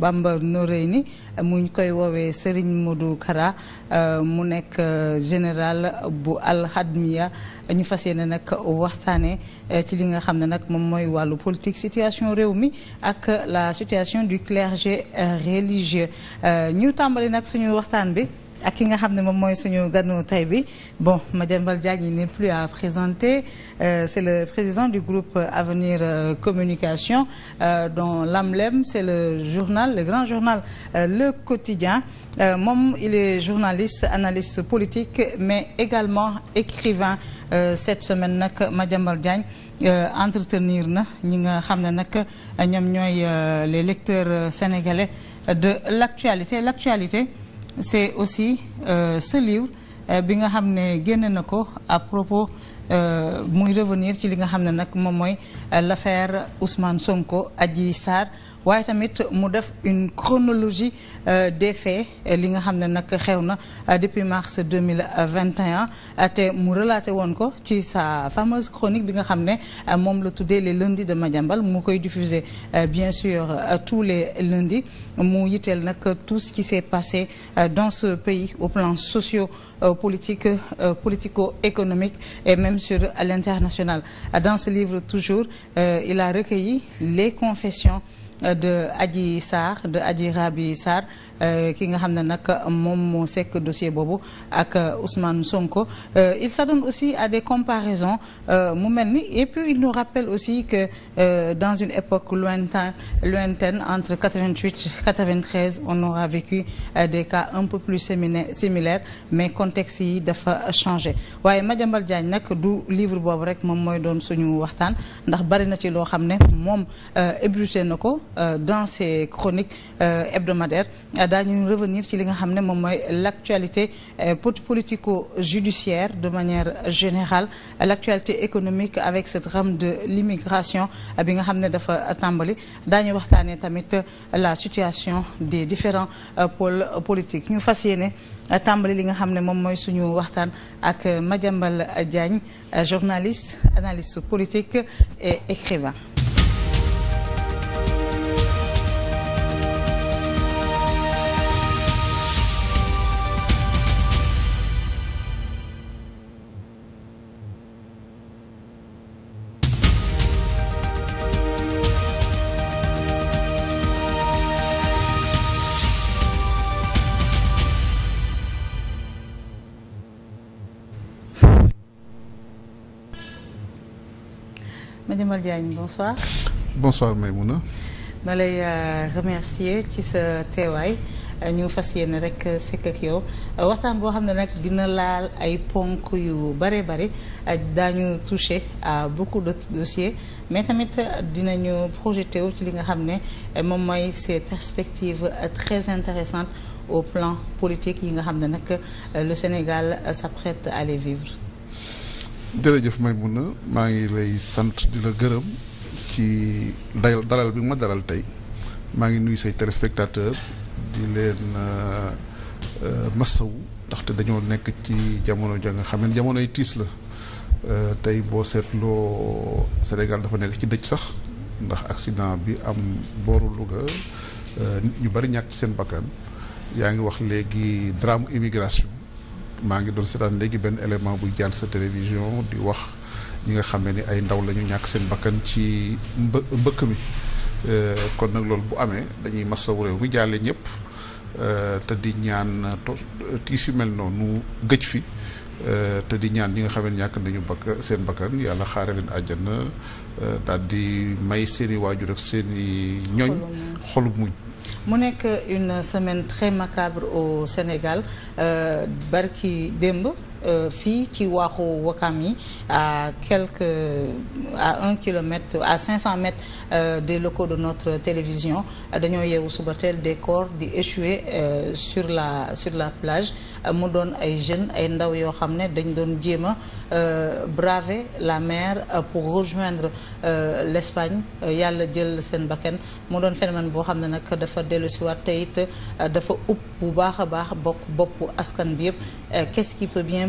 Bamba Noreini, reyni muñ koy wowe Serigne Modou Kara euh, mu nek euh, général bu Al Hadmiya ñu fas nak waxtane euh, ci li nga nak mom moy walu politique situation rewmi ak la situation du clergé religieux ñu tambali nak suñu waxtane bi madame bon n'est plus à présenter euh, c'est le président du groupe Avenir euh, Communication euh, dont l'AMLEM c'est le journal le grand journal Le Quotidien il est journaliste analyste politique mais également écrivain cette semaine madame Baldiagne entretenir les lecteurs sénégalais de l'actualité l'actualité c'est aussi euh, ce euh, bi nga xam ne génn na ko à propos euh, muy revenir ci li nga xam ne nag moom mooy euh, l'affaire Ousmane Sonko Adji Sarr tamit mu def une chronologie euh, des faits euh, li nga euh, depuis mars 2021 até mu relaté sa fameuse chronique bi nga xamné mom les lundis de Madiambal mu koy diffuser bien sûr tous les lundis mu yitel nak tout ce qui s'est passé dans ce pays au plan socio-politique politico-économique et même sur l'international dans ce livre toujours il a recueilli les confessions de Adji Sarr de Adji Rabi sar Euh, ki nga xamné nak mom mo dossier bobu ak euh, Ousmane Sonko euh, il s'adonne aussi à des comparaisons mu et puis il nous rappelle aussi que dans une époque lointaine lointaine entre 88 93 on aura vécu des cas un peu plus similaires mais contexte yi dafa changé waye Madiambal Diagne nag du livre bobu rek mom moy don suñu waxtan ndax bari na ci lo xamné mom euh, ébruté nako dans ses chroniques hebdomadaires daañu revenir sur l'actualité euh, politico judiciaire de manière générale l'actualité économique avec ce drame de l'immigration euh, euh, la situation des différents pôles politiques Nous li nga Diagne journaliste analyste politique et écrivain Madiambal Diagne bonsoir. bonsoir Maïmouna. ma lay euh, remercier ci sa teewaay euh, ñu fas yéene rek euh, sekk ak yow waxtaan boo xam ne nag dina laal ay ponk yu bare bare daañu touché à beaucoup de dossiers mais tamit dinañu projeté wu ci li nga xam ne moom ces perspectives très intéressantes au plan politique yi nga xam ne le Sénégal s'apprête à les vivre. jërëjëf na maa ngi lay sant di la gërëm ci dayal dalal bi ma dalal tey maa ngi nuyu say téléspectateur di leen euh, euh, massawu ndaxte dañoo nekk ci jamono ja nga xam ne jamonoy tiis la euh, tey boo seetloo Sénégal dafa nekk ci dëj sax ndax accident bi am booru Louga ñu bari ñàkk ci seen bakkan yaa ngi wax léegi drame immigration maa ngi doon seetaan léegi benn élément buy jàll sa télévision di wax ñi nga xam ni ay ndaw lañu ñàkk seen bakkan ci mbë mbëkk mi euh, kon nag loolu bu amee dañuy masawu réew mi jàlle ñëpp euh, te di ñaan tiis yu mel noonu gëj fi euh, te di ñaan ñi nga xam ne ñàkk nañu bakk seen bakkan yàlla xaare leen àjjana dal di may seeni waajur ak seen i ñoñ xolub muñ mu une semaine très macabre au Sénégal euh, barki Demb. Euh, fii ci waaxu Wakami à quelques à un kilomètre à 500 mètres euh, des locaux de notre télévision dañoo Yewu des corps di euh, sur la sur la plage mu don ay jeunes ay ndaw yoo xam dañ braver la mer pour rejoindre l'Espagne yalla jël sen bakane mu don phénomène bo xamné nak dafa dellu siwaat te it dafa upp bu baakha a baax askan bi qu'est-ce qui peut bien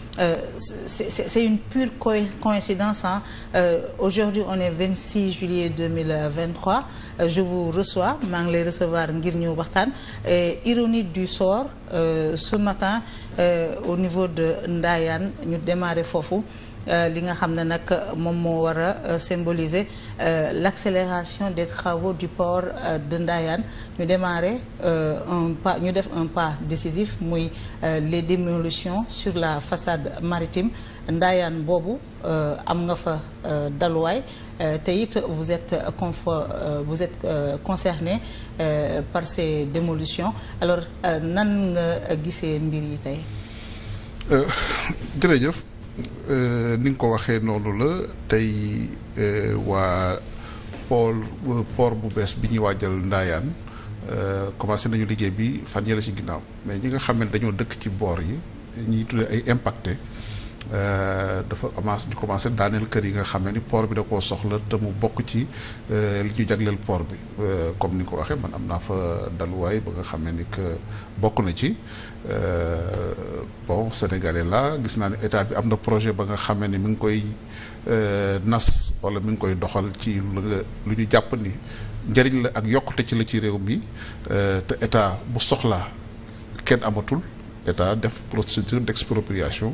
Euh, c'est une pure coïncidence. Hein. Euh, aujourd'hui, on est 26 juillet 2023. Euh, je vous reçois, je vais recevoir Ngirnyo Bartan. Ironie du sort, ce matin, au niveau de Ndayan, nous démarrons Fofou. Euh, li nga xam ne euh, euh, l'accélération des travaux du port de Nous ñu démarrer un pas ñu def un pas décisif muy les démolitions sur la façade maritime Ndayan Bobu, am nga fa vous êtes confort vous êtes concerné par ces démolitions alors nan nga gisee mbir yi Euh, ni nga ko waxee noonu la tey euh, waa port euh, port bu bees bi ñuy waajal ndaayaan commencé nañu liggéey bi fan yële si ginnaaw mais ñi nga xam dañoo dëkk ci boor yi ñuy tuddee ay impacté Euh, dafa commencé ñu commencé daaneel kër yi nga xam ne ni port bi da koo soxla te mu bokk ci euh, li ñu jagleel poor bi euh, comme ni ko waxee man am naa fa daluwaay ba nga xam ne ni que bokk na ci bon sénégalais la gis naa ne état bi am na projet ba nga xam ne ni mi ngi koy nas wala mu ngi koy doxal ci lu lu ñu jàpp ni njëriñ la ak yokkute ci la ci réew mi te état bu soxla kenn amatul état def procédure d'expropriation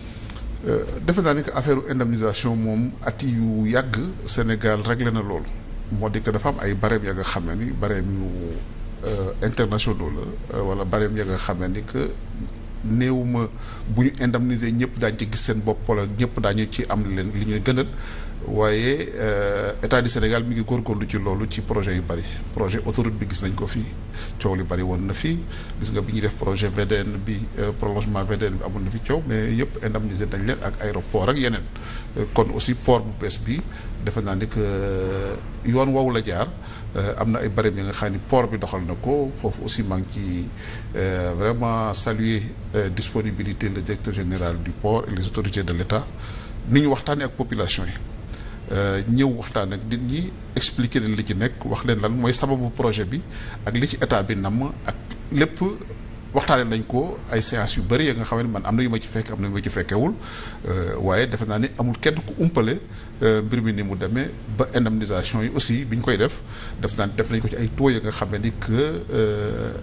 Euh, defe naa ni que affaire indemnisation moom at yu yàgg Sénégal réglé na loolu moo di que dafa am ay barème ya nga xam ne ni barème yu euh, internationaux la euh, wala barème ya nga xam ni que néewuma bu ñu indemniser ñëpp daañu ci gis seen bopp wala ñëpp daañu ci am leen li ñuy gënal waaye euh, état du Sénégal mi ngi góorgóorlu ci loolu ci projet yu bari projet autoroute bi gis nañ ko fi coow li bari woon na fi gis nga bi ñuy def projet VDN bi euh, prolongement VDN bi amoon na fi coow mais yëpp indemnisé nañ leen ak aéroport ak yeneen euh, kon aussi port bu bees bi defe naa ni que yoon woowu la jaar am na ay barem yi nga xam ni port bi doxal na ko foofu aussi maa ngi ci vraiment saluer disponibilité le directeur général du port et les autorités de l'État ni ñu waxtaanee ak population yi Euh, ñëw waxtaan ak nit ñi expliquer leen li ci nekk wax leen lan mooy sababu projet bi ak li ci état bi namm ak lépp waxtaanee nañ ko ay séances yu bari ya nga xam ne man am na yu ma ci fekk am na yu ma ci fekkewul euh, waaye defe naa ni amul kenn ku umpale euh, mbir mi ni mu demee ba indemnisation yi aussi bi ñu koy def def naa def nañ ko ci ay taux ya nga xam ne ni que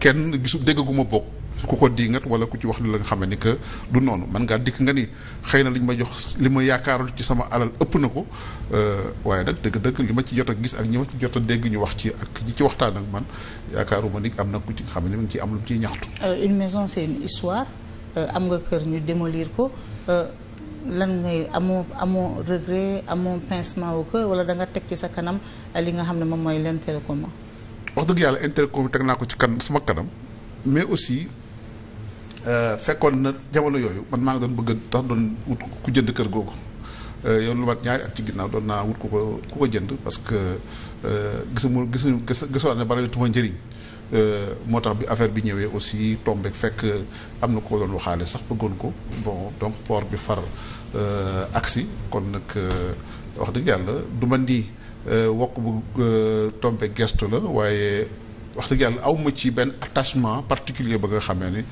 kenn gisu dégg gu ma bokk. ku ko diingat wala ku ci wax du la nga xam ni que du noonu man ngaa dikk nga ni xëy na li ma jox li ma yaakaaroon ci sama alal ëpp na ko euh, waaye nag dëgg-dëgg li ma ci jot a gis ak ñi ci jot dégg ñu wax ci ak ñi ci waxtaan ak man yaakaaruma ni am na ku ci xam ne mu ngi ciy am lu mu ciy ñaxtu. Euh, une maison c'est une euh, kër ñu démolir ko lan ngay amoo amoo regret amoo wala da teg ci sa kanam li nga xam ne moom mooy l'intérêt commun. wax dëgg yàlla intérêt teg naa ko ci kan suma kanam mais aussi. Euh, fekkoon na jamono yooyu man maa ngi doon bëgg tax doon wut ku jënd kër googu euh, yow lu mat ñaari at ci ginnaaw doon naa wut ku ko ku ko jënd parce que euh, gisuma gisuñu gisoon ne bari tuma njëriñ moo tax bi affaire bi ñëwee aussi tombé fekk am na ko doon waxaale sax bëggoon ko bon donc port bi far aksi kon nag wax dëgg yàlla du ma nii wokk bu tombé gestu la waaye wax dëgg yàlla aw ma ci benn attachement particulier ba nga xamee ni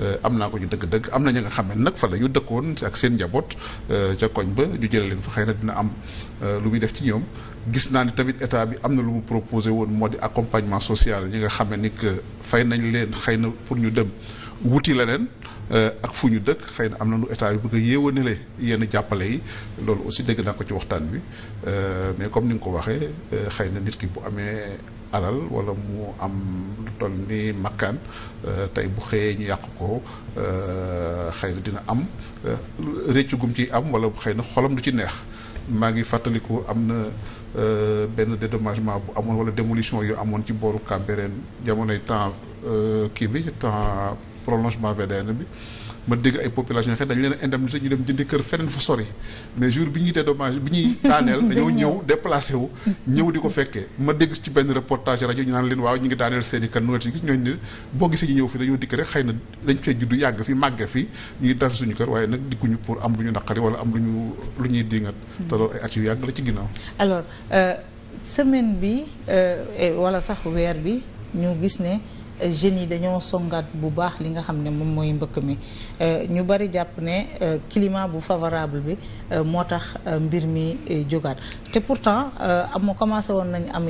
euh, am naa ko ñu dëgg-dëgg am na ña nga xamee nag fa la ñu dëkkoon ak seen njaboot euh, ca koñ ba ñu jële leen fa xëy na dina am euh, lu muy def ci ñoom gis naa ni tamit état bi am na lu mu proposé woon moo di accompagnement social ñi nga xamee ni que fay nañ leen xëy na pour ñu dem wuti la leen ak fu ñu dëkk xëy na am na lu état bi bëgg a yéewanale yenn jàppale yi loolu aussi dégg naa ko ci waxtaan bi mais comme ni nga ko waxee xëy na nit ki bu amee alal wala mu am lu toll ni makkaan euh, tey bu xëyee ñu yàqu ko euh, xëy na dina am euh, réccu gum ci am wala xëy na xolam du ci neex maa ngi fàttaliku am na benn dédomagement bu amoon wala démolition yu amoon ci booru Cambérène jamonoy temps kii bi temps prolongement VDN bi ma dégg ay population xëy dañ leen a indemnisé ñu dem jëndi kër feneen fu sori mais jour bi ñuy dédommage bi ñuy daaneel dañoo ñëw déplacé ñëw di ko fekkee ma dégg ci benn reportage rajo ñu naan leen waaw ñu ngi daaneel seen i kan nu gis ñooñu ne boo gisee ñu ñëw fi dañoo dikk rek xëy na dañ fee juddu yàgg fi màgge fi ñuy dara suñu kër waaye nag dikkuñu pour am lu ñu naqari wala am lu ñu lu ñuy dingat hmm. te loolu ay at yu yàgg la ci ginnaaw alors euh, semaine bi euh, wala sax weer bi ñu gis ne jeunes yi dañoo songaat bu baax li nga xam ne moom mooy mbëkk mi Euh, ñu bari japp né euh, climat bu favorable bi euh, motax et pourtant am commencé à nañ am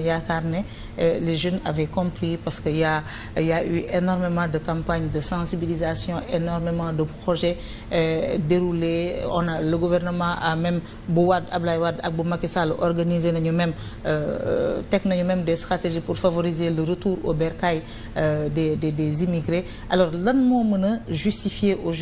les jeunes avaient compris parce qu'il y a y a eu énormément de campagnes de sensibilisation énormément de projets déroulés on le gouvernement a même organisé même même des stratégies pour favoriser le retour au bercail des immigrés alors lan mo meuna aujourd'hui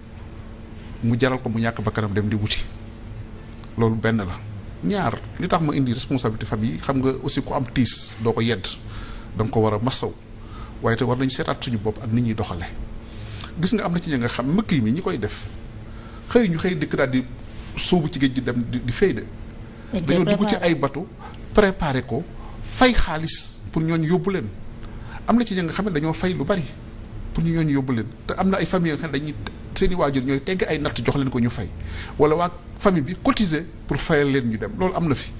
mu jaral ko mu ñàkk bakkanam dem di wuti loolu benn la ñaar li tax ma indi responsabilité fami xam nga aussi ku am tiis doo ko yedd da ko war a masaw waaye te war nañ seetaat suñu bopp ak nit ñi doxale gis nga am na ci ña xam mëkk mi ñi koy def xëy ñu xëy dëkk daal di sóobu ci géej dem di fay de dañoo dugg ci ay bateau préparé ko fay xaalis pour ñooñu yóbbu leen am na ci ña xam ne dañoo fay lu bari pour ñu ñooñu yóbbu te am ay famille xam dañuy seen i waajur ñooy tegg ay natt jox leen ko ñu fay wala waa famille bi cotiser pour fayal leen ñu dem loolu am na fi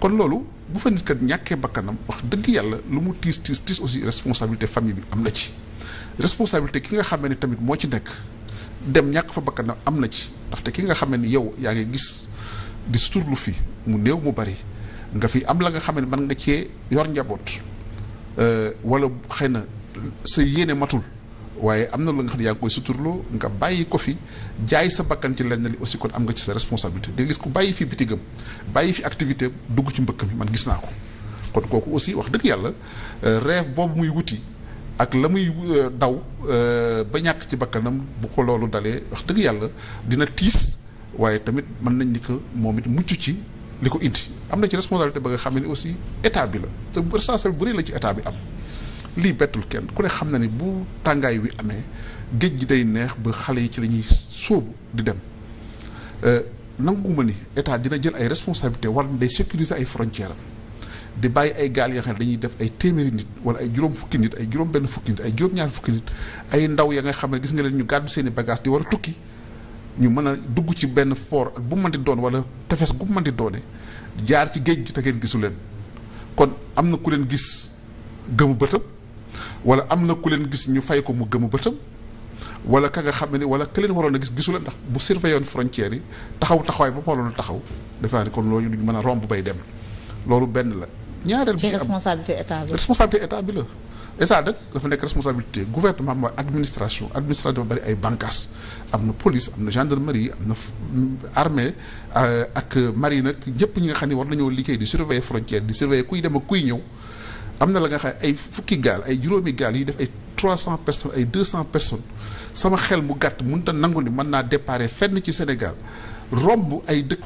kon loolu bu fa nit kat ñàkkee bakkanam wax dëgg yàlla lu mu tiis tiis tiis aussi responsabilité famille bi am na ci responsabilité ki nga xamee ne tamit moo ci nekk dem ñàkk fa bakkanam am na ci ndaxte ki nga xamee ni yow yaa ngi gis di suturlu fi mu néew mu bari nga fi am la nga xamee ne man nga cee yor njaboot euh, wala xëy na sa yéene matul waaye am na lu nga xam ne yaa ngi koy suturloo nga bàyyi ko fi jaay sa bakkan ci lenn li aussi kon am nga ci sa responsabilité di nga gis ku bàyyi fi bitigam bàyyi fi activité dugg ci mbëkk mi man gis naa ko kon kooku aussi wax dëgg yàlla euh, rêve boobu muy wuti ak la muy euh, daw euh, ba ñàkk ci bakkanam bu ko loolu dalee wax dëgg yàlla dina tiis waaye tamit mën nañ ni que moom it mucc ci li ko indi am na ci responsabilité ba nga xam ne aussi état bi la te bu responsabilité bu rëy la ci état bi am lii bettul kenn ku ne xam na ni bu tàngaay wi amee géej gi day neex ba xale yi ci la ñuy sóobu di dem euh, nanguma ni état dina jël ay responsabilités war na day sécuriser ay frontières am di bàyyi ay gaal yoo xam ne dañuy def ay téeméeri nit wala ay juróom fukki nit ay juróom benn fukki nit ay juróom ñaar fukki nit ay ndaw ya nga xam ne gis nga leen ñu gàddu seeni i bagage di war a tukki ñu mën a dugg ci benn fort bu mën di doon wala tefes gu mën di doone jaar ci géej gi te geen gisu leen kon am na ku leen gis gëmu bëtam ولا أمنا كلن جس نيفايكو مجمع بتم ولا كذا خمني ولا كلن ورانا جس جسولا بصير فيون فرانكيري تخاو تخاو يبقى ولا تخاو دفعنا نكون لو يجي منا رام بيدم لولو بن لا نيار الكي responsabilité état responsabilité état بلو إذا ده لفنك responsabilité gouvernement ما administration administration بري أي بانكاس أمن police أمن gendarmerie أمن armée أك euh, marine يبني خني ورانا يولي كي دي سيرفاي فرانكيري دي سيرفاي كوي ده مكوي نيو am na la nga xam ay fukki gaal ay juróomi gaal yuy def ay trois cent personnes ay deux cent personnes sama xel mu gàtt mënut a nangu ni mën naa déparé fenn ci Sénégal romb ay dëkk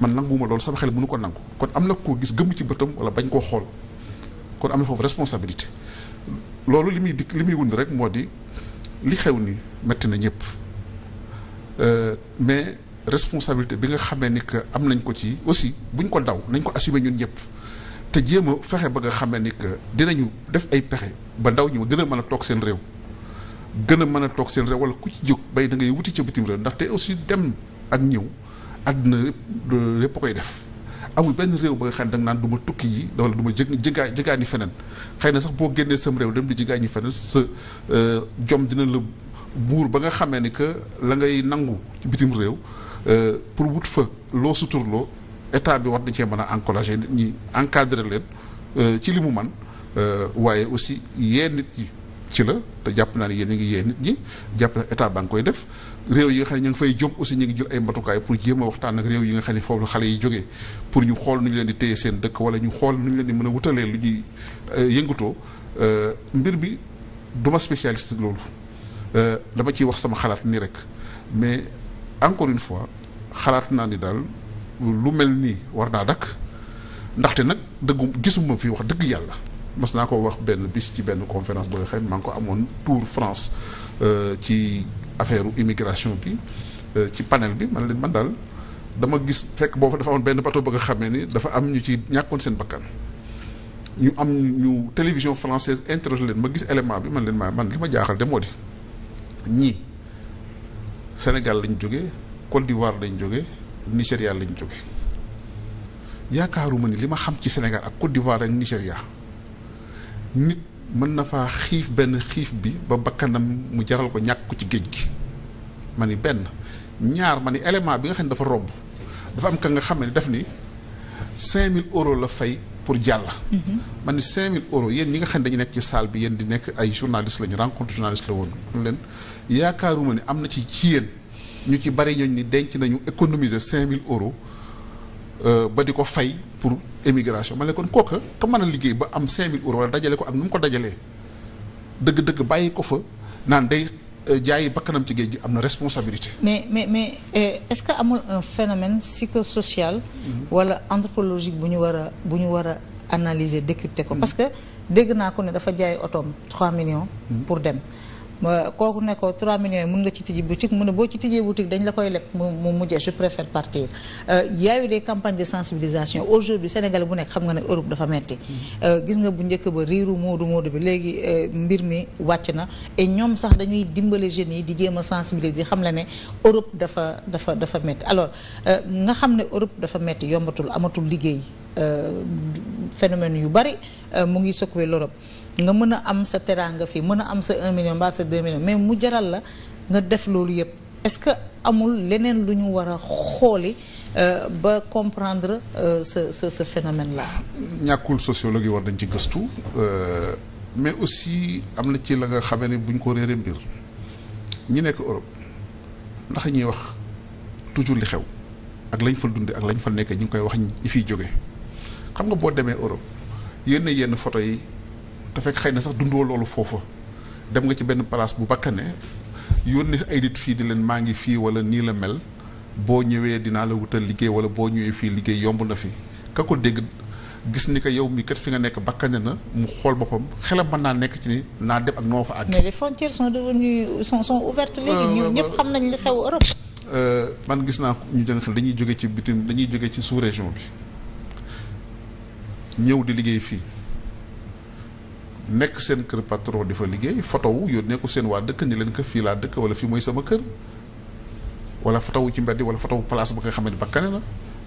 man nanguwuma loolu sama xel mu mënu ko nangu kon am na koo gis gëmm ci bëtam wala bañ koo xool kon am na foofu responsabilité loolu li muy dikk li muy wund rek moo di li xew ni metti na ñëpp euh, mais responsabilité bi nga xamee ni am nañ ko ci aussi buñ ko daw nañ ko assumer ñun ñëpp te jéem a fexe ba nga xam ne ni que ñu def ay pexe ba ndaw ñi gën a mën a toog seen réew gën a mën a toog seen réew wala ku ci jóg bay da ngay wuti ci bitim réew ndaxte aussi dem ak ñëw àdduna lépp koy def amul benn réew ba nga xam ne da naan du ma tukki yi wala du ma jë jëgaa jëgaa feneen xëy na sax boo génnee sam réew dem di jëgaa ñi feneen sa euh, jom dina la buur ba nga xamee ni que la ngay nangu ci bitim réew euh, pour wut fa loo suturloo état bi war na cee mën a encourager nit ñi encadrer leen euh, ci li mu man euh, waaye aussi yee nit ñi ci la te jàpp naa ne yéen a ngi yee nit ñi jàpp na état nga koy def réew yi nga xam ne ñu ngi fay jëm aussi ñu ngi jël ay matukaay pour jéem a waxtaan ak réew yi nga xam ne foofu la xale yi jógee pour ñu xool nu ñu leen di téye seen dëkk wala ñu xool nu ñu leen di mën a wutalee lu ñuy euh, yëngatoo mbir bi duma spécialiste loolu dama ciy wax sama xalaat nii rek mais encore une fois xalaat naa ni daal lu mel nii war naa dakk ndaxte nak deug gisuma fi wax deug yalla mas na ko wax ben bis ci ben conférence bo xam man ko amone tour France euh, ci affaire immigration bi euh, ci panel bi man mandal. man dal dama gis fekk boobu dafa amone ben bateau bëgg xamé ni dafa am ñu ci ñàkkoon seen bakkan ñu am ñu télévision française interroge len ma gis élément bi man len man lima ma jaaxal de modi ñi Sénégal lañ joggé Côte d'Ivoire lañ joggé Nigéria lañ jóge yaakaaruma ni li ma xam ci Sénégal ak Côte d'Ivoire ak Nigéria nit mën na fa xiif benn xiif bi ba bakkanam mu jaral ko ñàkk ko ci géej gi ma ni benn ñaar ma ni élément bi nga xam ne dafa romb dafa am ka nga xam ne daf ni 5000 euros la fay pour jàll. Mhm. ma ni 5000 euros yéen ñi nga xam ne dañu nekk ci salle bi yéen di nekk ay journaliste lañu rencontre journaliste la woon. leen yaakaaruma ni am na ci ci yéen. Nous avons économisé 5 000 euros euh, pour émigration mané kon koka ka a 5 000 euros wala ne ko ak num ko ko euh, responsabilité. mais euh, est-ce qu'il y a un phénomène psychosocial. ou mm-hmm. anthropologique buñu wara a analyser décrypter mm-hmm. parce que dégg na ko né dafa 3 millions. Mm-hmm. pour dem. kooku ne ko 3 millions mun nga ci tijji boutique mu ne boo ci tijjee boutique dañ la koy leb mu mu mujjee je préfère partir euh, y a eu des de sensibilisation aujourd'hui Sénégal bu nekk xam nga ne Europe dafa metti euh, gis nga bu njëkk ba riiru moodu moodu bi léegi euh, mbir mi wàcc na ñoom sax dañuy dimbale jeunes yi di jéem a sensibiliser xam la ne Europe dafa dafa dafa metti alors nga xam ne Europe dafa metti yombatul amatul liggéey phénomène yu bari mu ngi secouer l'Europe nga mën a am sa teraanga fii mën a am sa 1 million mbaa sa 2 million mais mu jaral la nga def loolu yëpp est-ce que amul leneen lu ñu war a xooli euh, ba comprendre euh, ce ce ce phénomène là. ñàkkul sociologue yi war dañ ci gëstu. Euh, mais aussi am na ci la nga xamee ne buñ ko réeree mbir ñi nekk Europe ndax ñuy wax toujours li xew ak lañ fa dundee ak lañ fa nekk ñu koy wax ñi fiy jóge xam nga boo demee Europe yenn yenn photo yi. te fekk xëy na sax dundoo loolu foofa dem nga ci benn place bu bakkane yónni ay nit fii di leen maa ngi fii wala nii la mel boo ñëwee dinaa la wutal liggéey wala boo ñëwee fii liggéey yomb na fi ka ko dégg gis ni que yow mii kat fi nga nekk bakkane na mu xool boppam xelam mën naa nekk ci ni naa dem ak noo fa àgg. mais les frontières sont devenues sont sont ouvertes léegi. ñun euh, man gis naa ñu jël jàng xel dañuy jóge ci bitim dañuy jóge ci sous région bi ñëw di liggéey fii. nekk seen kër patron di fa liggéey photo wu yónnee ko seen waa dëkk ni leen ko fii laa dëkk wala fi mooy sama kër wala photo ci mbedd wala photo wu place ba nga xam ne bakkane la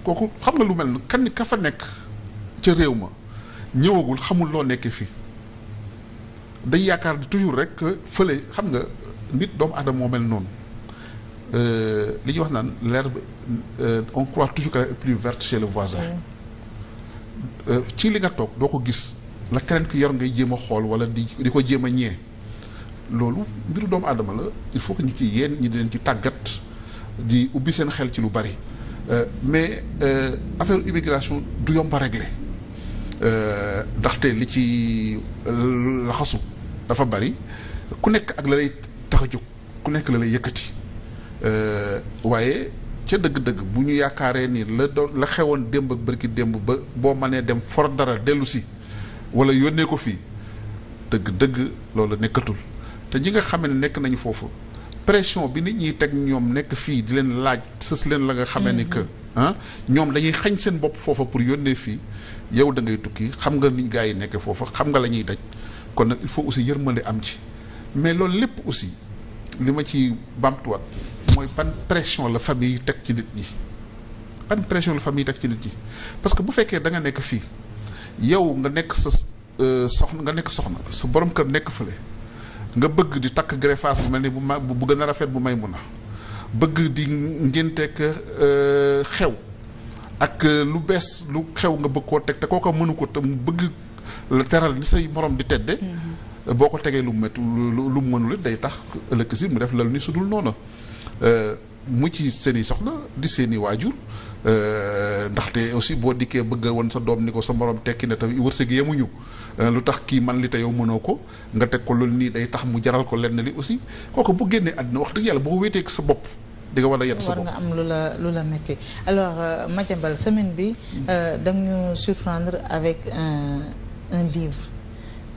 kooku xam nga lu mel ni kan ka fa nekk ca réew ma ñëwagul xamul loo nekkee fii day yaakaar di toujours rek que fële xam nga nit doomu aadama moo mel noonu euh, li ñuy wax naan l'herbe euh, on croit toujours qu'elle est plus verte voisin. Euh, ci li nga toog doo ko gis. la keneen ki yor ngay jéema xool wala di di ko jéem a ñee loolu mbiru doomu aadama la il faut que ñu ci yéen ñi di ci tàggat di ubbi seen xel ci lu bari euh, mais euh, affaire immigration du yomb a euh, ndaxte li ci laxasu dafa bari ku nekk ak la lay tax ku nekk la lay yëkkati waaye ca dëgg-dëgg bu ñu yaakaaree ni la doon la xewoon démb ak bërki démb ba boo mënee dem for dara dellusi wala yónnee ko fii dëgg-dëgg loolu nekkatul te ñi nga ne nekk nañu pression bi nit di leen laaj leen la nga mm-hmm. que ah dañuy xañ pour yow da ngay tukki xam nga yi xam nga daj kon il faut aussi yërmande am ci mais loolu lépp aussi li ma ci bamtuwaat mooy ban pression la famille ci nit ñi pression la famille ci nit parce que bu fekkee da nga yow nga nekk sa euh, soxna nga nekk soxna sa borom kër nekk fële nga bëgg di takk greffage bu mel ni bu bu gën a rafet bu maymuna bëgg di ngénteek euh, xew ak euh, lu bees lu xew nga bëgg koo teg te kooka mënu ko te bëgg la teral ni say morom di tedde mm-hmm. boo ko tegee lu met lu mu mënul day tax ëllëg si mu def lal ni sudul noonu mu ci seen i soxna di seen i waajur Euh, ndaxte aussi boo dikkee bëgg a won sa doom ni ko sa moroom tekki ne tamit wërsëg yemuñu euh, lu tax kii man li te yow mënoo ko nga teg ko loolu nii day tax mu jaral ko lenn li aussi kooku bu génnee àddina wax dëgg yàlla boo wéetee ak sa bopp di nga war a yedd sa bopp war nga am lu la lu la métti alors euh, Madiambal semaine bi mm. da ñu surprendre avec un un livre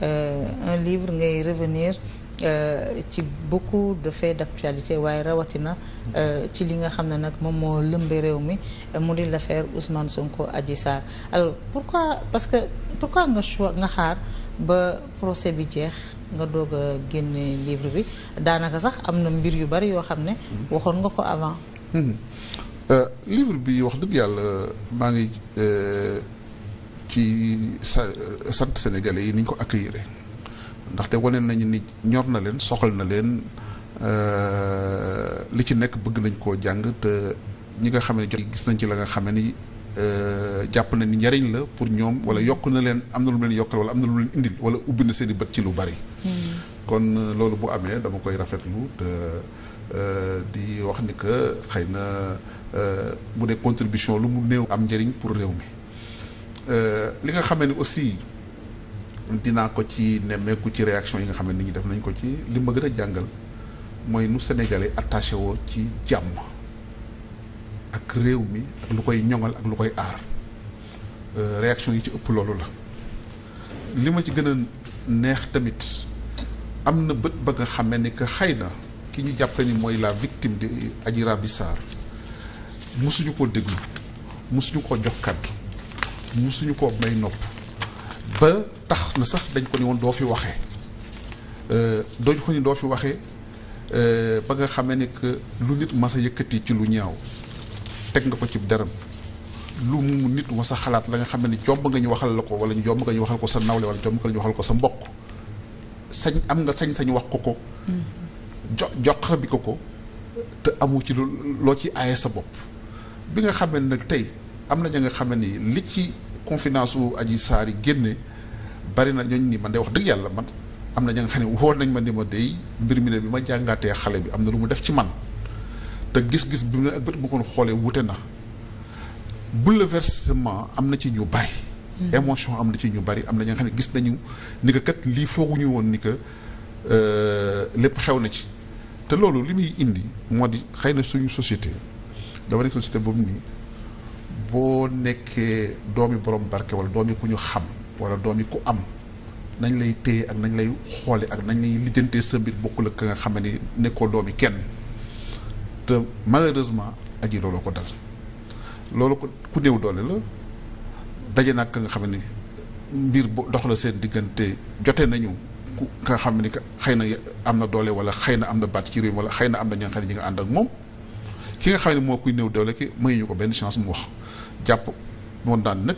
un livre ngay revenir Euh, ci beaucoup de faits d'actualité waaye rawatina euh, ci li nga xam ne nag moom moo lëmbee réew euh, l'affaire Ousmane Sonko Adji Sarr alors pourquoi parce que pourquoi nga choix nga xaar ba procès bi jeex nga doog a génne livre bi daanaka sax am na mbir yu bari yoo xam ne nga ko avant hmm. livre bi wax dëgg yàlla maa ngi ci sant sénégalais yi ni ñu ko accueillir ndaxte wane nañu nit ñor na leen soxal na leen euh, li ci nekk bëgg nañ koo jàng te ñi nga xam ne jot gis nañ ci la nga xam ni euh, jàpp na ni njariñ la pour ñoom wala yokk na leen am na lu mu leen yokkal wala am na lu leen indil wala ubbi na seen i bët ci lu bari. Hmm. kon euh, loolu bu amee dama koy rafetlu te di wax ni que xëy na bu dee contribution lu mu néew am njariñ pour réew mi li nga xamee ni aussi. dinaa ko ci nemmeeku ci réaction yi nga xam ne nit ñi def nañ ko ci li ma gën a jàngal mooy nu Sénégalais attaché woo ci jàmm ak réew mi ak lu koy ñoŋal ak lu koy aar euh, réaction yi ci ëpp loolu la li ma ci gën a neex tamit am na bët ba nga xamee ni que xëy na ki ñu jàppe mooy la victim de Adji Raby Sarr musuñu koo déglu musuñu koo jox kàddu musuñu koo may nopp ba tax na sax dañ ko ni woon doo fi waxee euh, doñ ko ni doo fi waxee euh, ba nga xamee ni que lu nit ma sa yëkkati ci lu ñaaw teg nga ko ci deram lu mu nit mas a xalaat la nga xam ni jomb nga ñu waxal la ko wala jomb nga ñu waxal ko sa nawle wala jomb nga ñu waxal ko sa mbokk sañ am nga sañ-sañ wax ko ko mm-hmm. jo joxar bi ko ko te amu ci lu loo ci aaye sa bopp bi nga xamee nag tey am na ña nga xamee ni li ci confidence u Adji Sarr yi génne bari na ñooñu nii man de wax dëgg yàlla man am na ñan nga xam ne wóor nañ ma ni ma dey mbir mi ne bi ma jàngaatee xale bi am na lu mu def ci man te gis-gis bi mu ne ak bët mu kon xoolee wute na bouleversement am na ci ñu bari. Mm-hmm. émotion am na ci ñu bari am na ña xam ne gis nañu ni kat lii fooguñu woon ni que euh, lépp xew na ci te loolu li muy indi moo di xëy na suñu société dama nekk société boobu nii boo nekkee doomi borom barke wala doomi ku ñu xam. wala doom yi ku am nañ lay téye ak nañ lay xoole ak nañ lay lijjantee sa mbir bokkul ak ka nga xam ne nekkoo doom yi kenn te malheureusement aji looloo ko dal loolu ko ku néew doole la daje nag ka nga xam ni mbir bu dox la seen diggante jote nañu ku nga xam ne xëy na am na doole wala xëy na am na baat ci réew wala xëy na am na ñoo xam ne ñi nga ànd ak moom ki nga xam ne moo kuy néew doole ki mayuñu ko benn chance mu wax jàpp moom daan nag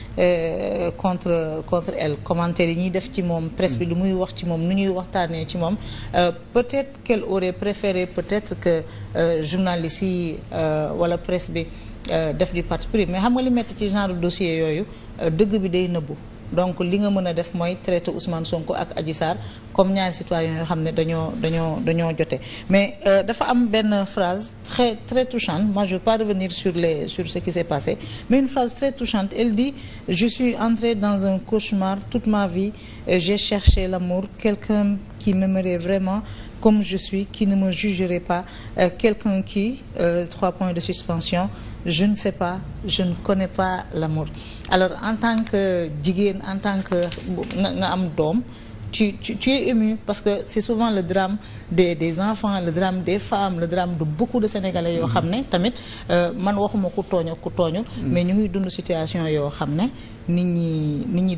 Euh, contre contre elle comment elle ñuy def ci mom presse bi lu muy wax ci mom nu ñuy waxtane ci mom euh, peut-être qu'elle aurait préféré peut-être que euh, journaliste yi wala presse bi def du parti pris mais xam nga li metti ci genre dossier yoyu deug bi day neub donc li nga mëna def moy traiter Ousmane Sonko ak Adji Sarr comme ñaar citoyens yo xamné dañoo dañoo dañoo mais euh, dafa am une phrase très très touchante moi je veux pas revenir sur sur ce qui s'est passé mais une phrase très touchante elle dit je suis entrée dans un cauchemar toute ma vie j'ai cherché l'amour quelqu'un qui m'aimerait vraiment comme je suis qui ne me jugerait pas euh, quelqu'un qui euh, trois points de suspension je ne sais pas je ne connais pas l'amour alors en tant que Djigen, en tant que nga d'homme, tu es ému parce que c'est souvent le drame des enfants le drame des femmes le drame de beaucoup de sénégalais tamit euh, man waxuma mais situation yo nit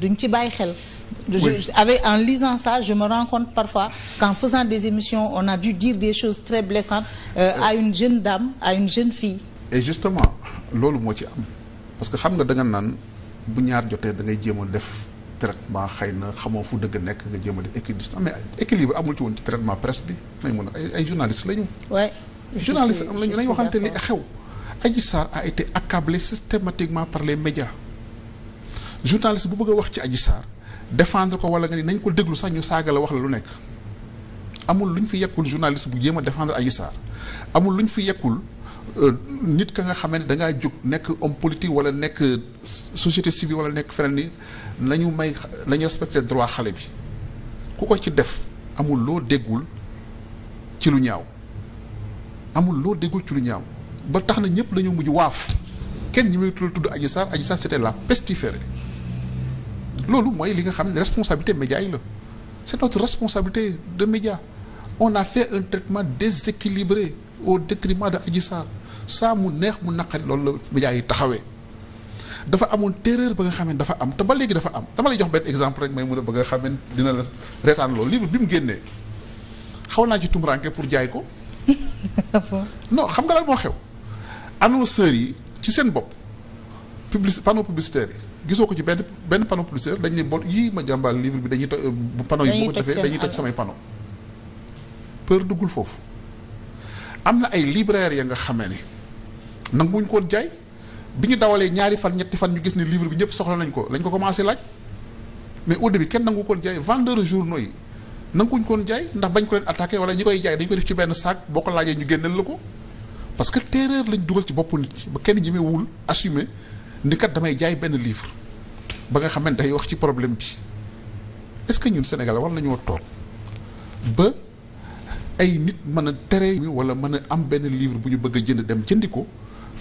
en lisant ça, je me rends compte parfois qu'en faisant des émissions, on a dû dire des choses très blessantes euh, à une jeune dame, à une jeune fille. et justement loolu moo ci am parce que xam nga da nga naan bu ñaar jotee dangay ngay jéem a def traitement xëy na xamoo fu dëgg nekk nga jéem a def équidistant mais équilibre amul ci woon ci traitement presse bi may mun a ay ay journalistes lañu. waay journaliste am lañu nañu waxante li xew. Adji Sarr a été accablé systématiquement par les médias journaliste bu bëgg wax ci Adji Sarr défendre ko wala nga ni nañ ko déglu sax ñu saaga la wax la lu nekk amul lu fi yekkul journaliste bu jéem a défendre Adji amul lu fi yekkul. Euh, nit ka nga xamee da nga jóg nek homme politique wala nek société civile wala nek feneen ni nañu may nañu respecter droit xalé bi kuko ci def amul lo déggul ci lu ñaaw amul lo déggul ci lu ñaaw ba taxna na dañu muju waaf kenn ñi muy tudd aji sar aji sar c'était la pestiférée lolu moy li nga xam responsabilité média yi la c'est notre responsabilité de média on a fait un traitement déséquilibré au détriment de Adji saa mu neex mu naqari loolu la jaay yi taxawee dafa amoon terreur ba nga xam ne dafa am te ba léegi dafa am dama lay jox benn exemple rek may mun a ba nga xam ne dina la reetaan loolu livre bi mu génnee xaw naa ci tumuraanke pour jaay ko non xam nga lan moo xew annonceurs yi ci seen bopp publici panneau publicitaire yi gisoo ko ci benn benn panneau publicitaire dañ ne yii ma jàmbal livre bi dañuy toj euh, panneau yi bu ko defee dañuy toj samay panneau peur duggul foofu am na ay libraire ya nga xame ni nanguwuñ ko woon jaay bi ñu dawalee ñaari fan ñetti fan ñu gis ne livre bi ñëpp soxla nañ ko lañ ko commencé laaj mais au bi kenn nangu koon woon jaay vendeur jour yi nanguwuñ ko woon jaay ndax bañ ko leen attaqué wala ñi koy jaay dañ ko def ci benn saak boo ko laajee ñu génneel la ko parce que terreur lañ dugal ci bopp nit ñi ba kenn ñemewul assumer ni kat damay jaay benn livre ba nga xam ni day wax ci problème bi est-ce que ñun Sénégal war nañoo tool ba ay nit mën a tere wala mën a am benn livre bu ñu bëgg a jënd dem jëndi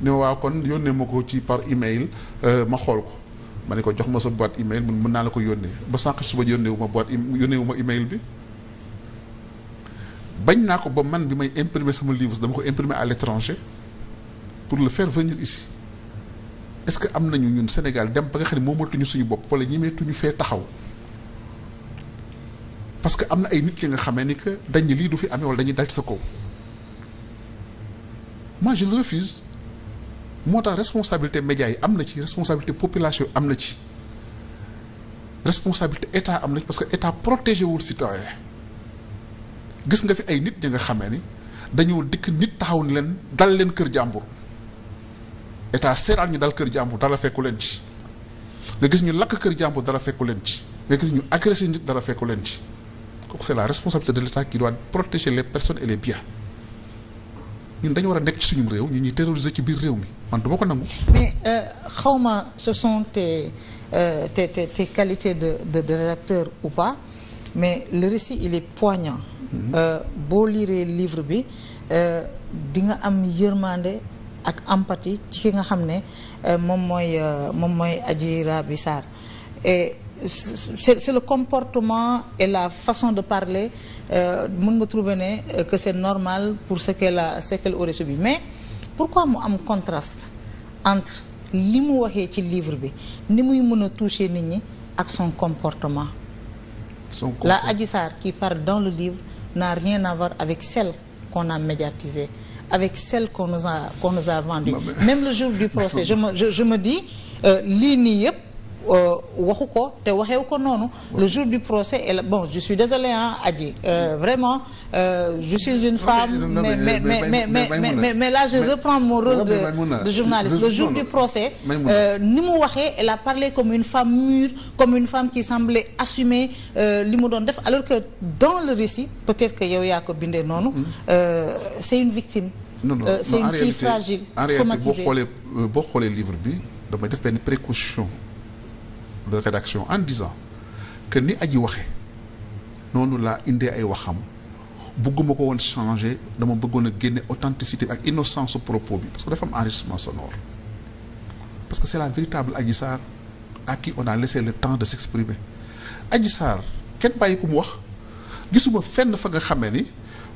ne wa kon yonne mako ci par email euh ma xol ko maniko jox ma sa boîte email mën na la ko yónnee ba sànq suba yonne wu ma boîte yonne wu ma email bi bagn naa ko ba man bi may imprimer sama livre dama ko imprimer à l'étranger pour le faire venir ici est-ce que am nañu ñun Sénégal dem ba nga xam ne moomatuñu suñu bopp wala ñemeetuñu fé taxaw parce que amna ay nit ki nga xamé ni que dañ li du fi amé wala dañuy dal ci sa ko moi je le refuse moo tax responsabilité médias yi am na ci responsabilité population am na ci responsabilité état am na ci parce que état protégé wul citoyen gis nga fi ay nit ñi nga xamee ni dañoo dikk nit taxaw ni leen dal leen kër jàmbur état seetaan ñu dal kër jàmbur dara fekku leen ci nga gis ñu lakk kër jàmbur dara fekku leen ci nga gis ñu agressé nit dara fekku leen ci kooku c'est la responsabilité de l'état qui doit protéger les personnes et les biens ñun dañu war a nekk ci suñu réew ñu ñuy terroriser ci biir réew mi man du ma ko nangu. mais euh, xawma ce sont euh, tes tes tes qualités de de de rédacteur ou pas mais le récit il est poignant. Mhm. Euh, boo liiree livre bi di nga am yërmande ak empathie ci ki nga xam ne moom mooy moom mooy Adji Raby Sarr et c'est le comportement et la façon de parler. Euh, mën nga euh, que c'est normal pour ce qu'elle qu'elle aurait subi mais pourquoi on un contraste entre ce mu dans ci livre bi ni muy toucher son comportement son comportement. la Adji qui parle dans le livre n'a rien à voir avec celle qu'on a médiatisée avec celle qu'on nous a qu'on nous a vendue même le jour du procès je me dis euh, ligne euh, le jour du procès bon je suis désolé hein Adji euh, vraiment euh, je suis une femme mais là je reprends mon rôle de journaliste le jour du procès elle a parlé comme une femme mûre comme une femme qui semblait assumer li alors que dans le récit peut-être que yow a ko hmm. c'est une victime c'est une fille fragile en réalité beaucoup les livres livre bi précaution de rédaction en disant que ni aji waxee nous, la indi ay waxam bëgguma ko nous changer dama bëggone authenticité et innocence propos bi parce que dafa enregistrement sonore parce que c'est la véritable aji à qui on a laissé le temps de s'exprimer aji sar kenn mu wax fenn fa nga ni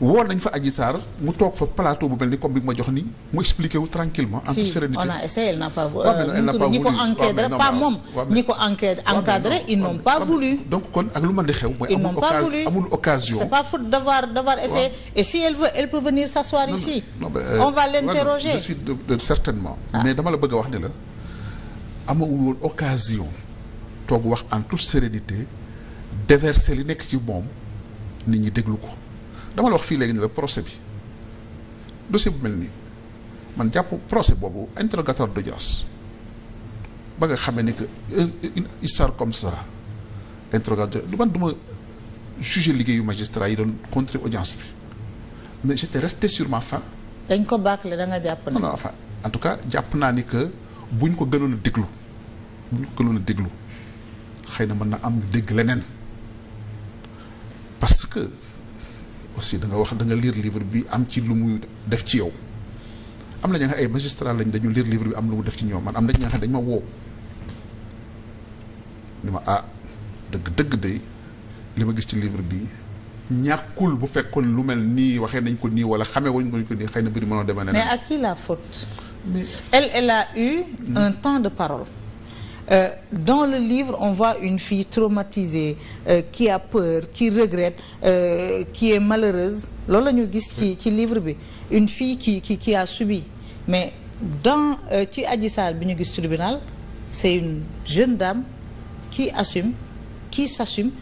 woon nañ fa Adji Sarr mu toog fa plateau bu mel ni comme bi ma jox ni mu wu tranquillement en toute sérénité on a essayé elle n'a pas euh, voulu ñi ko encadré pas moom ñi ko encadré ils n'ont pas voulu donc kon ak lu mën di xew mooy amul occasion amul occasion c'est pas faute d'avoir d'avoir essayé et si elle veut elle peut venir s'asseoir ici euh, on va l'interroger je suis certainement ah. mais dama la bëgg a wax ne la amawul woon occasion toog wax en toute sérénité déverser li nekk ci moom nit ñi déglu ko dama la wax fii léegi ni la procès bi dossier bu mel ni man jàpp procès boobu interrogatoire d'audience ba nga xamee ni que euh, une histoire comme ça interrogatoire du man du ma juger liggéeyu magistrat yi doon contre audience bi mais j'étais resté sur ma dañ ko bàqale da nga jàpp na. enfin en tout jàpp naa ni que buñ ko gënoon déglu buñ ko gënoon a déglu xëy na mën na am dégg leneen aussi da nga wax da nga lire livre bi am ci lu muy def ci yow am na ay magistrat lañ dañu lire livre bi am lu mu def ci ñoom man am na nga dañ ma woo ni ma ah dëgg dëgg de li ma gis ci livre bi ñàkkul bu fekkoon lu mel nii waxee nañ ko nii wala xamee wuñ ko nii xëy na mbir mi mënoo demee. mais à qui la faute. mais elle elle a eu hmm. un temps de parole. Euh, dans le livre, on voit une fille traumatisée, euh, qui a peur, qui regrette, euh, qui est malheureuse. Lola nous qui livre une fille qui, qui, qui, a subi. Mais dans Ti a tribunal, c'est une jeune dame qui assume, qui s'assume,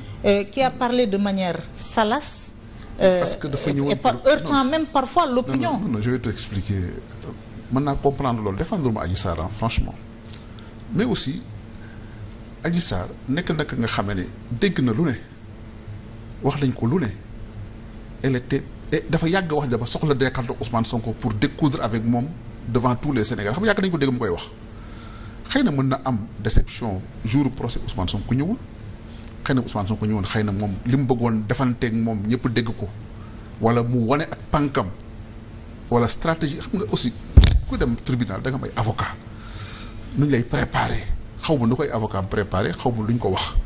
qui a parlé de manière salace. et, par, heurtant même parfois l'opinion. je vais t'expliquer. Maintenant, comprendre le défendre Adissara, hein, franchement. Mais aussi, Adji nek nekk nga xamee ne dégg na lu ne wax lañ ko lu ne eh, dafa wax Ousmane Sonko pour découdre avec mom devant tous les Sénégalais xam nga nañ ko dégg koy wax mën na am déception jour procès Ousmane Sonko Ousmane Sonko ko wala mu ak wala stratégie xam nga aussi ku dem tribunal da nga avocat lay préparer xaw ma nu koy avocat préparé xaw ma lu ñu ko wax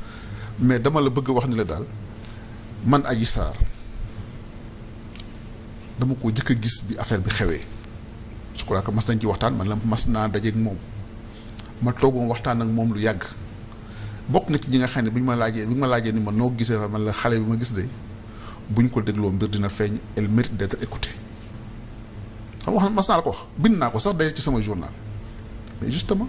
mais dama la bëgg wax ni la daal man Adji Sarr dama ko jëkk a gis bi affaire bi xewee je crois que mas nañ ci waxtaan man la mas naa dajeeg moom ma toogoon waxtaan ak moom lu yàgg bokk nga ci ñi nga xam ne bi ma laajee bi ma laajee ni ma noo gisee fa man la xale bi ma gis de bu ñu ko dégloo mbir dina feeñ elle mérite d'être wax mas naa la ko wax bind naa ko sax day ci sama journal mais justement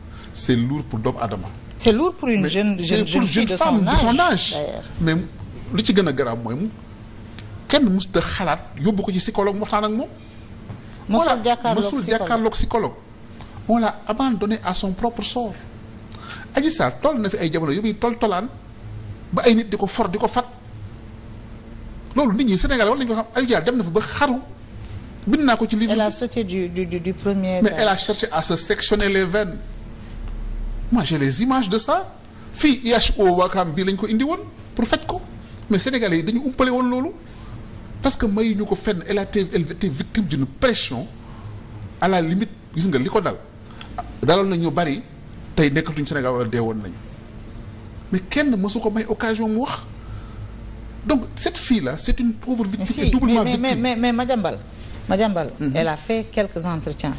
c'est lourd pour doomu adama c'est lourd pour une jeune jeune pour jeune femme de son âge mais lu ci gën a garaaw mooy kenn mësut a xalaat yóbbu ko ci psychologue mu waxtaan ak moom. mësul jàkkaarloog psychologue on l'a abandonné à son propre sort. Adji Sarr tol na fi ay jamono yóbbu tol tolaan ba ay nit diko for diko fat Lolu nit ñi Sénégal war nañu ko xam Adji Sarr dem na fa ba xaru. Bin na ko ci livre elle a sauté du du du premier. mais elle a cherché à se sectionner les veines moi j'ai les images de ça il IHO Wakam bii lañ indi woon pour faj ko mais sénégalais yi dañu umpale woon loolu parce que may ñu fenn elle a été victime d'une pression à la limite ils nga dit, dal dalon nañ ñu bari tey nekkatuñ Sénégal wala déwon nañu mais kenn mësu ko may occasion mu wax donc cette fille là c'est une pauvre victime et doublement victime mais mais mais Madiambal Madiambal mhm. elle a fait quelques entretiens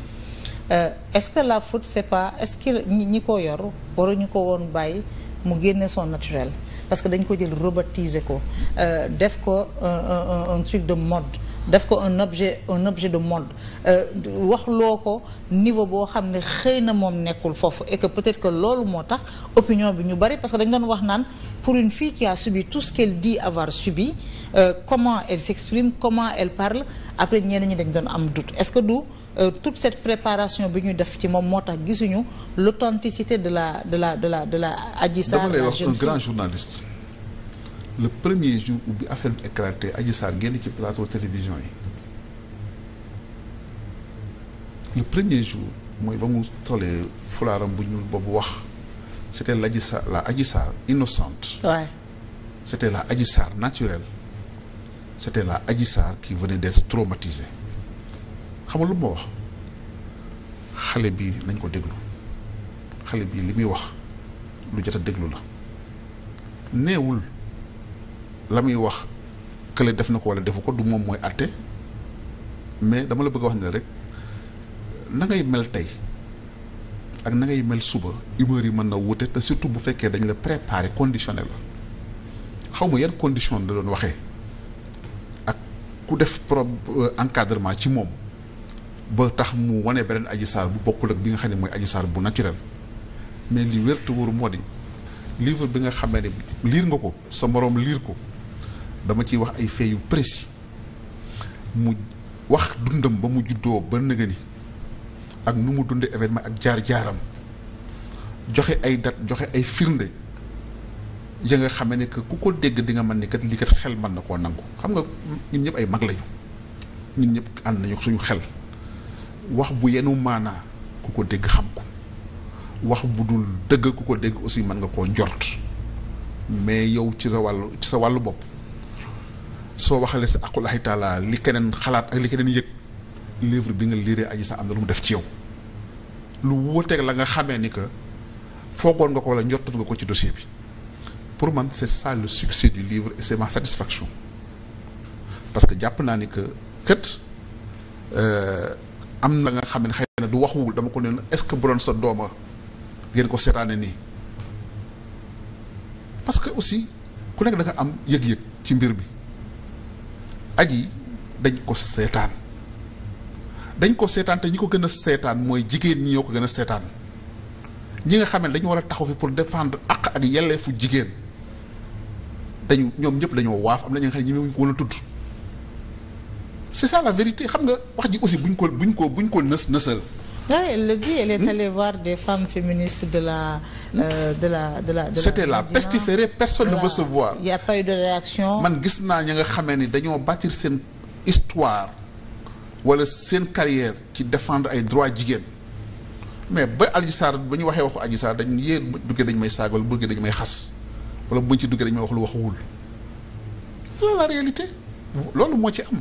euh, est-ce que la faute c'est pas est-ce qu'il n'y ko yor waruñu ko won bay mu son naturel parce que dañ ko jël robotiser ko euh, def ko un un truc de mode def ko un objet un objet de mode euh, wax loo ko niveau de xamné xeyna mom na fofu et que peut-être que loolu motax opinion bi ñu bari parce que dañ don wax nan pour une fille qui a subi tout ce qu'elle dit avoir subi euh, comment elle s'exprime comment elle parle après ñeneen ñi dañ doutes am doute est-ce que nous euh, toute cette préparation bi ñu def ci mom l'authenticité de la de la de la de la un grand journaliste le premier jour bi affaire bi éclaté Adji Sarr génn ci plateau télévision yi le premier jour moy ba mu tolee fulaaram bu wax c'était la la Adji innocente ouais. c'était la Adji naturelle c'était la Adji qui venait d'être traumatisée xam nga lu ma wax xale bi nañ ko déglu xale bi li muy wax lu jot a déglu la neewul la muy wax kële def na ko wala defu ko du moom mooy àtte mais dama la bëgg a wax ne rek na ngay mel tey ak na ngay mel suba humeur yi mën na wute te surtout bu fekkee dañ la préparer conditionné la xaw ma yan condition la doon waxee ak ku def pro euh, encadrement ci moom ba tax mu wone beneen aji saar bu bokkul ak bi nga xam ne mooy aji saar bu naturel mais li wertu te moo di livre bi nga xamee ne liir nga ko sa morom liir ko dama ciy wax ay fee yu précis mu wax dundam ba mu juddoo ba nëga ni ak nu mu dundee événement ak jaar-jaaram joxe ay dat joxe ay firnde ya nga xamee ne que ku ko dégg di nga mën ni kat li kat xel mën na koo nangu xam nga ñun ñëpp ay mag lañu ñun ñëpp ànd nañu suñu xel wax bu yenu maanaa ku ko dégg xam ko wax bu dul dëgg ku ko dégg aussi mën nga koo njort mais yow ci sa wàllu ci sa wàllu bopp soo waxalee si aqulahi taala li keneen xalaat ak li keneen yëg livre bi nga liiree aji sa am na lu mu def ci yow lu wuuteeg la nga xamee ni que foogoon nga ko wala njortoon nga ko ci dossier bi pour man c'est ça le succès du livre et c'est satisfaction parce que jàpp naa ni que kët euh, am na nga xam xeyna du waxul dama ko ne est ce que sa doma ngeen ko seetaane ni parce que aussi ku nek da nga am yeg yeg ci mbir bi aji dañ ko seetaan dañ ko seetaan te ñiko gëna gën a seetaan jigéen ñi ñoko gëna gën ñi nga xam dañ wara taxaw fi pour défendre ak ak fu jigéen dañ ñom ñëpp dañu waaf am nañu xel ñi mu wona tuddu c'est ça la vérité xam nga wax aussi buñ ko buñ ko buñ ko nës nësal. oui elle le dit elle est hmm? allée voir des femmes féministes de la hmm? euh, de la de la. de c'était la pestiférée personne ne veut se voir. il y a pas eu de réaction. man gis naa ñi nga xamee ni dañoo bâtir seen histoire wala seen carrière qui défendre ay droits jigéen mais ba Adji Sarr ba ñu waxu Adji Sarr yé yee duggee dañ may saag wala buggee dañ may xas wala buñ ci duggee dañ may wax lu waxuwul c'est la réalité lolu mo ci am.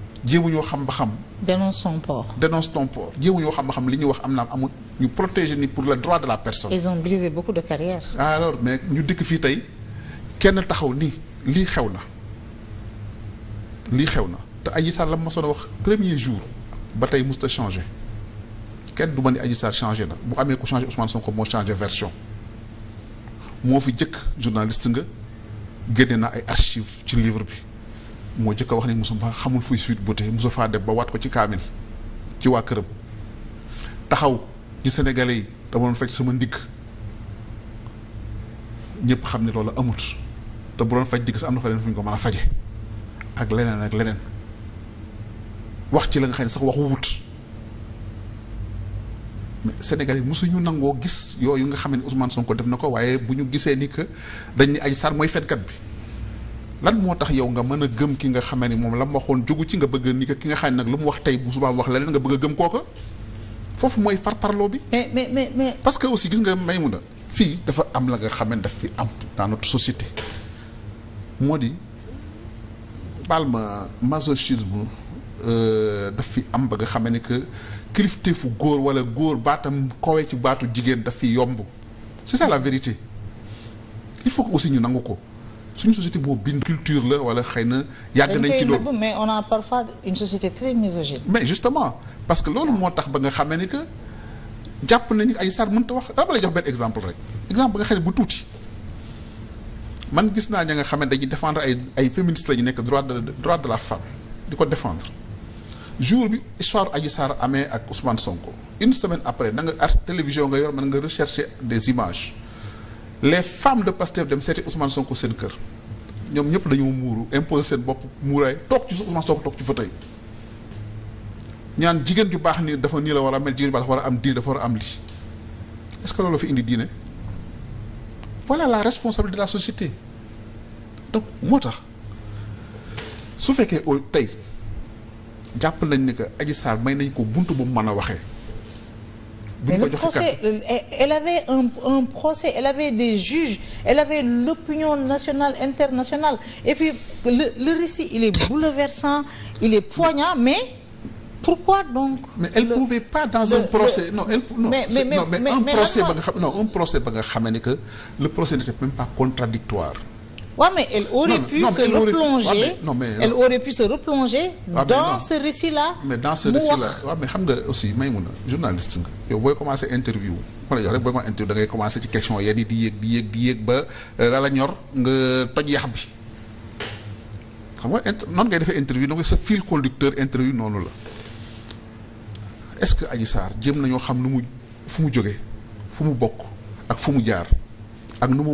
dénonce ton port. dénonce ton port nous xam ni pour le droit de la personne. ils ont brisé beaucoup de carrières. alors mais nous disons que tey kenn taxaw nii lii li xewna te ma wax premier jour ba musta changé kenn duma ni Adji Sarr changé na bu amé ko Ousmane version mo fi journaliste nga génne na ay archives ci livre bi. moo jëkk a wax ni Moustapha xamul fuy Sweet Beauté faa dem ba waat ko ci kaamil ci waa këram taxaw ñi Sénégalais yi dama doon faj sama ndigg ñëpp xam ne loolu amut te bu doon faj digg sa am na fa leen fu ko mën a faje ak leneen ak leneen wax ci la nga xam ne sax waxu wut mais Sénégal yi mosuñu nangoo gis yooyu nga xam ne Ousmane ko def na ko waaye bu ñu gisee ni que dañ ni Adji Sarr mooy fenkat bi lan moo tax yow nga mën a gëm ki nga xamee ni moom la mu waxoon jógu ci nga bëgg ni ko ki nga xam ne nag lu mu wax tey bu subaa wax leneen nga bëgg a gëm kooka foofu mooy far parloo bi. mais mais mais parce que aussi gis nga Maimouna fii dafa am la nga xam ne daf fi am dans notre moo di baal ma masochisme euh, daf fi am ba nga xame ne que kilifteefu góor wala góor baatam koowee ci baatu jigéen daf fi yomb ci ça la vérité il foog aussi ñu nangu ko. une société qui culture mais on a parfois une société très misogyne mais justement parce que l'autre que Japonais ay sar exemple exemple féministes qui droit de la femme de quoi défendre jour bi histoire à Ousmane Sonko une semaine après dans la télévision nga yor rechercher des images les femmes de pasteur de c'était Ousmane Sonko seen kër ñoom ñëpp dañoo muuru imposer seen bopp muuraay toog ci Ousmane Sonko tok ci fa tey ñaan jigéen ju bax ni dafa ni la wara mel jigen ju baax dafa am diine dafa wara am li est-ce que loolu fi indi diine voilà la responsabilité de la société donc motax tax su fekkee tay japp nañ ni que aji sar may nañ ko buntu bu mu mën mais euh, elle avait un, procès, elle avait des juges, elle avait l'opinion nationale, internationale. Et puis, le, récit, il est bouleversant, il est poignant, mais pourquoi donc Mais elle ne pouvait pas dans un procès. non, elle, non, mais, un procès, le procès n'était même pas contradictoire. Ouais mais elle aurait non, pu non, se replonger. Ouais, mais, non, mais, elle aurait pu se replonger ouais, dans ce récit-là. Mais dans ce récit-là, ouais, mais xam nga aussi Maïmouna journaliste nga yow booy commencé interview ku la jox rek booy ma interview da ngay commencé ci question yenn di yéeg di yéeg di yéeg ba euh, la la ñor nga toj yax xam nga inter ngay defee interview donc sa fil conducteur interview non la est-ce que Adji Sarr jëm nañoo xam nu mu fumu mu jógee bokk ak fumu mu ak nu mu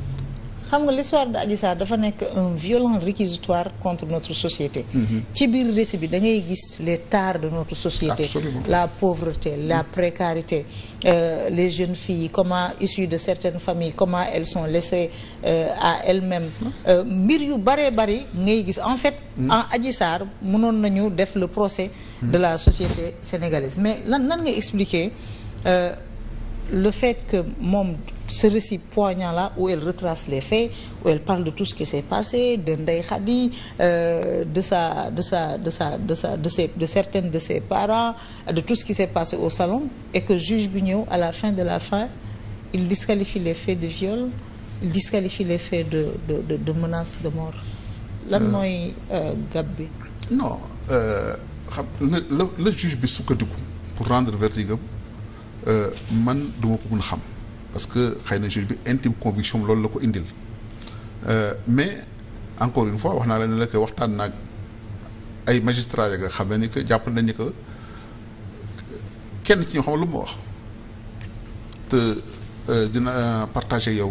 l'histoire d'Addis Adji un violent réquisitoire contre notre société mhm. ci récit les tares de notre société la pauvreté la mhm. précarité euh, les jeunes filles comment issues de certaines familles comment elles sont laissées euh, à elles-mêmes mhm. euh, yu Bare, en fait en Adji Sarr nous nañu le procès de la société sénégalaise mais là, nan expliquer le fait que ce récit poignant-là, où elle retrace les faits, où elle parle de tout ce qui s'est passé, de Ndeye Khadi, euh, de, sa, de, certaines de ses parents, de tout ce qui s'est passé au salon, et que juge bugno à la fin de la fin, il disqualifie les faits de viol, il disqualifie les faits de, de, menaces de mort. Là, moi, euh, euh Non, euh, le, juge juge coup, pour rendre verdict. Euh, man ne sais pas parce que xëy juge bi intime conviction la euh, mais encore une fois wax la ne la que waxtaan magistrats ya nga que euh, partager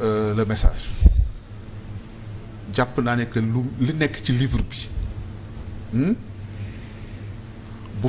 le message jàpp naa ne que livre bi hmm, bu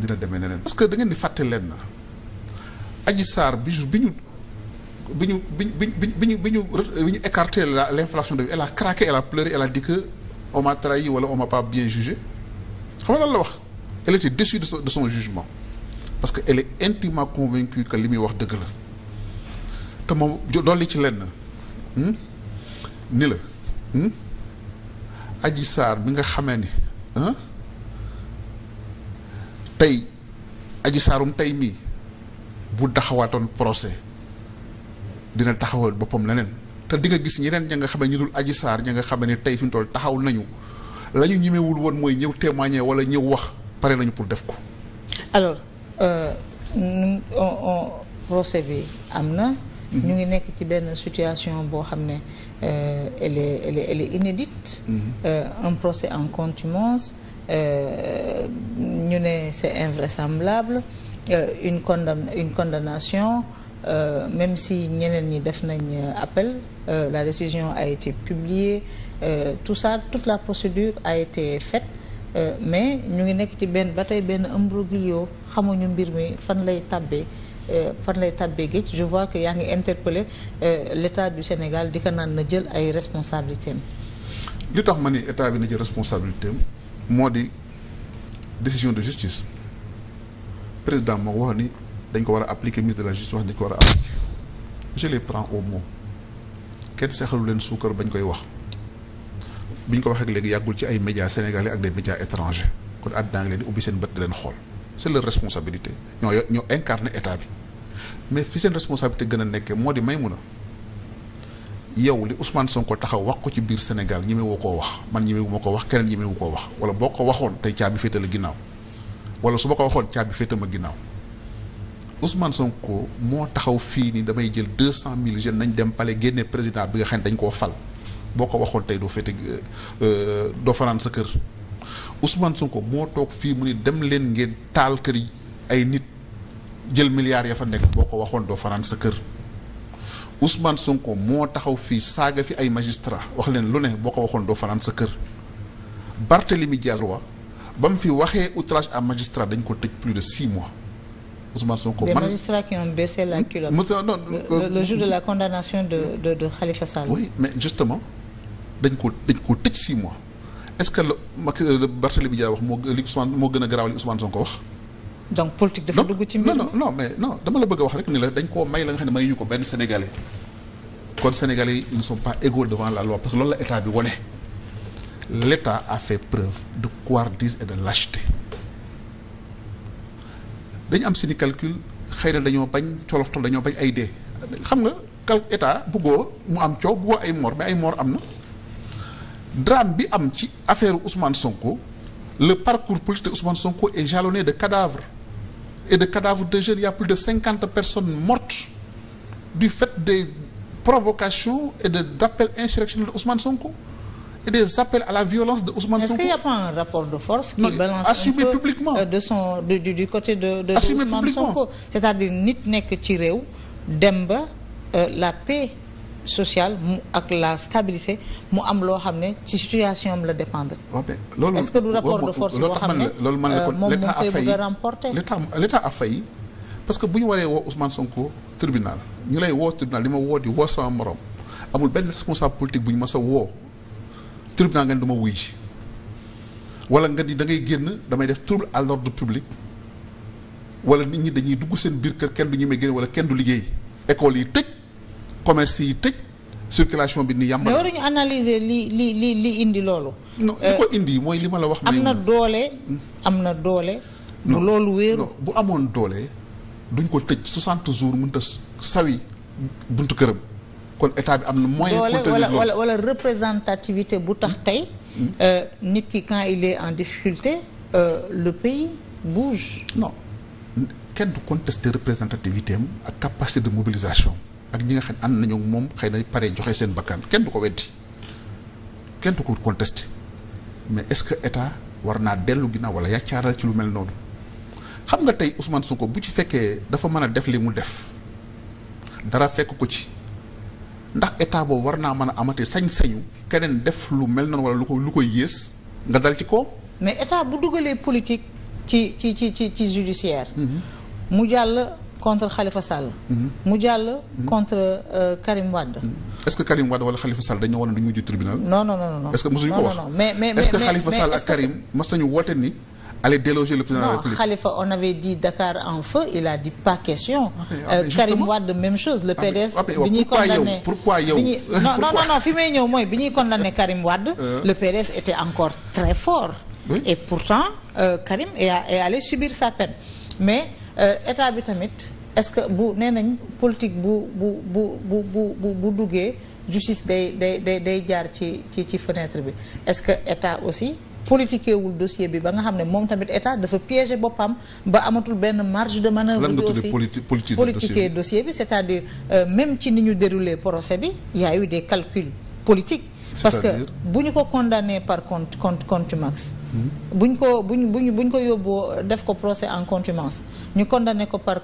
dina demee neneen parce que da ngeen di faté lén na Adji Sarr biñu biñu biñu biñu écarté l'inflation de elle a craqué elle a pleuré elle a dit que on m'a trahi wala on m'a pas bien jugé xam nga la wax elle était déçue de son de son jugement parce que elle est intimement convaincue que limi wax deug la te mom doli ci lenn hmm? ni la hmm? aji sar bi nga xamé ni hein? tey aji saarum tey mii bu taxawaatoon procès dina taxawal boppam leneen te di nga gis ñeneen ña nga xam ne ñu dul aji saar ña nga xam ne tey fi mu toll taxaw nañu la ñu woon mooy ñëw témoigner wala ñëw wax pare nañu pour def ko. alors euh, on, on, procès bi am na. Mhm. ñu ngi nekk ci benn situation boo xam ne euh, elle est elle inédite. Mhm. Euh, un procès en contumace. Euh, ñu ne c'est invraisemblable euh, une condam une condamnation Euh, même si ñeneen ni def nañ euh, appel euh, la décision a été publiée euh, tout ça toute la procédure a été faite mais ñu ngi nekk ci benn ba tey benn imbroglio xamuñu mbir mi fan lay tàbbee fan lay tàbbee géej je vois que yaa ngi interpellé l'État du Sénégal di ko naan na jël ay responsabilités am. li tax ni état bi na jël responsabilité modi décision de justice président mo wax ni dañ ko wara appliquer ministre de la justice wax ni ko wara je les prends au mot kenn saxalu len suukar bañ koy wax biñ ko wax ak léegi yàggul ci ay médias sénégalais ak des médias étrangers kon ad dang len di sen seen bët di leen xool c'est leur responsabilité ñoo ñoo incarné état bi mais fi sen responsabilité gëna a modi moo yow li Ousmane Sonko taxaw wax ko ci biir Sénégal ñi woo koo wax man ñi ma ko wax keneen ñi wu koo wax wala boo ko waxoon tey caabi féete la ginnaaw wala su ba ko waxoon caabi féete ma ginnaaw Ousmane Sonko moo taxaw fii ni damay jël deux cent mille jeunes nañ dem pale génne président bi xam ne dañ koo fal boo ko waxoon tey doo féete euh, euh, doo sa kër Ousmane Sonko moo toog fii mu ni dem leen ngeen taal kër ay nit jël milliards ya fa nekk boo ko waxoon doo faraan sa kër Ousmane Sonko moo taxaw fii saaga fi ay magistrat wax leen lu ne boo ko waxoon doo fanaan sa Barthélemy Diaz Roy ba fi outrage à magistrat dañ ko tëj plus de six mois Ousmane Sonko des magistrats qui ont baissé la culotte euh, le, jour de la condamnation de Khalifa Sall. oui mais justement dañ ko dañ ko six mois est-ce que le Barthélemy Diaz wax moo Ousmane moo a Sonko donc politique de dugg ci non non mais non dama la bëgg a wax rek ni la dañ koo may la nga sénégalais kon sénégalais ne sont pas égaux devant la loi parce que l'État la état l'État a fait preuve de couardise et de lâcheté Nous am seeni calcul xëy na dañoo bañ colofto dañoo bañ ay dee xam nga cal état buggoo mu am coow buggoo ay mort mais ay mort am drame bi am ci affaire Ousmane Sonko le parcours politique d'Ousmane Sonko est jalonné de cadavres et de cadavres de jeunes. Il y a plus de 50 personnes mortes du fait des provocations et des d'appels insurrectionnels d'Ousmane Sonko et des appels à la violence de Ousmane Sonko. Est-ce qu'il n'y a pas un rapport de force qui balance assumé un peu publiquement. Euh, de son, du, côté de, Ousmane Sonko C'est-à-dire, nit nek demba euh, la paix social, ak la stabilité mu am lo xamné ci situation am la dépendre. est-ce que du rapport de force boo xamné ne man la euh, moom a l'état l'état a failli parce que buñu waré Ousmane Sonko tribunal ñu lay wo tribunal lima wo di wo sama morom amul ben responsable politique buñu massa wo tribunal nga duma wuy ji wala nga di da ngay genn damay def trouble à l'ordre public wala nit ñi dañuy dugg seen biir kër kenn du ñu may génn wala kenn du liggéey école yi tëj commerce circulation bi ni mais analyser li li li indi lolu hmm. non Du indi moy li ma wax. doole amna doole. bu bu 60 jours sawi buntu kon état bi représentativité bu tax hmm. Hmm. Euh, quand il est en difficulté euh, le pays bouge. non représentativité am capacité de mobilisation. ak ñi nga xam ànd nañu moom xëy na pare joxe seen bakkan kenn du ko weddi kenn du ko contesté mais est-ce que état war naa dellu ginnaaw wala yaccaaral ci lu mel noonu xam nga tey Ousmane Sonko bu ci fekkee dafa mën a def li mu def dara fekk ko ci ndax état boobu war naa mën a amati sañ-sañu keneen def lu mel noonu wala lu ko lu koy yées nga dal ci ko mais état bu dugalee politique ci ci ci ci ci judiciaire mhm. mu jàll contre Khalifa Sall. Mhm. mu mhm. contre euh, Karim Wade. Mhm. est-ce que Karim Wade ou Khalifa Sall dañu woon du tribunal. non non non non est-ce que mosuñu Non, non. mais mais mais est-ce que Khalifa Sall et Karim mos nañu aller déloger le président de la République. Non, Khalifa, on avait dit Dakar en feu, il a dit pas question. Ah, ah, euh, Karim Wade, même chose, le PDS, ah, mais, ah, pourquoi condamné. Pourquoi yo bini... Non, non, non, non, Fimenyo, moi, Bini condamné Karim Wade, euh. le PDS était encore très fort. Et pourtant, Karim est allé subir sa peine. Mais euh, état bi tamit est-ce que bu nee politique bu bu bu bu bu bu justice day day day day jaar ci ci ci fenêtre bi est-ce que état aussi politiqué wul dossier bi ba nga xamné mom tamit état dafa piéger bopam ba amatul ben marge de manœuvre bi aussi politiquer dossier bi c'est-à-dire euh, même ci niñu dérouler procès bi y a eu des calculs politiques parce que si ñu ko condamné par contre contre contumace. Si hmm? ñu ko bu ñu ko def ko procès en contumace ñu condamné par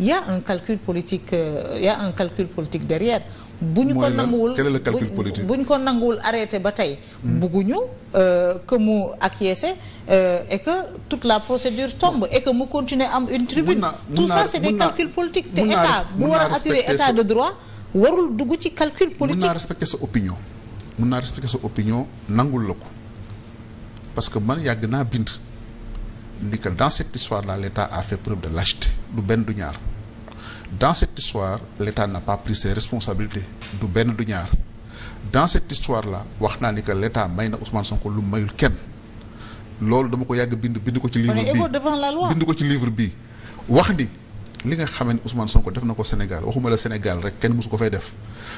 y' a un calcul politique Il euh, y' a un calcul politique derrière. bu ñu ko nanguwul bu ñu ko bataille arrêté ba tey. Hmm? Euh, que mu acquiescer euh, et que toute la procédure tombe et que nous continuons am une tribune. tout ça c'est des calculs politiques. état état de droit warul avons ci calcul politique. respecter opinion mun naa respecter sa opinion nangul la ko parce que man yàgg naa bind ni que dans cette histoire là l'État a fait preuve de lâcheté du benn du ñaar dans cette histoire l'État n'a pas pris ses responsabilités du benn du ñaar dans cette histoire là wax naa ni que l'État may na Ousmane Sonko lu mayul kenn loolu dama ko yàgg bind bind ko ci livre bi bind ko ci livre bi wax ni li nga xamee Ousmane Sonko def na ko Sénégal waxuma la Sénégal rek kenn mosu ko fay def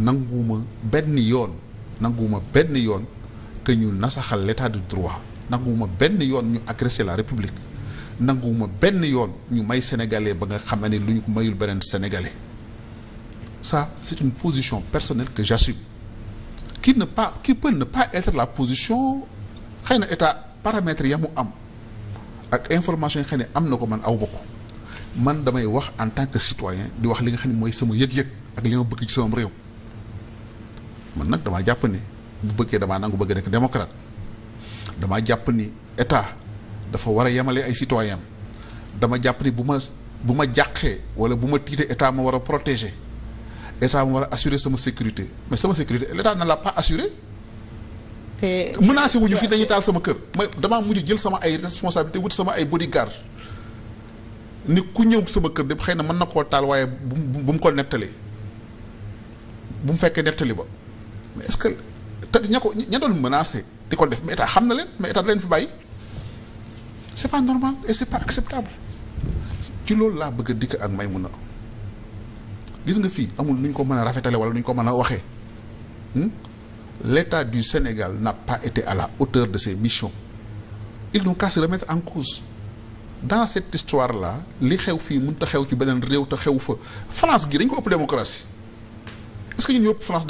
nanguwuma ben yoon nanguwuma ben yoon que ñu nasaxal l'état de droit nanguwuma ben yoon ñu agresser la république nanguwuma ben yoon ñu may sénégalais ba nga xam lu ñu ko mayul benen sénégalais ça c'est une position personnelle que j'assume qui ne pas qui peut ne pas être la position xëy état paramètres ya am ak information yi amna ko man aw boko man damay wax en tant que citoyen di wax li nga xam moy sama yëg yek ak li nga bëgg ci sama réew man nag damaa jàpp ni bu bëggee damaa nangu bëgg nekk démocrate damaa jàpp ni état dafa war a yemale ay citoyen dama jàpp ni bu ma bu ma jàqee wala bu ma tiitee état ma war a protéger état ma war a assurer sama sécurité mais sama sécurité l'état na l'a pas assurée. te menacé wuñu fii dañuy taal sama kër ma damaa mujj jël sama ay responsabilité wut sama ay bodyguard ni ku ñëw sama kër de xëy na mën na koo taal waaye bu mu bu mu ko nettali bu mu fekkee nettali ba. est-ce que te ña ko ña doon menacé di ko def mais état xam na leen mais état da leen fi bàyyi c'est pas normal et c'est pas acceptable ci loolu laa bëgg a dikk ak Maimouna gis nga fii amul nu ñu ko mën a rafetale wala nu ñu ko mën a waxee hmm? l'état du Sénégal n'a pas été à la hauteur de se mission ils n'ont qu'à se remettre en cause dans cette histoire là li xew fii mun a xew ci beneen réew te xewu fa France gi dañ ko ëpp démocratie est-ce que ñun ñëpp France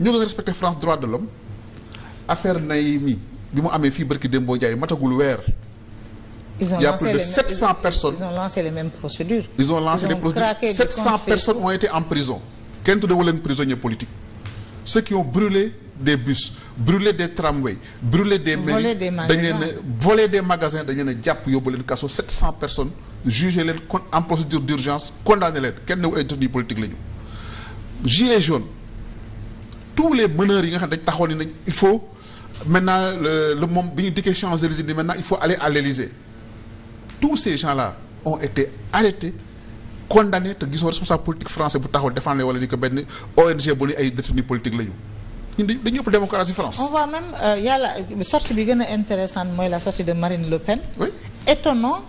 nous respectons France droit de l'homme affaire Naimi vous avez fibre barki Dembo ils ont il y a plus de 700 personnes. Ils ont lancé les mêmes procédures. Ils ont lancé des procédures. 700 personnes ont été en prison. Quels sont les prisonniers politiques Ceux qui ont brûlé des bus, brûlé des tramways, brûlé des mairies, volé des magasins, de 700 personnes, jugez en procédure d'urgence, condamnez-les. Quels sont les politiques Gilets jaunes tous les meneurs il faut maintenant le le maintenant il faut aller à l'Elysée. tous ces gens-là ont été arrêtés condamnés te gisoo responsables politique français pour défendre les wala ko ONG bu ni ay détenus politiques lañu ñun dañu la démocratie France. on voit même euh, y sortie qui est intéressante la sortie de Marine Le Pen. étonnant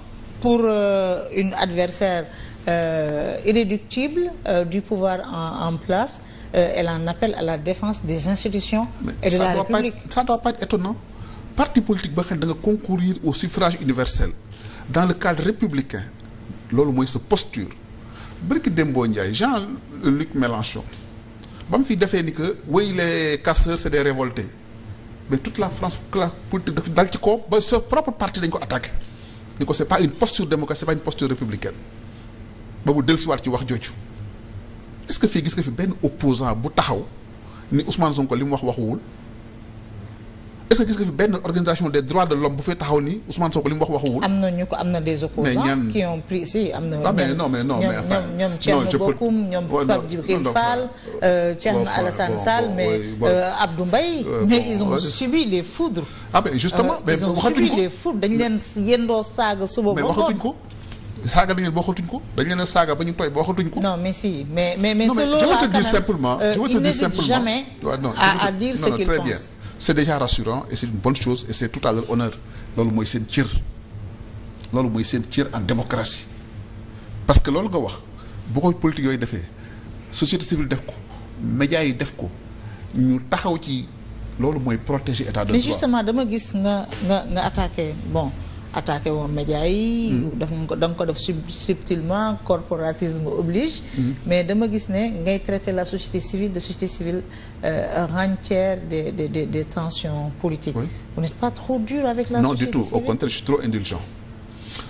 pour euh, une adversaire euh, irréductible euh, du pouvoir en place. Euh, elle en appelle à la défense des institutions et de la République. ça ne doit pas être étonnant. Parti politique doit concourir au suffrage universel dans le cadre républicain l'homme se posture bërki Dembo Jean-Luc Mélenchon ba mu fi que oui les casseurs c'est des révoltés mais toute la France la politique dal ci propre parti dañ attaqué pas une posture démocratique ce n'est pas une posture républicaine ba mu dellusiwaat ci wax jooju est-ce que ce qui fait fi opposant bu Ousmane Sonko est-ce que gis organisation des droits de l'homme bu fait taxaw ni Ousmane Sonko wax des opposants qui ont pris si ah, mais non mais non mais enfin beaucoup. il y Pape Fall. Alassane Sall mais Abdou mais ils ont subi les foudres. ah mais justement euh, mais ils ont subi les foudres Ils ont subi suba non mais si mais mais mais. simplement jamais à dire ce qu'il pense c'est déjà rassurant et c'est une bonne chose et c'est tout à leur honneur lolu en démocratie parce que nga wax politique yoy société civile def ko médias yi def ko ñu taxaw ci protéger état de droit mais justement dama nga nga bon. Attaquer mon média yi. Mm-hmm. dafa subtilement corporatisme oblige. Mm-hmm. mais je me que ngay traiter la société civile de société civile euh, rentière des tensions politiques. vous n'êtes pas trop dur avec la. société civile non du tout au contraire je suis trop indulgent.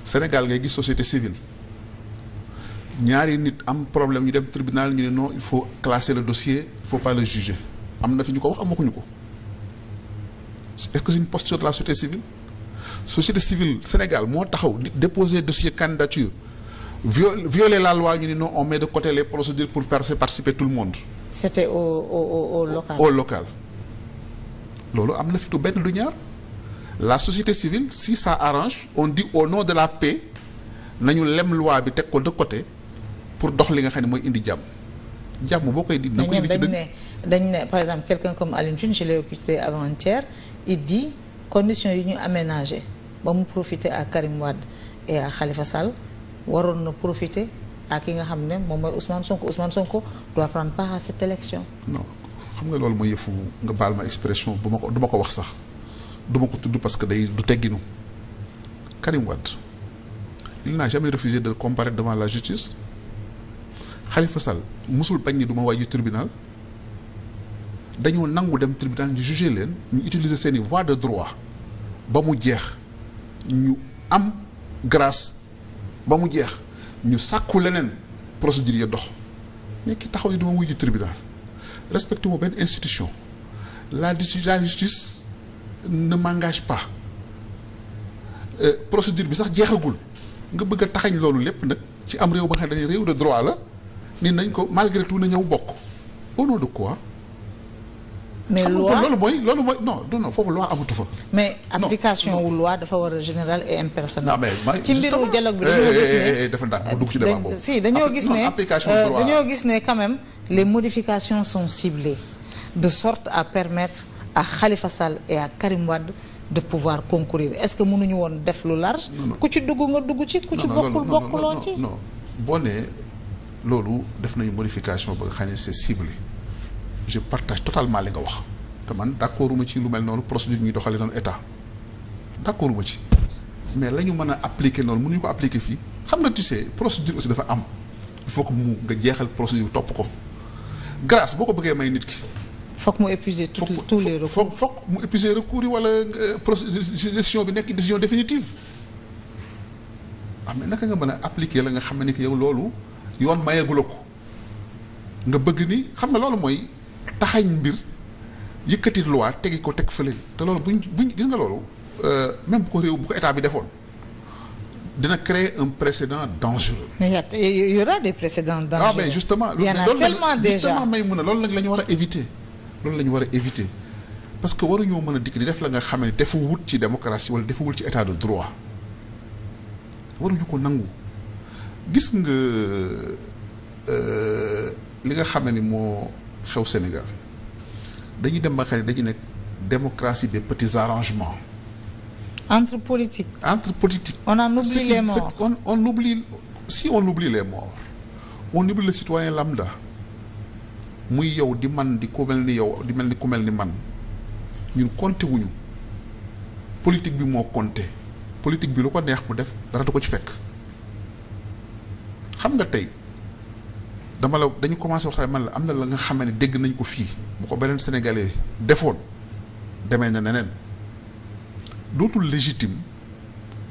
Sénégal a une société civile. y a un problème il dem tribunal ñu tribunal, il faut classer le dossier il ne faut pas le juger est-ce que c'est une posture de la société civile société civile Sénégal mo taxaw déposer dossier candidature violer la loi on met de côté les procédures pour faire participer tout le monde. c'était au local. au local la société civile si ça arrange on dit au nom de la paix nañu lem loi bi de côté pour dox li nga xam par exemple quelqu'un comme Aline June, je l'ai écouté avant-hier il dit conditions yi ñu ba profiter profité à Karim Wade et à Khalifa Sall waroon na profité à ki nga xamné ne moom Ousmane Sonko Ousmane Sonko doit prendre part à cette élection. non xam nga lolou mooy yëfu nga bal ma expression bu ko du ko wax sax du ko parce que day du tegginu Karim Wade il n'a jamais refusé de comparaître devant la justice Khalifa Sall musul bañ ni du ma tribunal. dañoo nangu dem tribunal ñu juger len ñu utiliser seeni voie de droit ba mu jeex ñu am grâce ba mu jeex ñu sàkku leneen procédure ya dox mais ki taxaw ni dama wuy ji tribunal respecté moo benn institution la décision justice ne m'engage pas euh, procédure bi sax jeexagul nga bëgg a taxañ loolu lépp nag ci am réew ba xam ne dañuy réew de droit la ni nañ ko malgré tout na ñëw bokk au nom de quoi mais loi loolu mooy loolu mooy non non foofu loi amatu fa. mais application wu loi dafa war générale et impersonnelle ci mbiru dialogue bi dañoo eh, gis ne eh, eh, dafa ndànk dugg ci débat boobu si dañoo gis ne euh, dañoo gis ne quand même les modifications sont ciblées de sorte à permettre à Khalifa Sall et à Karim Wade de pouvoir concourir est-ce que mënuñu woon def lu large. ku ci dugg nga dugg ci ku ci bokkul bokkuloo ci. non boo def nañu modification ba nga c'est ciblé. je partage totalement li nga wax te man d'accorduma ci lu mel noonu procédure ñuy doxale noonu état d'accorduma ci mais la ñu mën a appliquer noonu mënuñu ko appliquer fii xam nga tu sais procédure aussi dafa am il mu nga jeexal procédure topp ko grâce boo ko bëggee may nit ki. foog mu éppiser tous tous les recours foog foog mu épuiser recours yi wala euh, procédure décision bi nekk décision définitive ah na naka nga mën a appliquer la nga xam ne ni yow loolu yoon mayeegula ko nga bëgg ni xam nga loolu mooy. taxañ mbir yëkkati loi tegi ko teg fële te loolu bu buñ gis nga loolu euh, bu ko réew bu ko état bi defoon dina créer un précédent dangereux. mais y aura des précédents ah, dangereux. ah ben justement. y en a tellement déjà may a loolu nag la ñu war a éviter. loolu la war a éviter a dikk di def la nga xam ne defu wut ci démocratie wala defu wut ci état de droit waruñu ko gis nga euh, li nga xam ne ni moo. au Sénégal dañuy dem démocratie des petits arrangements. entre politiques entre on oublie les morts. on oublie si on oublie les morts on oublie les citoyens lambda muy yow politique bi politique bi lu ko dama la dañu commencé waxtaan man la amna la nga xamné dégg nañ ko fi bu ko benen sénégalais défon démé na nenen dotul légitime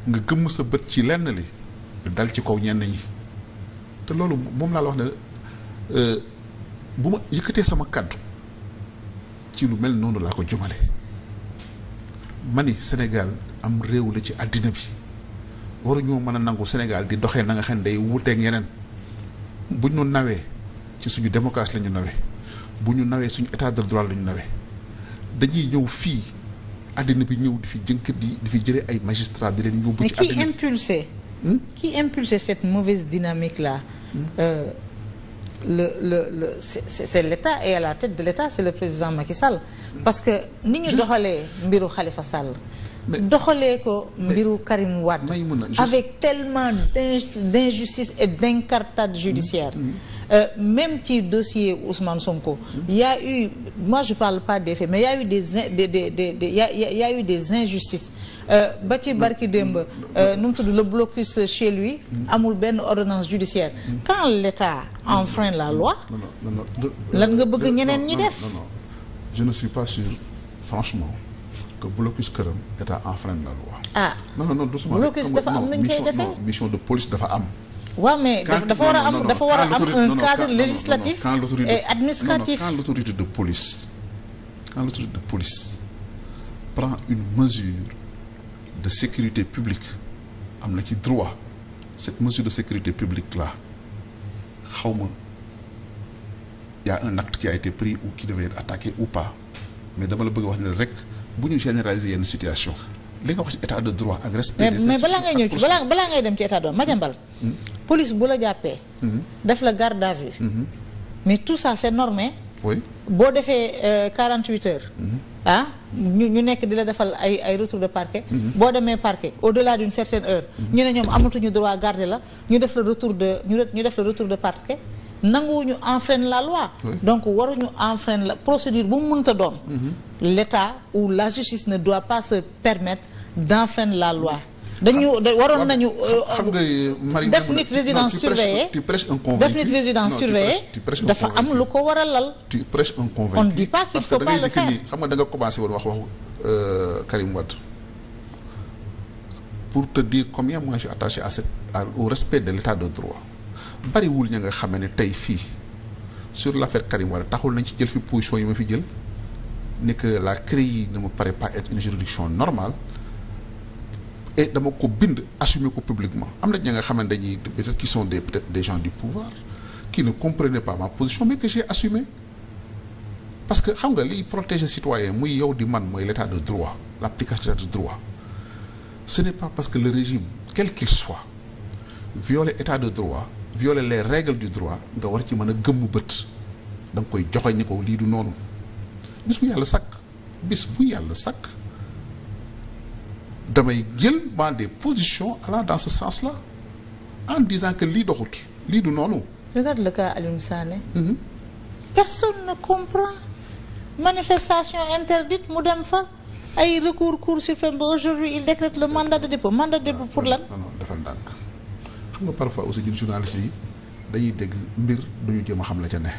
nga gëm sa bëtt ci lenn li dal ci kaw ñenn ñi té lolu moom la wax ne euh, bu ma yëkëté sama kàddu ci lu mel nonu la ko jumalé mani sénégal am réew la ci adina bi waru ñu mëna nangu sénégal di doxé na nga xam ne day wuteeg bu ñu nawee ci suñu démocratie lañu nawé nawee bu ñu nawee suñu état de droit lañu nawé nawee dañuy ñëw fii àddina bi ñëw di fi jënkat yi di fi jëlé ay magistrats di leen yóbbu ci adina bi hmm? qui impulsé. qui impulsé cette mauvaise dynamique là. Hmm? Euh, le le le c'est l'État et à la tête de l'État c'est le président Macky Sall. parce que ni ñu doxalee mbiru Khalifa Sall doxalee ko mbiru Karim Wad avec tellement d'injustice et d'incartade judiciaire mm-hmm. euh, même ci dossier Ousmane Sonko. il y a eu moi je parle pas des faits mais il y a eu des des il y a eu des injustices. Euh, ba ci barki Dembe, mm-hmm. euh, nous le blocus chez lui. Mm-hmm. amul ben ordonnance judiciaire. quand l'État enfreint la loi. lan nga non non je ne suis pas sûr franchement que blocus këram état enfreint la loi. ah non non non doucement. blocus dafa am la mission de police dafa am. wa mais dafa wara am dafa am un cadre législatif et administratif. quand l'autorité de police de police prend une mesure de sécurité publique am a ci droit cette mesure de sécurité publique là il il y a un acte qui a été pris ou qui devait être attaqué ou pas mais dama la bëgg wax ne rek bu généraliser une situation li nga wax état de droit ak respect des mais balaa ngay ñëw ci balaa balaa ngay dem ci état de droit Madiambal mm-hmm. Mm-hmm. police bu la jàppee mm-hmm. def la garde à vue mais tout ça c'est normé oui boo defee euh, quarante huit heures ah ñu ñu nekk di la defal ay retour de parquet boo demee parquet au delà d'une certaine heure ñu ne ñoom amatuñu droit garder la ñu def le retour de ñu def la retour de parquet avons enfreint la loi donc devons enfreindre la procédure bu mhm. l'état ou la justice ne doit pas se permettre d'enfreindre la loi dañu devons nañu euh, euh, def résidence surveillée def résidence surveillée dafa tu prêches un convaincu on ne dit pas qu'il faut pas le faire je nga da nga euh, Karim Wad. pour te dire combien moi je suis attaché au respect de l'état de droit bari ña nga xam ne tey sur l'affaire Karim Wade taxul nañ ci jël fi position yi ma fi jël la crise ne me paraît pas être une juridiction normale et dama ko bind assumer publiquement Il y a peut-être qui sont des peut-être des gens du pouvoir qui ne comprenaient pas ma position mais que j'ai assumé parce que xam nga liy protéger citoyen muy yow di man moy l'état de droit l'application de droit ce n'est pas parce que le régime quel qu'il soit viole l'état de droit violer les règles du droit nga war ci y a gëmm bët koy joxe ni ko li du noonu bis bu yàlla sàkk bis bu yalla sak damay jël ma des positions ala dans ce sens là en disant que li doxut li du noonu. regarde le cas Alioune Sané. Mhm. personne ne comprend manifestation interdite mu dem fa ay recours cour suprême fait aujourd'hui il décrète le mandat de dépôt mandat de dépôt pour lan. non non dafa xam nga parfois aussi ñun yi dañuy dégg mbir duñu jéem a xam la ca ne.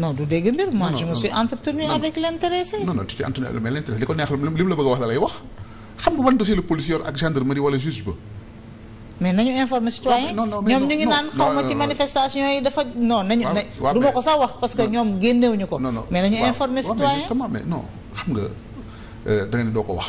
non du dégg mbir. moi je me suis entretenu avec l'intéressé. non non tu t'es entretenu mais l'intéressé li ko neex li mu la bëgg a wax da lay wax xam nga ban que ñoom génnewuñu ko mais nañu xam nga euh, da ne doo ko wax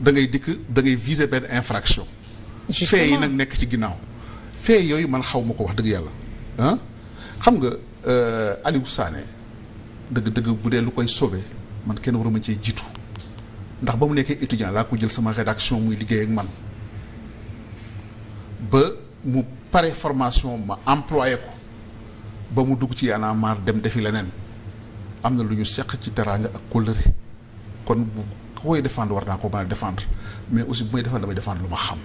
da ngay dikk da ngay viser benn infraction. fee yi nag nekk ci ginnaaw. fee yooyu man xaw ma ko wax dëgg yàlla ah xam nga euh, Aliou Sané dëgg-dëgg bu dee lu koy sauver man kenn waruma cee jiitu ndax ba mu nekkee étudiant laa ko jël sama rédaction muy liggéey ak man ba mu pare formation ma employé ko ba mu dugg ci Y'en dem defi leneen am na lu ñu seq ci teraanga ak kóllëre kon koy défendre war na ko bal défendre mais aussi bu may défendre damay défendre luma xam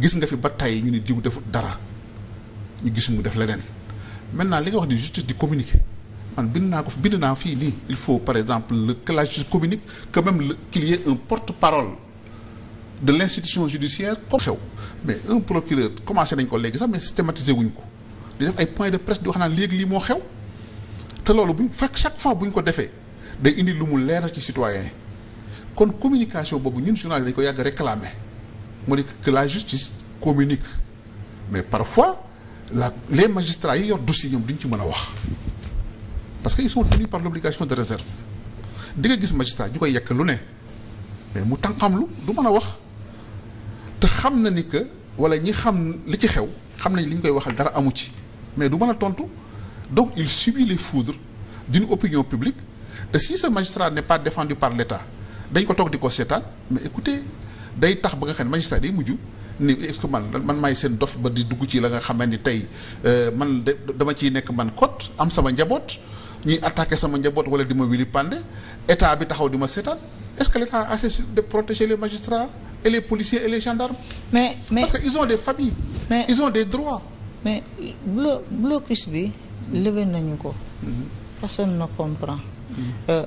gis nga fi ba ñu ni diw def dara ñu gis mu def leneen maintenant li nga wax di justice di communiquer man bind naa ko bind naa fii nii il faut par exemple que la justice communique que même qu'il y ait un porte-parole de l'institution judiciaire comme xew mais un procureur commencé nañ ko léegi sax mais systématiser wuñ ko di def ay points de presse di wax naan léegi lii moo xew te loolu buñ fekk chaque fois buñ ko defee day indi lu mu ci citoyen la communication beaucoup ñun journal dañ ko réclamé. réclamer que la justice communique mais parfois la les magistrats ils ont dossier dossiers ci parce qu'ils sont tenus par l'obligation de réserve Dès que gis magistrat ñu koy yekk lu ne mais mu tànqamlu du mën a wax te xam na ni que wala ñi xam li ci xew xam nañ li koy waxal dara amu ci mais du mëna tontu donc il subit les foudres d'une opinion publique et si ce magistrat n'est pas défendu par l'État dañ ko toog di ko seetaan mais écoutez day tax ba nga xam ne magistrat mujj ni est-ce que man man maay seen dof ba di dugg ci la nga xamee ni tey euh, man dama ciy nekk man kot am sama njaboot ñuy attaqué sama njaboot wala di ma wili pande état bi taxaw di ma seetaan est-ce que l'État a assez de protéger les magistrats et les policiers et les gendarmes mais, mais, Parce qu'ils ont des familles, mais, ils ont des droits. Mais le blocus, levé mhm. Personne ne comprend. Mm -hmm. euh,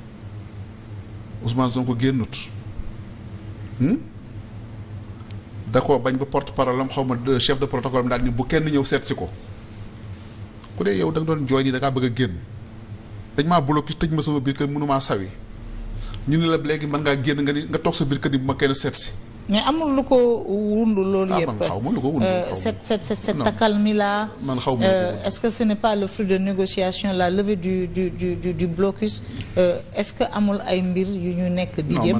Ousmane Sonko génnut hmm? da ko bañ ba porte parole am xaw ma euh, chef de protocole am daal ni bu kenn ñëw seet si ko ku dee yow da doon jooy ni da bëgg a génn dañ maa bloqué tëj ma sama biir kër maa sawi ñu ne la léegi mën ngaa génn nga ni nga toog sa biir kër ni bu ma kenn seet si mais amul lu ko ah, euh, cette cette cette là euh, est-ce que ce n'est pas le fruit de négociation la levée du du du du blocus euh, est-ce que amul ay mbir yu ñu nekk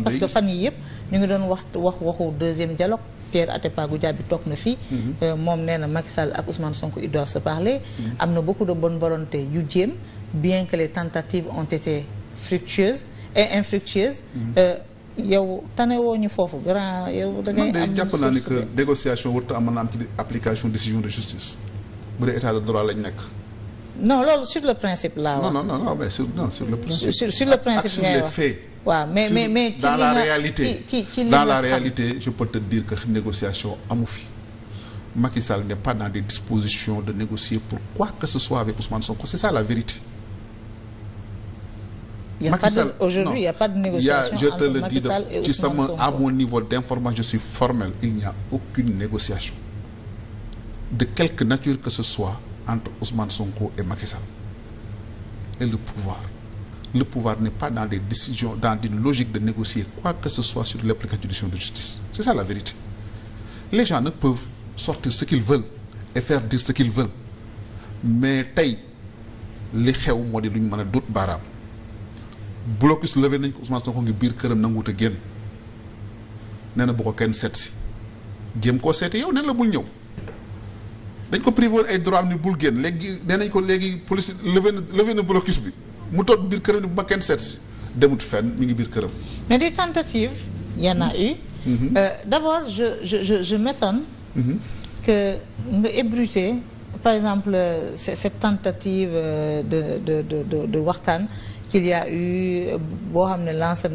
parce que fan yi ñu ngi doon wax wax deuxième dialogue Pierre Atepa Goudiaby tok na fi mhm. moom nee na Macky Sall ak Ousmane Sonko ils doivent se parler y mhm. beaucoup de bonne volonté yu bien que les tentatives ont été fructueuses et infructueuses mhm il y a des gens grand ont da des am que négociation décision de justice bu dee état de droit lañ non sur le principe là. non non non mais sur non sur le principe. sur sur le principe les faits. mais mais mais dans la réalité dans la réalité je peux te dire que négociation amu fi. Macky Sall n'est pas dans des dispositions de négocier pour quoi que ce soit avec Ousmane Sonko c'est ça la vérité. Aujourd'hui, il n'y a pas de négociation. je te le dis, à mon niveau d'information, je suis formel. Il n'y a aucune négociation de quelque nature que ce soit entre Ousmane Sonko et Macky Et le pouvoir. Le pouvoir n'est pas dans des décisions, dans une logique de négocier quoi que ce soit sur l'application de justice. C'est ça la vérité. Les gens ne peuvent sortir ce qu'ils veulent et faire dire ce qu'ils veulent. Mais taille, les gens ont d'autres blocus levé nañ ko Ousmane Sonko ngi biir kërëm nanguta a génn nee na bu ko kenn seet si jéem koo seeti yow nen la bul ñëw dañ ko privé ay droit ni bul génn léegi nee nañ ko léegi police levé na levé na blocus bi mu toog biir kërëm ni bu ma kenn seet si demut fenn mi ngi biir kërëm. mais des tentatives y en a eu. Mm -hmm. euh, d'abord je je je je m'étonne mm -hmm. que nga ébruité par exemple euh, cette tentative euh, de de de de, de waxtaan qu'il y a eu boo xam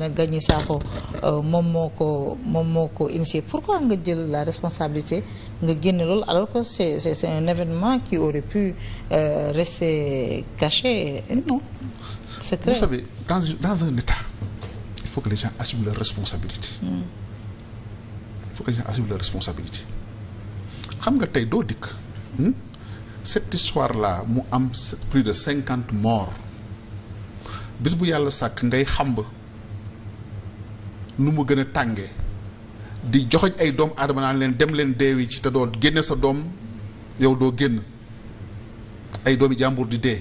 na Gagny Sakho euh, mom moko initié pourquoi nga jël la responsabilité nga génn loolu alors que c'est c'est un événement qui aurait pu euh, rester caché non secret vous savez dans dans un état il faut que les gens assument leurs responsabilités hmm. il faut que les gens assument leurs responsabilités xam nga hmm? cette histoire là am plus de 50 morts bis bu yàlla sàkk ngay xamb nu mu gën a tàngee di joxoñ ay doom aadama naan leen dem leen deewi ci te doo génne sa doom yow doo génn ay doomi jàmbur di dee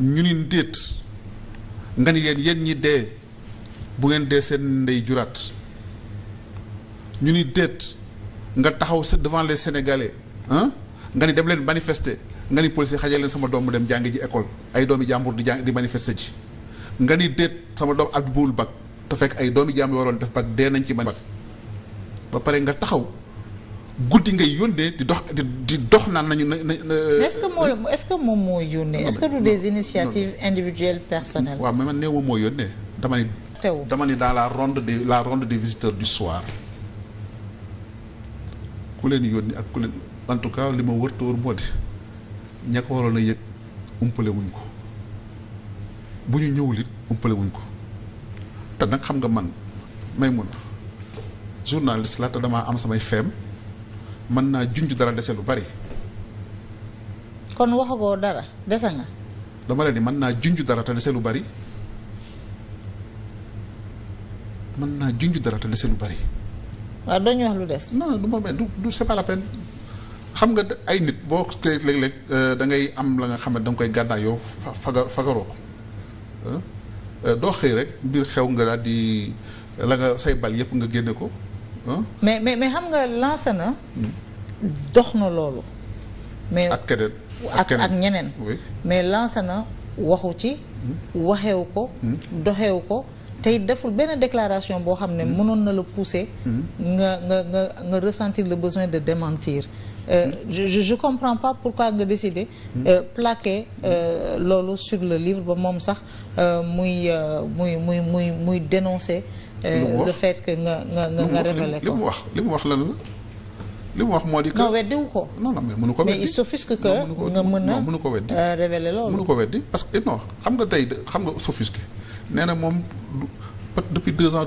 ñu ni déet nga ni leen yéen ñi dee bu ngeen dee seen ndey juraat ñu ni déet nga taxaw devant les sénégalais ah nga ni dem leen manifester nga ni policier xajal len sama dom dem jàngi ji école ay domi jambour di di manifester ji nga ni sama dom ab bak, bag te fekk ay domi jambour waron def bak de nañ ci man ba pare nga taxaw goudi ngay yonde di dox di dox nan nañu est-ce que mo est-ce que mo mo yónnee. est-ce que du des initiatives individuelles personnelles. wa mais man nee mo moo dama ni. dama ni dans la ronde de la ronde des visiteurs du soir ku leen yónni ak ku leen en tout cas lima ma wër ña ko waroon a yëg umpale wuñ ko bu ñu ñëwul it wuñ ko te nag xam nga man may mun a journaliste la te damaa am samay feem mën naa junj dara dese lu bari. kon waxagoo dese dama leen ni mën naa junj dara lu bari mën naa junj dara te dese lu bari. waaw doo wax lu des. non du ma du c'est pas la xam nga ay nit boo koy léeg-léeg euh, da ngay am la nga xam ne danga koy gànnaayoo faga fagaroo ko euh, doo xëy rek mbir xew nga daal di la nga say bal yëpp nga génne ko. mais mais mais xam nga lancé na. dox na loolu. mais ak keneen ak ñeneen. mais lancé na waxu ci. Hmm. waxewu ko. Hmm. doxewu ko. tey deful benn déclaration boo xam ne hmm. mënoon na la pousser. nga nga nga nga ressentir le besoin de démentir. Euh, je ne comprends pas pourquoi de décider hmm. euh, plaquer euh, sur le livre pour euh, euh, muy muy dénoncer le fait que nga nga nga révélé wax pas wax que non il s'offusque que nga parce que non xam nga xam nga depuis deux ans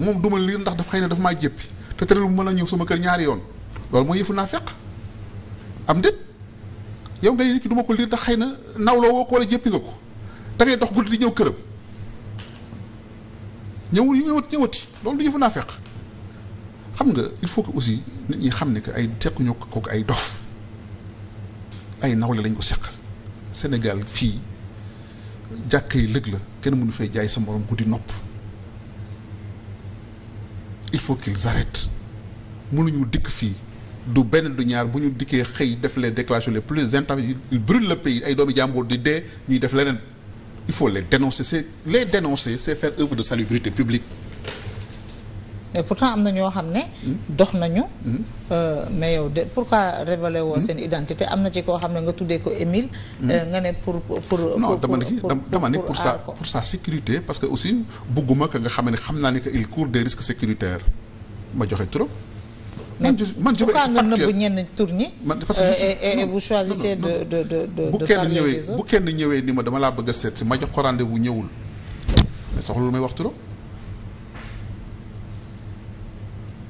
moom duma liir ndax daf xëy na daf maa jéppi te tëral bu mën a ñëw sama kër ñaari yoon loolu mooy yëfu naa feq am déet yow nga ne nit ki du ma ko liir ndax xëy na nawloo woo ko wala jéppi nga ko te ngay dox guddi di ñëw këram ñëwul ñëwati ñëwati loolu du yëfu naa feq xam nga il faut que aussi nit ñi xam ne que ay tequñu ko ay dof ay nawle lañ ko seq senegal fii jàkka yi lëg la kenn mënu fay jaay sa morom guddi nopp il faut qu'ils arrêtent mënuñu dikk fii du ben du ñaar buñu diké xey def les déclarations les plus intempestives ils brûlent le pays ay doomi jambour di dé ñuy def lénen il faut les dénoncer c'est les dénoncer c'est faire œuvre de salubrité publique mais pourtant am na ñoo xam ne. dox nañu. Mm-hmm. Euh, mais yow de pourquoi révéler woo seen mm-hmm. identité am na ci koo xam ne nga tuddee ko Émile. Mm-hmm. Euh, nga ne pour pour pour non dama ne dama ne pour sa pour sa sécurité parce que aussi bugguma que nga xam ne xam naa ne que il court des risques sécuritaires ma joxe trop. man je man je pourquoi nga nëbb ñenn tur ñi. man parce que vous choisissez de de de de. bu kenn ñëwee bu kenn ñëwee ni ma dama laa bëgg a seet si ma jox ko rendez-vous ñëwul mais lu may wax trop.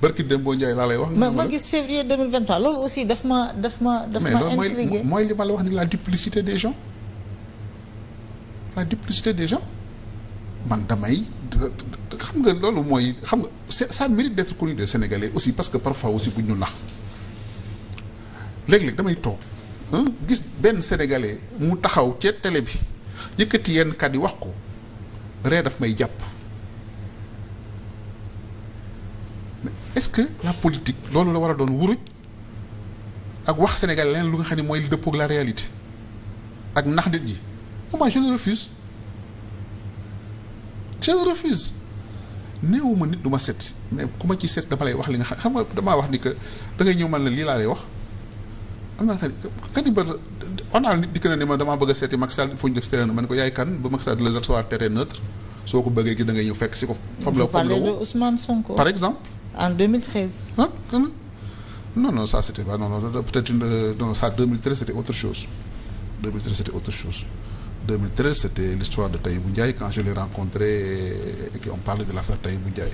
barki Dembo Ndiaye la lay wax. ma ma gis février 2023 lolou aussi daf ma daf ma daf ma intrigué mooy li ma la wax ni la duplicité des gens la duplicité des gens man damay xam nga lolou moy xam nga ça mérite d'être connu des Sénégalais aussi parce que parfois aussi buñu ñu nax léeg-léeg damay toog hein, gis Ben Sénégalais mu taxaw ci télé bi yëkëti yenn kàddu di wax ko ree daf may japp est-ce que la politique l'on la wara a ak wax Sénégal lu nga les ne pour la réalité ak nax ji moi je refuse je refuse Je ne nit pas set mais kuma ci set dama wax li nga xam nga que da ngay man la lay wax am bëgg a Macky ñu def terrain ne ko yaay kan bu Macky Sall neutre soko bëgge da ngay ne fekk pas ko. fam par exemple. En 2013. Hein? Non, non, ça c'était pas. Non, non peut-être une. Euh, ça 2013 c'était autre chose. 2013 c'était autre chose. 2013 c'était l'histoire de Taïbou Ndiaye quand je l'ai rencontré et, qu'on parlait de l'affaire Taïbou Ndiaye.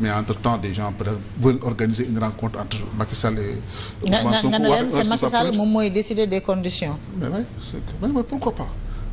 Mais entre-temps, des gens veulent organiser une rencontre entre Macky Sall et. C'est Macky Sall qui a décidé des conditions. Mais oui, mais pourquoi pas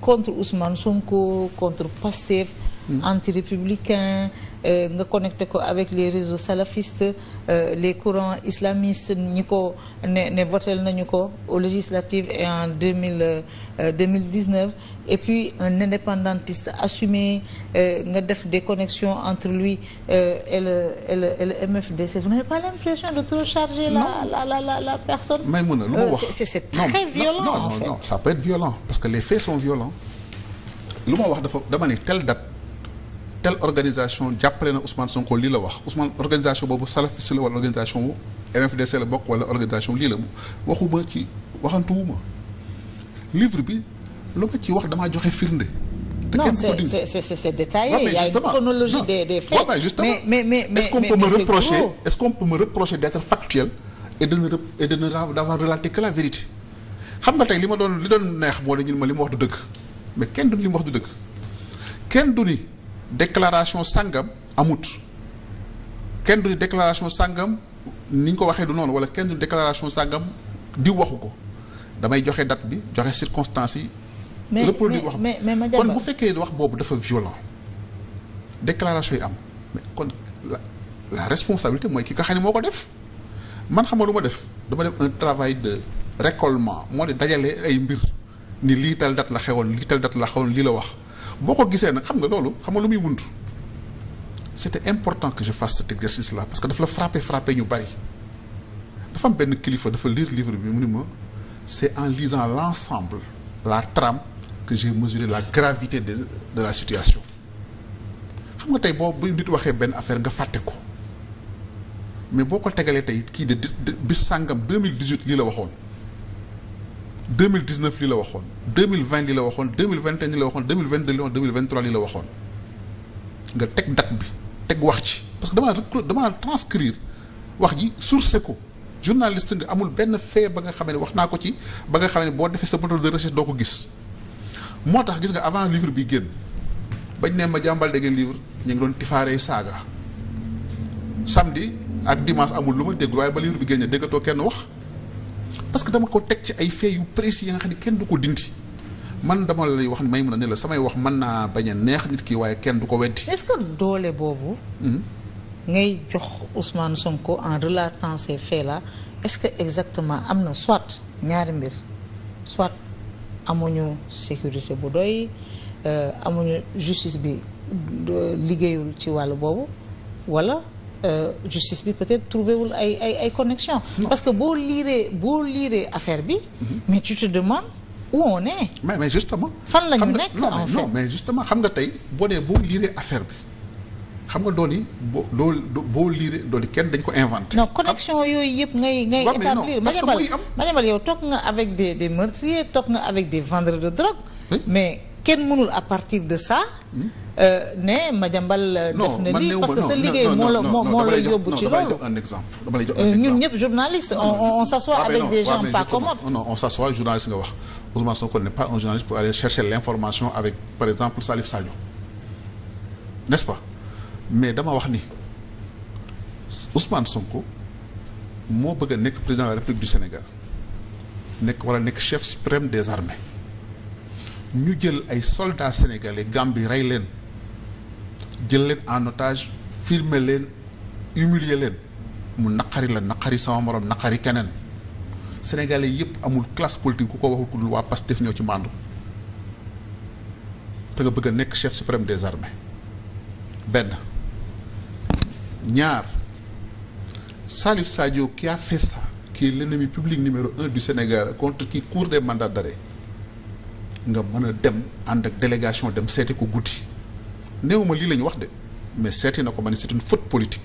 contre Ousmane Sonko, contre Pastef, mm. anti-républicain, euh, nga connecté ko avec les réseaux salafistes euh, les courants islamistes ñi ko ne aux législatives et en 2019 euh, et puis un indépendantiste assumé nga def des connexions entre lui et le et MFDC vous n'avez pas l'impression de trop charger la personne. c'est très violent non non non ça peut être violent parce que les faits sont violents Nous wax dafa telle date telle organisation jàppale na Ousmane Sonko li la wax Ousmane organisation bobu salafiste la wala organisation MFDC la bok wala organisation li la waxuma ci waxantouma livre bi lu ma ci wax dama joxe firnde. non c'est c'est c'est détaillé. il y a une chronologie des des faits. mais mais mais mais est-ce qu'on peut me reprocher est-ce qu'on peut me reprocher d'être factuel et de ne et de d'avoir relaté que la vérité xam nga tey li ma doon li doon neex moo ne ñun ma li ma wax du dëgg mais Ken du li ma wax du dëgg du ni déclaration Sangam amut kenn du déclaration sangam niñ ko waxé du non wala kenn du déclaration sangam di waxu damay joxé date bi joxé circonstances yi. reproduire wax bi kon bu fekkee wax bobu dafa violent déclaration yi am mais kon la la responsabilité moy ki nga xam moko def man xam luma def dama def un travail de récollement moo di dajale ay mbir ni lii tal date la xewon lii tal date la xewon li la wax c'était important que je fasse cet exercice là parce que dafa la frapper, frapper ñu bari dafa am faut kilifa livre c'est en lisant l'ensemble la trame que j'ai mesuré la gravité de la situation xam nga vous nit affaire nga mais de 2018 deux mille dix neuf lii la waxoon deux mille vingt lii la waxoon deux mille vingt et lii la waxoon lii la waxoon lii la waxoon nga teg date bi teg wax ci parce que damaa damaa transcrire wax ji sourcé ko journaliste nga amul benn fee ba nga xam ne wax naa ko ci ba nga xam ne boo defee sa moteur de recherche doo ko gis moo tax gis nga avant livre bi génn bañ ne ma jàmbal dégg livre ñu ngi doon tifaaree saaga samedi ak dimanche amul lu ma déglu waaye ba livre bi génne déggatoo kenn wax. parce que dama ko teg ci ay faits yu précis yi nga xam ne kenn du ko dindi man dama lay wax ni may mun a ne la samay wax man naa bañ a neex nit ki waaye kenn du ko weddi. est-ce que doole boobu. Hmm? ngay jox Ousmane Sonko en relatant ces faits la est-ce que exactement am na soit ñaari mbir soit amuñu sécurité bu doy euh, amuñu justice bi euh, liggéeyul ci wàll boobu walla. Euh, justice bi peut-être trouver une ay ay connexion parce que boo lire boo lire affaire bi mhm. mais tu te demandes où on est mais justement fan la ñu nekk en fait non mais justement xam nga tey boo dee boo lire affaire bi xam nga dool yi boo dool boo liiree dool dañ ko inventé. non connexion yooyu yëpp ngay ngay établir. Mais parce que mooy am Madiambal yow toog nga avec des des meurtriers toog nga avec des vendeurs de drogue. mais. Quel mënul à partir de ça. Hmm? Euh, ne euh, def parce que un exemple euh, on s'assoit ah, avec des gens pas comment. on s'assoit journaliste nga wax Ousmane Sonko n'est pas un journaliste pour aller chercher l'information avec par exemple Salif Sadio n'est-ce pas mais dama wax Ousmane Sonko mo bëgg nek président de la République du Sénégal nek wala nek chef suprême des armées ñu jël ay soldats sénégalais gambi ray leen jël leen en otage filmer leen humilier leen mu naqari la naqari sama morom naqari sénégalais yépp amul classe politique ku ko waxul pas se défendre Pastef ñoo ci mandu te nga bëgg a chef suprême des armées benn ñaar Salif Sadio qui a fait ça qui est l'ennemi public numéro 1 du Sénégal contre qui court des mandats d'arrêt nga mën a dem ànd ak délégation dem seeti ko guddi néew ma lii la wax de mais seeti na ko ma ne c'est une faute politique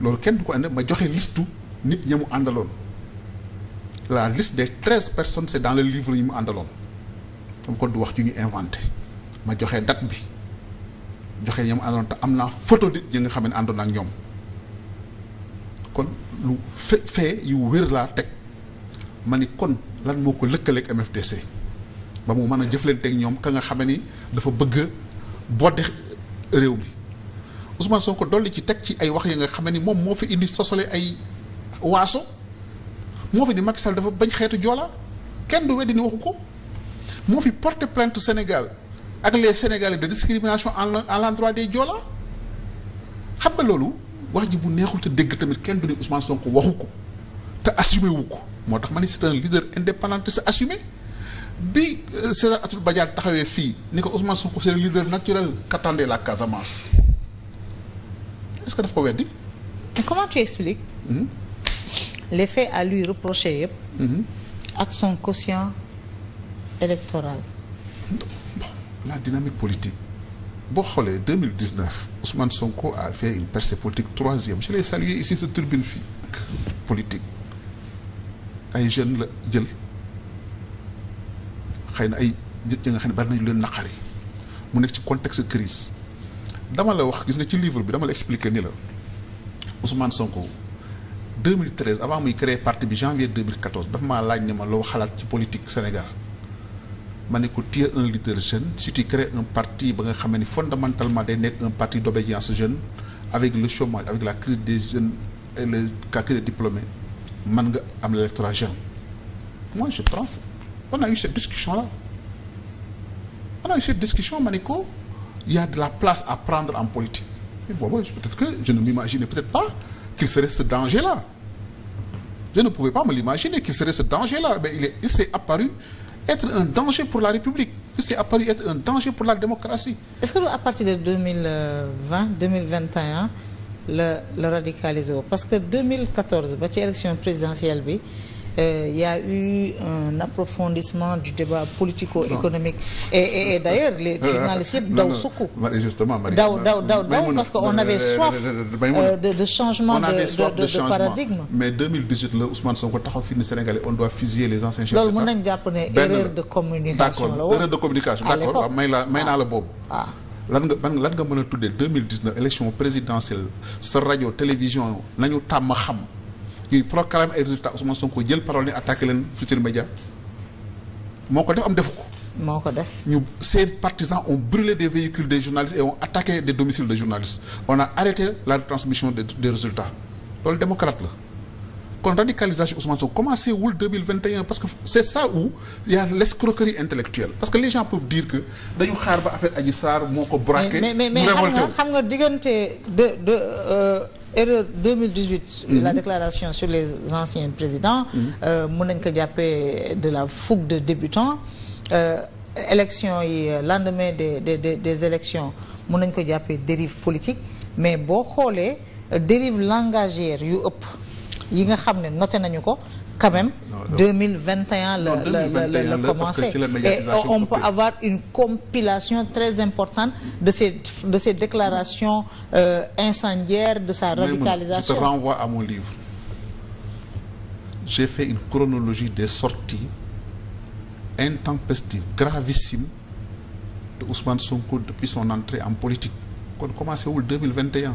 loolu kenn du ko ànd ma joxe listu nit ña mu àndaloon la liste des treize personnes c'est dans le livre yi mu àndaloon dama ko du wax ju ñu inventé ma joxe dat bi joxe ña àndaloon te am naa photo nit ñi nga xam ne àndoon ak ñoom kon lu fe fee yu wér laa teg ma ni kon lan moo ko lëkkaleeg MFDC ba mu mën a jëflanteeg ñoom ka nga xame ni dafa bëgg boote réew mi Ousmane Sonko dolli ci teg ci ay wax yi nga xame ni moom moo fi indi sosole ay waaso moo fi ni Macky dafa bañ xeetu joola kenn du weddi ni waxu ko moo fi porté plainte Sénégal ak les Sénégalais de discrimination en l'endroit des joola xam nga loolu wax ji bu neexul te dégg tamit kenn du ni Ousmane Sonko waxu ko te assumé wu ko. Moi, c'est un leader indépendant assumé bi euh, assumé. Ousmane Sonko c'est le leader naturel qu'attendait la Casamance est-ce que daf ko dit? comment tu expliques. l'effet hmm? les faits à lui reprocher hmm? avec son quotient électoral. la dynamique politique Bon, 2019 Ousmane Sonko a fait une percée politique troisième je l'ai salué ici cette tribune politique ay jeunes la jël xëy ay nit nga xam ne bari leen naqari mu nekk ci contexte crise dama la wax gis nga ci livre bi dama la expliquer ni la Ousmane Sonko 2013 avant muy créer parti bi janvier 2014 daf maa laaj ne ma loo xalaat ci politique Sénégal ma ne ko tu un leader jeune si tu crées un parti ba nga ni fondamentalement day nekk un parti d'obédience jeune avec le chômage avec la crise des jeunes et le cas des diplômés man l'électorat moi je pense on a eu cette discussion là on a eu cette discussion Maniko. il y a de la place à prendre en politique peut-être que je ne m'imaginais peut-être pas qu'il serait ce danger là je ne pouvais pas me l'imaginer qu'il serait ce danger là mais il s'est apparu être un danger pour la République Il s'est apparu être un danger pour la démocratie. Est-ce que à partir de 2020, 2021, le radicaliser parce que 2014 ba élection présidentielle il euh, y a eu un approfondissement du débat politico-économique et, et, d'ailleurs les euh, journalistes yëpp euh, daw sukku bah, justement daw parce qu'on avait soif de, changement de, paradigme mais 2018 Ousmane Sonko taxaw fini Sénégalais on doit fusiller les anciens chefs d'État erreur de communication D'accord, erreur de communication d'accord mais la ah. la lan nga lan nga 2019 élection présidentielle sa radio, télévision nañu tam xam ñuy proclamer ay résultats Ousmane Sonko jël parole ni attaquer les Futurs Médias moko def am defuko moko def ñu ces partisans ont brûlé des véhicules des journalistes et ont attaqué des domiciles de journalistes on a arrêté la transmission des résultats. résultats le démocrate quand radicalisation Ousmane Sonko où le 2021 parce que c'est ça où il y a l'escroquerie intellectuelle parce que les gens peuvent dire que dañu xaar ba affaire Adji Sarr mais mais mais xam que de 2018. Euh, mhm. la déclaration sur les anciens présidents. Mhm. Euh, mën y de la fougue de débutant. Euh, élection et lendemain des des des élections mën y dérive politique mais boo les dérive langagière yu yi nga noté nañu quand même. 2021, et on peut avoir une compilation très importante de ces de ces déclarations euh, incendiaires de sa radicalisation. je te renvoie à mon livre j'ai fait une chronologie des sorties intempestives gravissimes de Ousmane Sonko depuis son entrée en politique Quand commencé où 2021.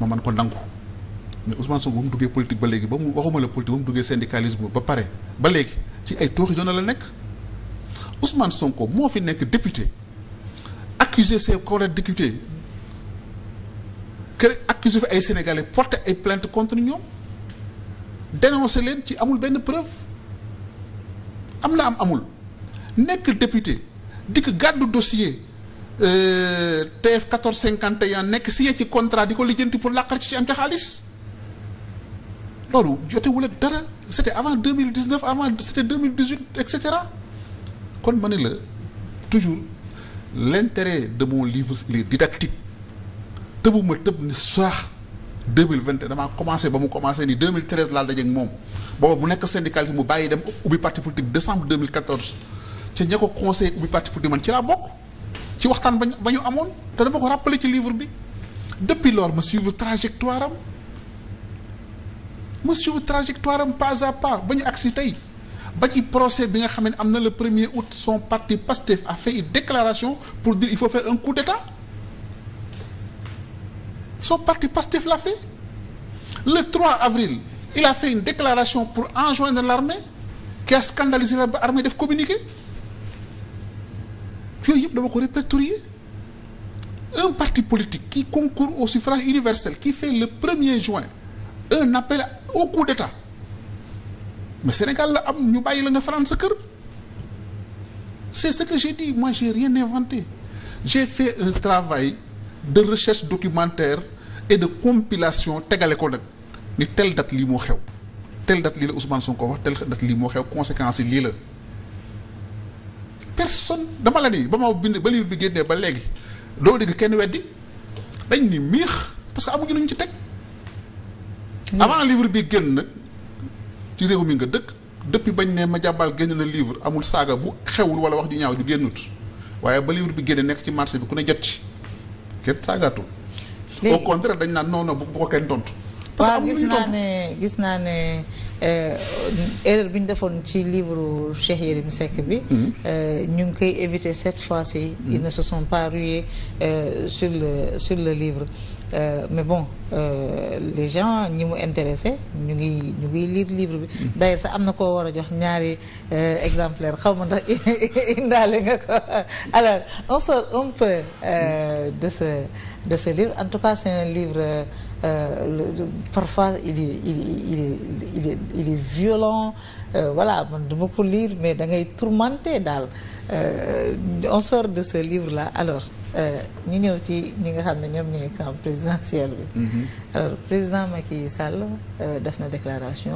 maman man ko mais Ousmane Sonko politique ba légui ba waxuma la politique syndicalisme ba paré ba légui ci ay la Ousmane Sonko mo fi nek député Accusé ses collègues députés que accusé ay sénégalais porter plainte contre ñom dénoncer leen ci amul preuve am am amul nek député que garde dossier TF 1451 si signé ci contrat diko ko pour làqar ci am ca xaalis Alors, dara c'était avant 2019 avant c'était 2018 etc. cetera kon toujours l'intérêt de mon livre il est didactique tëbuma tëb ni soir 2020, dama commencé ba mu commencé ni 2013 laa dajeeg mom bo mu syndicalisme, syndicaliste mu bàyyi dem ubbi parti politique décembre 2014 ci ña conseil ubbi parti politique man ci la bokk ci waxtaan ba ñu amoon ci livre depuis lors ma suivre trajectoire am suivre trajectoire pas à pas Je suis agsi tey ba ci procès bi nga le août son parti PASTEF a fait une déclaration pour dire il faut faire un coup d'état son parti PASTEF l'a fait le 3 avril il a fait une déclaration pour enjoindre l'armée qui a scandalisé l'armée de communiquer yooyu dama un parti politique qui concourt au suffrage universel qui fait le 1er juin un appel au coup d'état mais Sénégal la am ñu bàyyi la nga c'est ce que j'ai dit moi j'ai rien inventé j'ai fait un travail de recherche documentaire et de compilation tel ko nag ni telle date lii xew telle date Ousmane Sonko wax telle date lii moo xew conséquences personne dama la ni ba ma bind ba livre bi génnee ba léegi doo dégg kenn weddi dañ ni miix parce que amuñu luñ ci teg. avant livre bi génn nag ci réew mi nga dëkk depuis bañ ne ma jàbbal génn na livre amul saaga bu xewul wala wax ju ñaaw ju génnut waaye ba livre bi génne nekk ci marché bi ku ne jot ci kenn saagaatul. au contraire dañ naan non non bu ko kenn tontu. parce amuñu naa ne gis naa ne. Euh, erreur a ñu ci livre Cheikh Yérim Seck bi. Mhm. Euh, ñu ngi éviter cette fois-ci. Mhm. ils ne se sont pas rués euh, sur le livre mais bon les gens ñi mu intéressé ñu ngi ñu ngi livre mhm. d'ailleurs ça amna ko wara jox ñaari exemplaire ndax indalé nga ko alors on sort un peu de de ce livre en tout cas c'est un livre. Euh, parfois, il est, il, il, il, est, violent. Euh, voilà, je beaucoup lire, mais dans tourmenté. Euh, on sort de ce livre-là. Alors, nous sommes aussi, nous sommes en présidentiel. Mm-hmm. Alors, le président Macky Sall euh, a fait une déclaration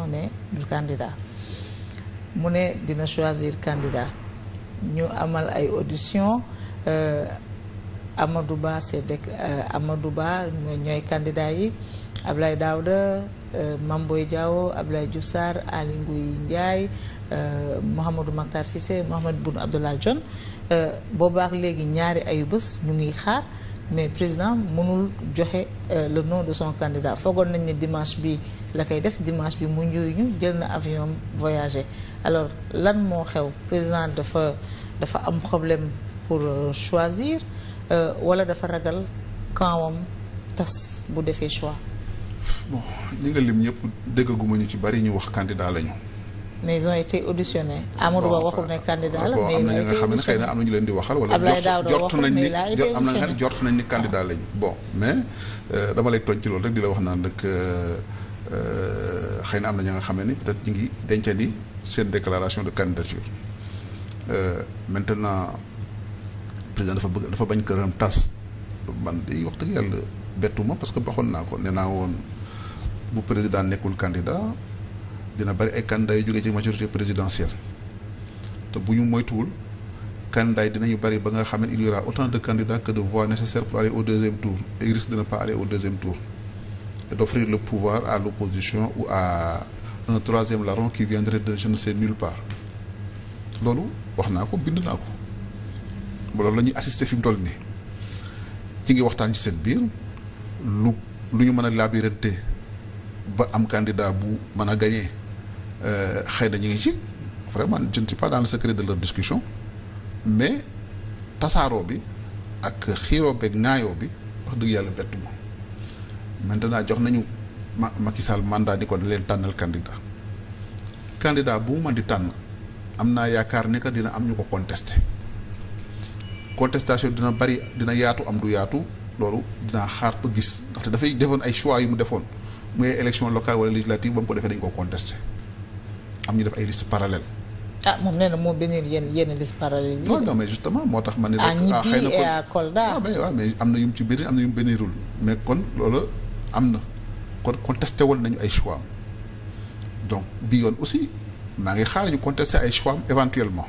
du candidat. Nous choisi choisir candidat. Nous avons une audition. Euh, Amadouba, c'est Amadou Ba euh, ñooy candidat yi Ablaye Daouda euh, Mamboy Diao Ablaye Diouf Sarr Aly euh, Mohamedou Maktar Makhtar Mohamed Mahammed Boun Abdallah Dionne euh, boobaak léegi ñaari ayu ñu ngi xaar mais président mënul euh, le nom de son candidat foogoon nañ ne dimanche bi la koy def dimanche bi mu nous, ñu jël na avion voyager alors là, Le président a un problème pour choisir Euh, wala dafa ragal kawam tas bu defee choix. bon ñi nga lim ñëpp déggaguma ñu ci bari ñu wax candidat lañu. mais ils ont été auditionnés. Amadou Ba waxul ne candidat la mais am na nga xam ne xëy na am na ñu leen di waxal. wala jort nañ ni am na nga nañ ni candidat ah. lañu. bon mais euh, dama lay tooñ ci loolu rek di la wax naan rek euh, xëy na am na ña nga xam ni peut-être ñu ngi dencandi seen déclaration de candidature maintenant. président dafa bëgg dafa bañ këram tas man de wax dëgg yàlla bettuma parce que baxoon naa ko nee naa woon bu président nekkul candidat dina bari ay candidat yu jógee ci majorité présidentielle te bu ñu moytuwul candidat yi dinañu bari ba nga xam ne il y aura autant de candidats que de voix nécessaires pour aller au deuxième tour et il risque de ne pas aller au deuxième tour et d'offrir le pouvoir à l'opposition ou à un troisième larron qui viendrait de je ne sais nulle part loolu wax naa ko bind naa ko loolu la ñuy assister fi mu toll nii ci ngi waxtaan ci seen biir lu lu ñu mën a labirante ba am candidat bu mën a gagné euh, xëy na ñu ngi ci vraiment je ci suis pas dans secret de leur discussion mais tasaaroo bi ak xiiroo beeg ñaayoo bi wax dëgg yàlla bettu ma maintenant jox nañu ma Macky Sall mandat ni ko leen tànnal candidat candidat bu mu mën di tànn am naa yaakaar ne que dina am ñu ko contesté contestation dina bari dina yaatu am du yaatu loolu dinaa xaar ba gis da fay defone ay choix yu mu defone muy élection locale wala législative bam ko defé dañ ko contesté am ñu def ay liste parallèle ah mom néna mo bénir yenn yenn liste parallèle non non mais justement motax tax ma ne. ah xëy na Kolda ah mais wa mais amna yum ci bénir amna yum bénirul mais kon lolu amna kon contesté woon nañu ay choix donc bi aussi ma ngi xaar ñu contesté ay choix éventuellement.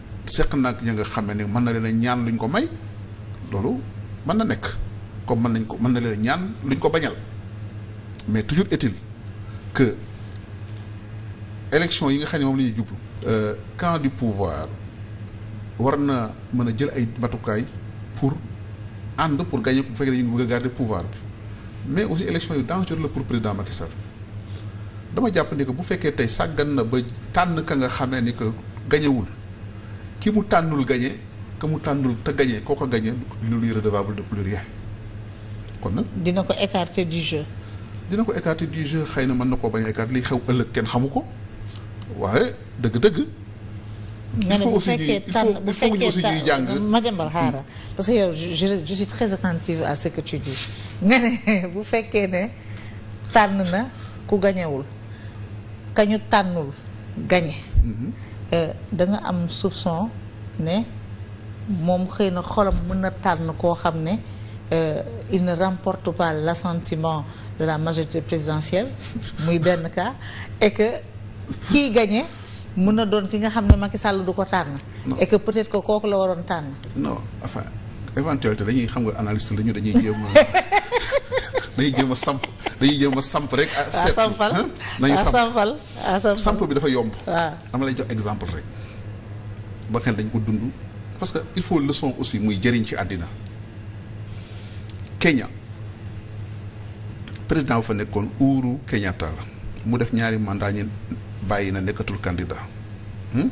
sekk nak ña nga xamé ni man na leen ñaan luñ ko may lolu man na nek comme man nañ ko man na leen ñaan luñ ko bañal mais toujours est-il que élection yi nga xamné mom lañu jublu euh camp du pouvoir warna mëna jël ay matukaay pour and pour gagner pour faire ñu bëgg garder pouvoir mais aussi élection yu dangereux le pour président Macky Sall dama japp ni que bu fekkee tay sagan na ba tan ka nga xamé ni que wul ki mu tànnul gagné que mu tànnul te gagné koo ko gagné lu luy redevable de plus kon nag. dina ko écarter du jeu. dina ko écarter du jeu xëy na mën na koo bañ a écarter xew ëllëg kenn xamu ko waaye dëgg-dëgg. nga ne bu fekkee tànn bu hmm. parce que yow je ne bu fekkee ne tànn na ku gañewul kañu tànnul gañe hmm. Euh, da nga am soupçon ne moom xëy na xolam mën na tànn koo xam ne euh, il ne remporte pas l'assentiment de la majorité présidentielle muy benn cas et que qui gagné mën na doon ki nga xam ne Macky Sall du ko et que peut-être que kooku la waroon tànn. non enfin éventualité dañuy xam nga analyste lañu dañuy jéem dañuy jéem a samp dañuy jéem a samp rek. ah seet sampal nañu sampal samp bi dafa yomb. waaw am lay jox exemple rek. ba xel dañ ko dund parce que il faut leçon aussi muy jëriñ ci àddina. Kenya président bu fa nekkoon uuru keñata la mu def ñaari mandat ñi bàyyi na nekkatul candidat hmm?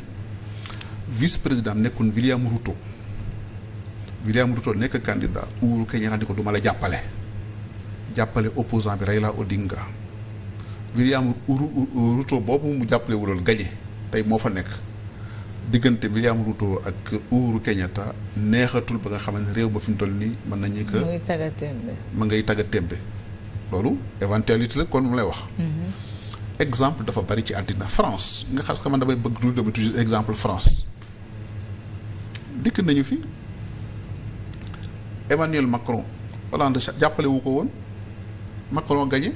vice président nekkoon William Ruto William Ruto nekk candidat Uhuru Kenyatta di ko duma la jàppale. jàppale opposant bi Raila Odinga William Ruto boobu mu jàppale wuloon gañe tey moo fa nekk diggante William Ruto ak Uhuru Kenyatta neexatul ba nga xamante ne réew ma fi mu toll nii mën nañu ko. ma ngay tagga tembe loolu éventualité la kon mu lay wax. Mm-hmm. exemple dafa bari ci àddina France nga xam man damay bëgg du dama toujours exemple France dikk nañu fi Emmanuel Macron Hollande jàppale wu ko woon. Macron a gagné.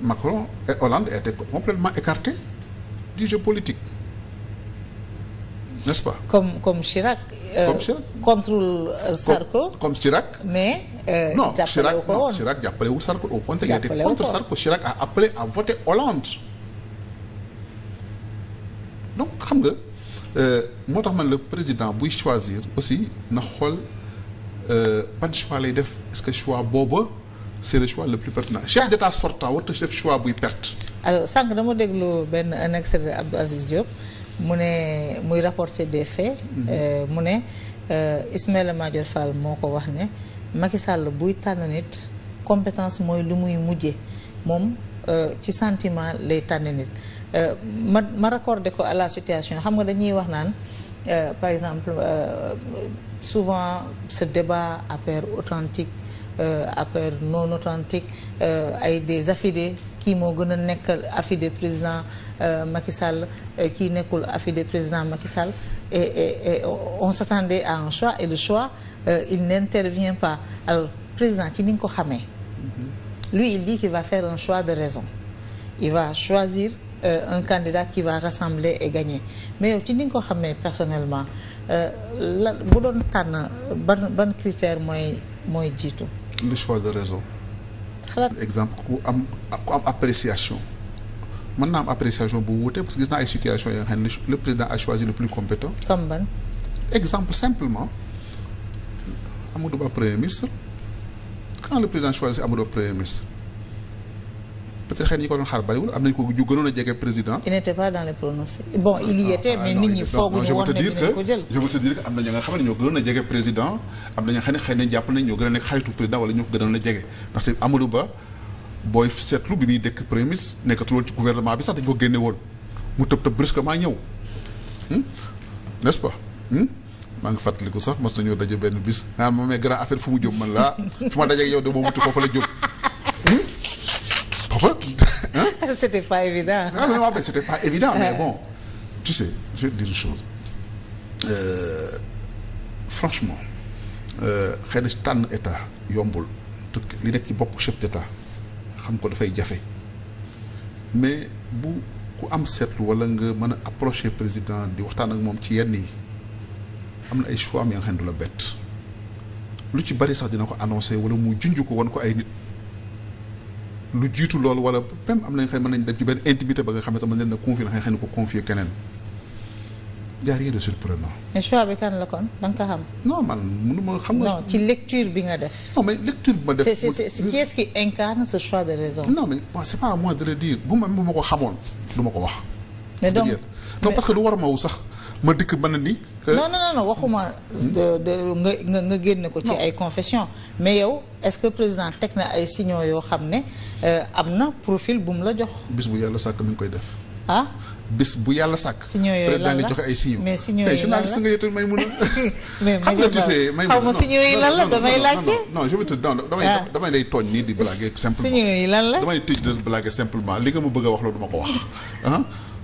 Macron et Hollande étaient complètement écartés du jeu politique. N'est-ce pas comme, comme, Chirac, euh, contre euh, Sarko. Comme, Chirac. Mais euh, non, Chirac, Chirac a appelé Sarko. Au contraire, il était contre Sarko. Chirac a appelé à voter Hollande. Donc, xam notamment le président qui choisir aussi na pas le choix est-ce que choix Bobo? c'est le choix le plus pertinent chef d'état sortant votre chef choix perte alors que un de Diop Muné, rapporter des faits je mhm. euh, euh Ismaël Madior Fall wax que Macky Sall compétence je lu euh, sentiment de l'État. Je à la situation Je nga euh, par exemple souvent ce débat a fait authentique euh, appel non authentique euh, avec des affidés qui m'ont donné euh, affidé président Macky Sall pas affidés affidé président Macky Sall et on s'attendait à un choix et le choix il n'intervient pas alors président qui n'est lui il dit qu'il va faire un choix de raison il va choisir un candidat qui va rassembler et gagner mais ci personnellement la bu doon tànn ban critère le choix de raison exemple appréciation Maintenant, appréciation pour vous. parce que dans les situations, situation le président a choisi le plus compétent exemple simplement Amadou premier ministre quand le président choisit Amadou premier ministre peut-être xëy na ñu ko doon xaar bariwul am nañu ko ñu gënoon a jege président. il n'était am na ñoo nga xam ne ñoo gënoon a jege président am na ñoo xam ne xëy na jàpp nañ ñoo gën a nekk xaritu président wala ñoo ko gënoon a jege ndaxte Amadou Ba booy seetlu bi muy dëkk premier ministre nekkatul ci gouvernement bi sax dañu ko génne woon mu tëb tëb brusquement ñëw hmm? n'est-ce pas hmm? maa ngi fàttaliku sax mas nañoo daje benn bis ah mais grand affaire fu mu jób man laa fu ma dajeeg yow de moo mutu foofu la jób Hein? C'était pas évident. Ah, c'était pas évident, mais bon. Tu sais, je vais te dire une chose. Euh, franchement, Je euh, état yombul li chef d'état xam ko mais bu ku am un wala nga de le président de l'état, ak ci yenn la lu jiitu loolu wala même am nañ xëy mën nañ dem ci benn intimité ba nga xam ne sax mën nañ confier la nga xam ko confier keneen y a de surprenant. mais choix bi kan la kon da nga ko xam. non man mënu xam nga. non ci lecture bi nga def. non mais lecture bi ma def. c'est c'est qui est-ce qui incarne ce choix de raison. non mais bon c'est pas à moi de le dire bu ma bu ma ko xamoon du ma ko wax. mais donc non parce que du war a sax ma dik mën ni. Euh, non non non waxuma. de de nga nga génne ko. ci ay confession mais yow est-ce que président tekna ay signaux yo xam ne euh, am profil bum la jox. bis bu yalla sak mi koy def. ah. bis bu yalla sak président nga jox ay signaux. mais signaux yooyu journaliste nga yëtal may mun a. mais xam nga tu sais may mun a xaw ma signaux yi lan la damay laccé non je veux te non damay ah. damay lay togn ni di blaguer simplement. signaux yi lan la damay tej di blaguer simplement li nga mu bëgg wax la du ko wax ah.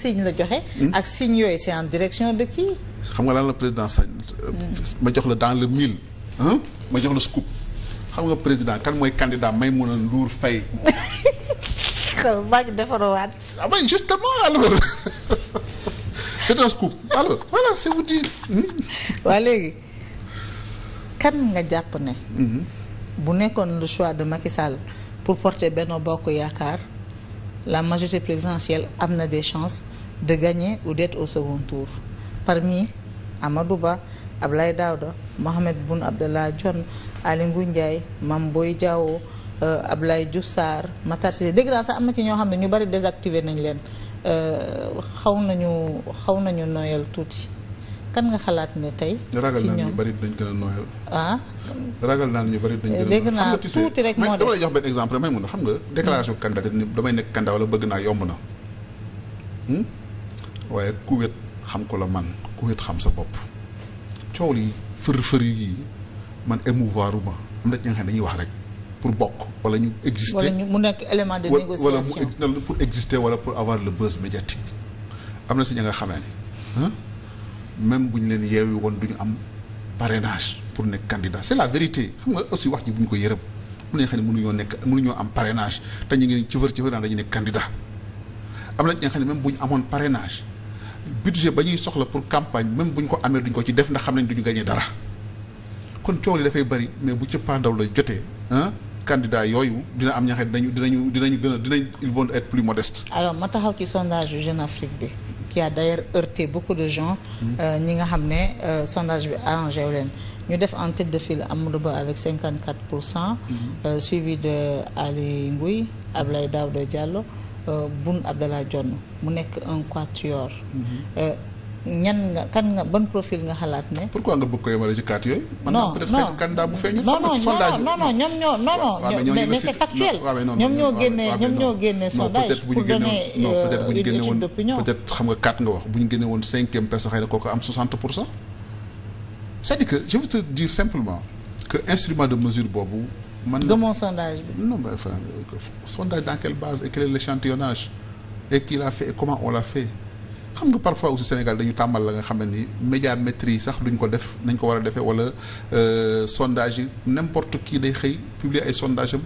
signe la joxe. Hmm? ak signe yoy c'est en direction de qui. xam nga le président sañ. ma jox le dans le mille. Hein? ma jox le scoop. xam nga président kan moy candidat Maïmouna Ndour Faye. xaw maa ngi defarowaat. ah ben justement alors c'est un scoop alors voilà c'est vous dire. Hmm? wa légui kan nga jàpp ne. Hmm? bu nekkoon le choix de Macky Sall pour porter Beno Bokk Yakar la majorité présidentielle a des chances de gagner ou d'être au second tour parmi Amadou Ba Daouda Mohamed Boun Abdallah John, Aly Mamboï Ndiaye Mame Boye Diao euh, Diouf Matar Cissé Dès que nous avons na ci ñoo xam ne ñu nous avons nañ kan nga xalaat ne tey. ragal naa ah? ñu bari dañ gëna noël ah eh, ragal naa ñu bari dañ gëna dégg na tuuti rek mo def dama lay jox ben exemple may mun xam nga déclaration candidat ni damay nek candidat wala bëgg na yomb na. hmm waye ku wét xam ko la man ku wét xam sa bop ciow li fër fër yi man émouvoiruma am na ci nga dañuy wax rek pour bok wala ñu exister wala ñu mu nek élément de négociation wala pour exister wala pour avoir le buzz médiatique amna ci nga xamé hein même bu ñu leen yeewi woon du ñu am parrainage pour nekk candidat c'est la vérité xam nga aussi wax ji bu ñu ko yërëm mun nañu xam ne mënuñoo nekk mënuñoo am parrainage te ñu ngi cëfër cëfër naan dañuy nekk candidat am na ñi nga xam ne même bu ñu amoon parenage parrainage budget ba ñuy soxla pour campagne même bu ñu ko amee duñ ko ci def ndax xam nañ duñu gañee dara kon coow li dafay bëri mais bu cëppaandaw la jotee ah candidat yooyu dina am ñaxe dinañu dinañu dinañu gën a dinañ ils vont être plus qui a d'ailleurs heurté beaucoup de gens euh, nous avons xam un euh, sondage bi arrangé Nous ñu en tête de file à avec 54 mhm. euh, suivi de Ali Ngui, ou de Diallo Boun Abdallah John, mu nekk un quatuor mhm ñan nga kan nga ban profil nga xalaat ne. pourquoi nga bëgg ko yemale ci carte yooyu. non non peut-être candidat bu feeñul. non non non non ñoom ñoo non non. mais c'est factuel. ñoom ñoo génnee ñoom ñoo génnee sondage. pour donner une euh, étude d'opinion peut-être xam nga quatre nga wax bu ñu génne woon cinquième personne xëy na kooku am 60 pour cent. c'est-à-dire que je veux te dire simplement que instrument de mesure boobu. man gëmoo sondage bi. non mais enfin euh, sondage dans quelle base et quel est échantillonnage et qui l'a fait et comment on l'a fait. xam nga parfois aussi Sénégal dañu tàmmal la nga xam ne ni médiamétrie sax duñ ko def nañ ko war a defee wala sondage yi n'importe qui day xëy publier ay sondage am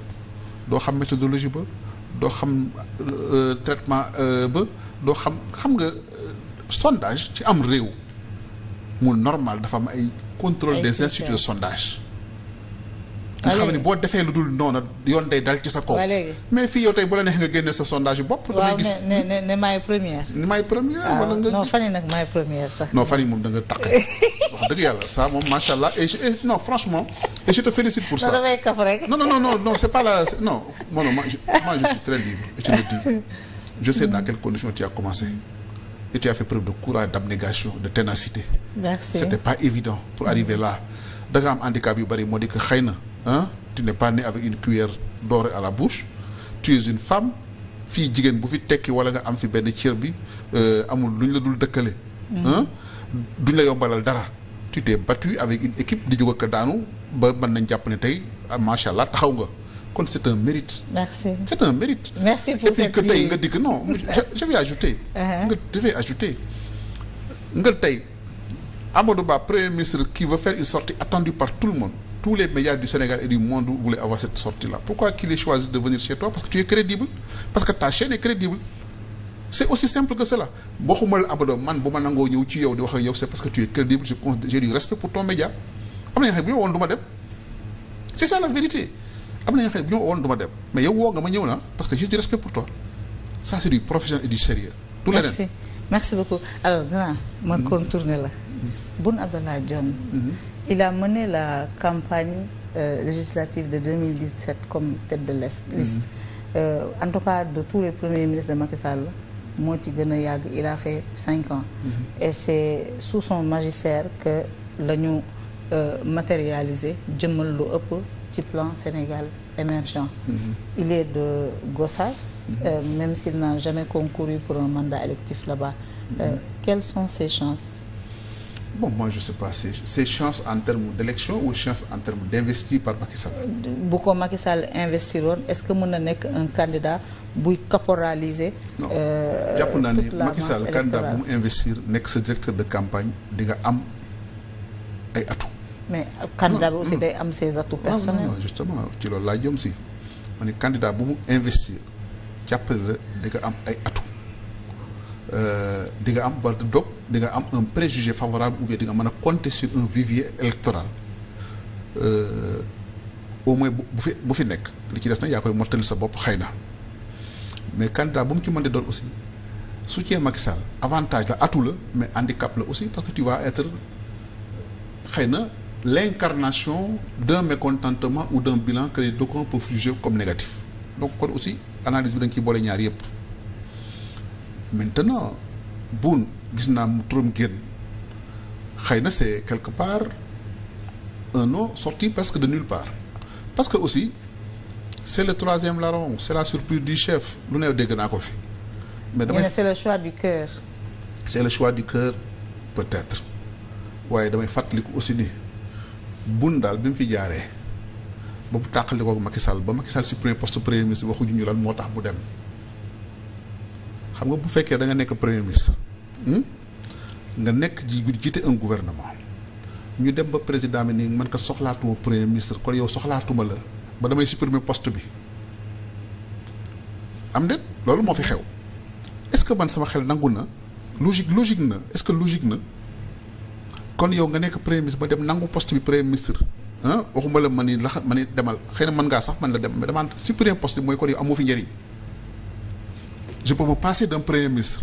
doo xam méthodologie ba doo xam traitement ba doo xam xam nga sondage ci am réew mu normal dafa am ay contrôle des instituts de sondage nga xam ne boo defee lu dul noonu yoon day dal ci sa kaw. mais fi yow tay bu la neex nga génne sa sondage bopp. damay gis waaw ne ne ne première. ni maay première ah, wala nga. non fani nak nag première sax. non fani mom da nga taqe wax dëgg yàlla ça moom macha allah et je non franchement et je te félicite pour ça. non damay kaf rek. non non non non c'est pas la non non non moi je moi je suis très libre et je le dis je sais dans quelles conditions tu as commencé. et tu as fait preuve de courage, d'abnégation, de ténacité. Merci. C'était pas évident pour arriver là. Da nga am handicap yu bari moo di que xëy hein tu n'es pas né avec une cuillère dorée à la bouche tu es une femme fille, jigen bu fi tekki wala nga am fi ben cër bi euh, amul luñ la dul mm. hein duñ la yombalal dara. tu t'es battu avec une équipe di jóg ak daanu ba man nañ japp ne tay ah, machallah taxaw nga kon c'est un mérite. merci C'est un mérite. merci pour cette que tay nga dik non uh-huh. je vais ajouter. nga je ajouter nga tay Amadou Ba premier ministre qui veut faire une sortie attendue par tout le monde tous les médias du Sénégal et du monde voulaient avoir cette sortie-là. Pourquoi qu'il ait choisi de venir chez toi Parce que tu es crédible, parce que ta chaîne est crédible. C'est aussi simple que cela. C'est parce que tu es crédible, j'ai du respect pour ton média. C'est ça la vérité. Mais parce que j'ai du respect pour toi. Ça, c'est du professionnel et du sérieux. Tout Merci. Merci beaucoup. Alors, moi, contourner là. Mm-hmm. Bonne Abdallah il a mené la campagne euh, législative de 2017 comme tête de liste. Mhm. Euh, en tout cas, de tous les premiers ministres de Macky Moti il a fait 5 ans. Mhm. Et c'est sous son magistère que l'agneau euh, matérialisé, Djemel Loup, petit plan Sénégal émergent. Mhm. Il est de Gossas, euh, même s'il n'a jamais concouru pour un mandat électif là-bas. Quelles sont ses chances Bon, moi, je ne sais pas. C'est chance en termes d'élection ou chance en termes d'investir par Macky Sall Beaucoup Macky Sall investiront. Est-ce que vous avez un candidat qui caporalisé Non. Euh, Macky Sall, candidat pour investir, c'est ce directeur de campagne, il a am ay atout. Mais le candidat aussi, il am ses atouts personnels. Ah, non, non, justement, tu l'as dit aussi. On candidat pour investir. il a am ay atouts. Euh, di nga am am un préjugé favorable ou bien di nga a compter sur un vivier électoral euh, au moins bu fi a fi nekk li ci dess pour yaa koy sa mais candidat bu mu ci mën aussi soutien Macky avantage la atout mais handicap aussi parce que tu vas être l'incarnation d'un mécontentement ou d'un bilan que les d'aucuns peuvent juger comme négatif donc kon aussi analyse bi est nga ciy ñaar yépp maintenant bon, gis naa mu turam génn c'est quelque part un nom sorti presque de nulle part parce que aussi c'est le troisième larron c'est la surprise du chef lu ne dégg na ko fi. mais c'est le choix du cœur. c'est le choix du cœur peut-être Waye damay fàttaliku aussi ni Boun daal bi fi jaaree ba mu tàqali ko Macky Sall ba Macky Sall premier poste premier ministre waxuñu ñu lan motax mu dem. xam nga bu fekkee da nga nekk premier ministre hmm? nga nekk jiite un gouvernement ñu dem ba président bi ni man ko soxlaatuma premier ministre kon yow soxlaatuma la ba damay supprimer poste bi am de loolu moo fi xew est ce que man sama xel nangu na logique logique na est ce que logique na kon yow nga nekk premier ministre ba dem nangu poste bi premier ministre ah waxuma la man ni la man ni demal xëy na mën ngaa sax man la dem mais damaa supprimer poste bi mooy kon yow amoo fi njëriñ je peux me passer d'un premier ministre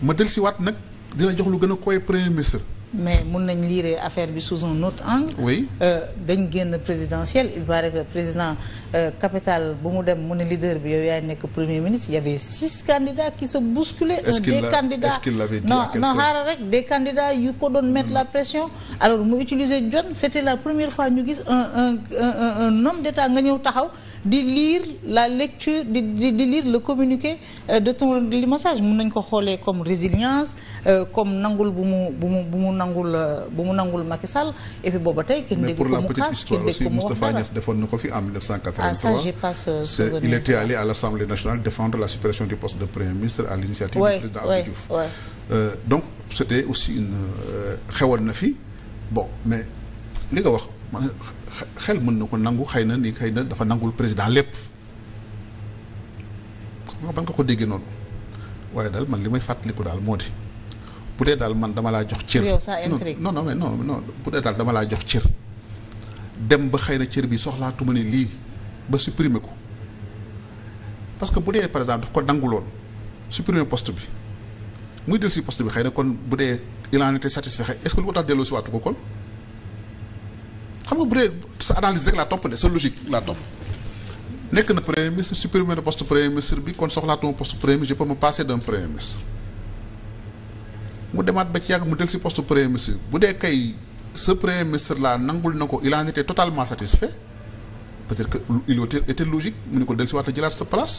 Je vais nag dina jox lu premier ministre mais nous avons lire l'affaire sous un autre angle. oui euh, dans le présidentiel il paraît que le président euh, capital bu mon leader bi yow yaay premier ministre il y avait six candidats qui se bousculaient. est-ce euh, qu'il des candidats est non non y des candidats yu ko doon mettre la pression. alors nous utilisé John c'était la première fois ñu un un un homme d'État nga au taxaw di lire la lecture de lire le communiqué de ton message nous avons ko comme résilience comme nangul bu nangul euh, bu mu nangul Macky Sall et puis bobo tay kenn dégg mu xaas mais pour la petite histoire aussi Moustapha Niass defon na fi en 1983 ah ça euh, il était allé à l'Assemblée nationale défendre la suppression du poste de Premier ministre à l'initiative du président Abdou Diouf euh, donc c'était aussi une xewoon na fi bon mais li nga wax xel mën nako nangou nangu ni xëy dafa nangul président lepp xam nga ban nga ko déggee non waaye dal man li may fàttaliku daal moo di bu dal man dama la jox cër non non mais non non bu dal dama la jox cër dem ba xeyna na bi soxla soxlaatuma ne li ba supprimer ko parce que boudé dee par exemple ko dangulone supprimer poste bi muy del si poste bi xeyna kon boudé il en était satisfait est-ce que lu ko tax delloo si waatu ko kon xam nga bu sa analyse rek laa topp de sa logique la topp nek na premier ministre supprimer na poste premier ministre bi kon soxla soxlaatuma poste premier ministre je peux me passer d'un premier ministre vous demaat ba ci mu del poste premier ministre bu dee kay ce premier ministre là il en était totalement satisfait peut-être qu'il était logique mu ne ko del si de place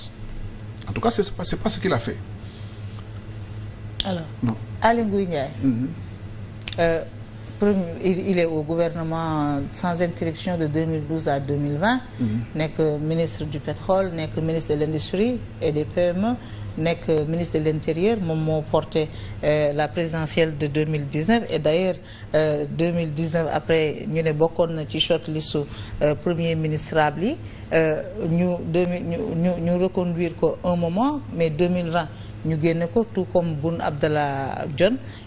en tout cas c'est pas pas ce qu'il a fait. alors non mm-hmm. euh, il est au gouvernement sans interruption de 2012 à 2020. n'est que ministre du pétrole n'est que ministre de l'industrie et des PME nek ministre de l'intérieur mon porté euh, la présidentielle de 2019 et d'ailleurs 2019 euh, après ñu ne bokkoon na ci le euh, premier ministre nous nous ñu reconduire un moment mais 2020 nous gagnons tout comme Boun Abdallah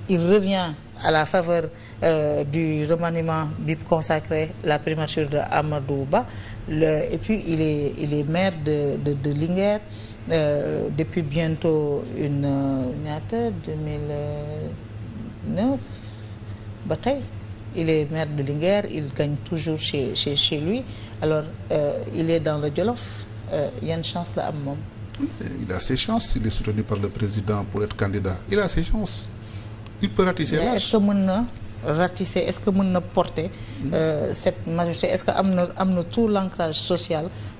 il revient à la faveur du remaniement BIP consacré la primature de Amadou et puis il est il est maire de de de euh, depuis bientôt une année, 2009 bataille. il est maire de l'inger, il gagne toujours chez chez lui alors euh, il est dans le dialogue. y a une chance là, am il a ses chances il est soutenu par le président pour être candidat il a ses chances il peut ratisser l'âge. est-ce que vous ratisser est-ce que vous porter. Mm. Euh, cette majorité est-ce que tout l'ancrage social.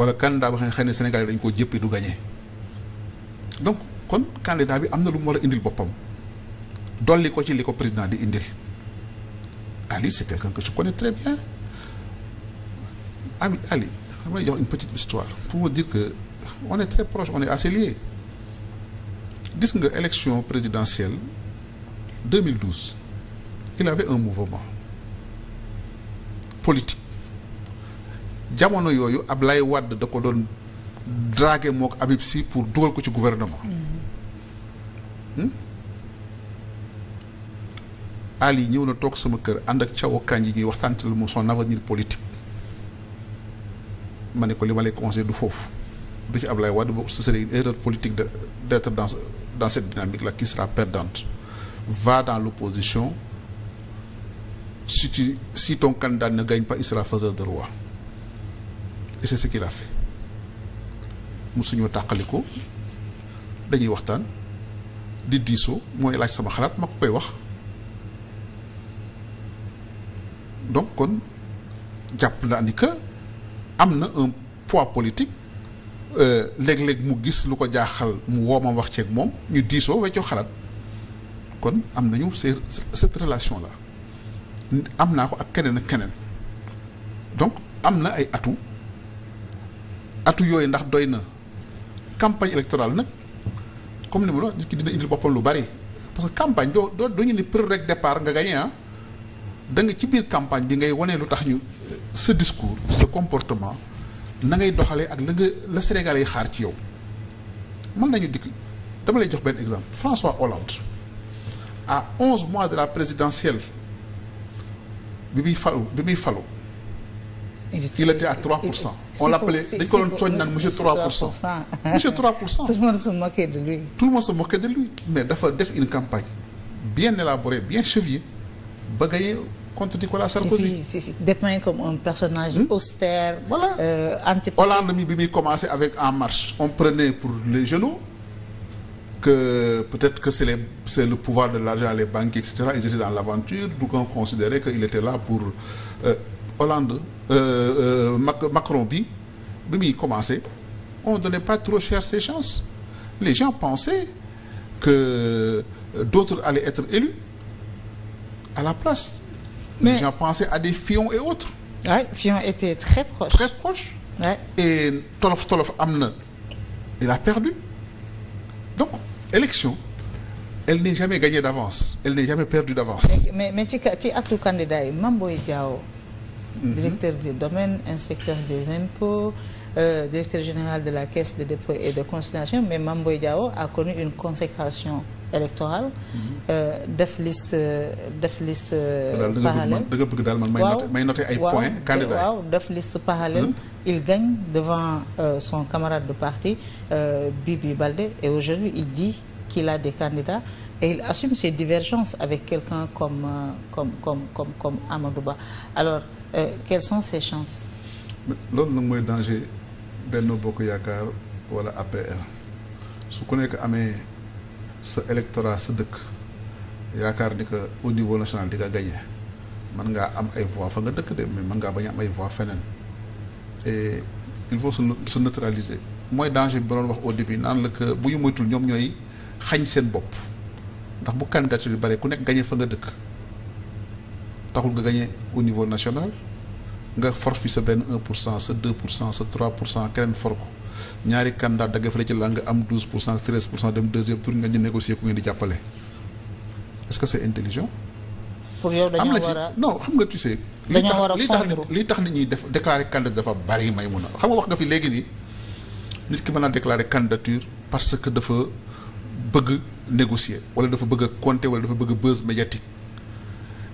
wala candidat ba Sénégal yi dañu gagné donc kon candidat bi amna lu mo indil bopam doli ko ci président di indil Ali c'est quelqu'un que je connais très bien Ali Ali une petite histoire pour vous dire que on est très proche on est assez liés gis nga élection présidentielle 2012 il avait un mouvement politique jamono yoyu Ablaye wad da ko don draguer mok Habib Sy pour dougal ko ci gouvernement. Hmm? Ali ñëw na toog sama kër and ak Thiaw Kandji gi waxtaan ci mu son avenir politique mané ko li ma lay du foofu du ci Ablaye Wad, boobu ce serait une erreur politique d'être dans dans cette dynamique là qui sera perdante va dans l'opposition si si ton candidat ne gagne pas il sera faiseur de roi et c'est ce qu'il a fait donc kon un poids politique euh, les mu dit jaaxal mu cette relation là donc amna ay atu yoy ndax doyna campagne électorale nak comme ni mu nit ki dina Pas bopam lu bari parce que campagne do do, do ñu ni prix rek départ nga gagner hein ah. da nga ci biir campagne bi ngay wane lutax ñu ce euh, discours ce comportement na ngay doxalee ak la nga la sénégalais yi xaar ci yow man nañu dik dama lay jox ben exemple François Hollande à 11 mois de la présidentielle bi bi fallu bi bi fallu il était à 3%. On l'appelait, dès qu'on le monsieur 3%. monsieur 3%. Tout le monde se moquait de lui. Tout le monde se moquait de lui. Mais dafa def une campagne bien élaborée, bien chevillée, bagaillée contre Nicolas Sarkozy. Il dépeint comme un personnage hmm? austère, voilà. euh, Hollande mi commençait avec En Marche. On prenait pour les genoux que peut-être que c'est le pouvoir de l'argent, les banques, etc. Ils étaient dans l'aventure, donc on considérait qu'il était là pour euh, Hollande euh, euh, Macron bi il commençait, on on donnait pas trop cher ses chances les gens pensaient que d'autres allaient être élus à la place mais les gens pensaient à des Fillon et autres Oui, Fillon était très proche très proche et Tolof Tolof Amna, il a perdu donc élection elle n'est jamais gagnée d'avance elle n'est jamais perdue d'avance mais tu as tout candidat Diao Mhm. directeur du domaine, inspecteur des impôts, euh, directeur général de la Caisse de dépôt et de consignation, mais Mamboy Diao a connu une consécration électorale, mhm. euh, deux euh, mhm. Il gagne devant son camarade de parti, Bibi Balde, et aujourd'hui il dit qu'il a des candidats et il assume ses divergences avec quelqu'un comme, euh, comme, comme, comme, comme Amadouba. Alors, euh, quelles sont ses chances L'autre le danger, Benno Boko Yakar, voilà APR. su ku nekk amee ce électorat ce duc. Yakar ni que au niveau national di nga gagné mën ngaa am ay voix fa nga mais mën ngaa bañ am ay voix et il faut se neutraliser Moi danger bi wax au début naan la que bu ñu moytul ñoom ñooy xañ seen ndax bu candidature yu bare ku nekk gañe fa nga dëkk taxul nga au niveau national nga for fi 1 pour 2 pour 3 pour cent keneen for ko ñaari candidat dagga fële ci la nga am 12 pour cent 13 pour dem deuxième tour nga ñu négocier ku ngeen di jàppale est-ce que c'est intelligent. pour yow non xam nga tu sais. dañoo war a li tax li tax nit ñi def déclarer candidat dafa bari may mun a xam nga wax nga fi léegi ni nit ki mën déclarer candidature parce que dafa bëgg négocier wala dafa bëgg a compter wala dafa bëgg buzz médiatique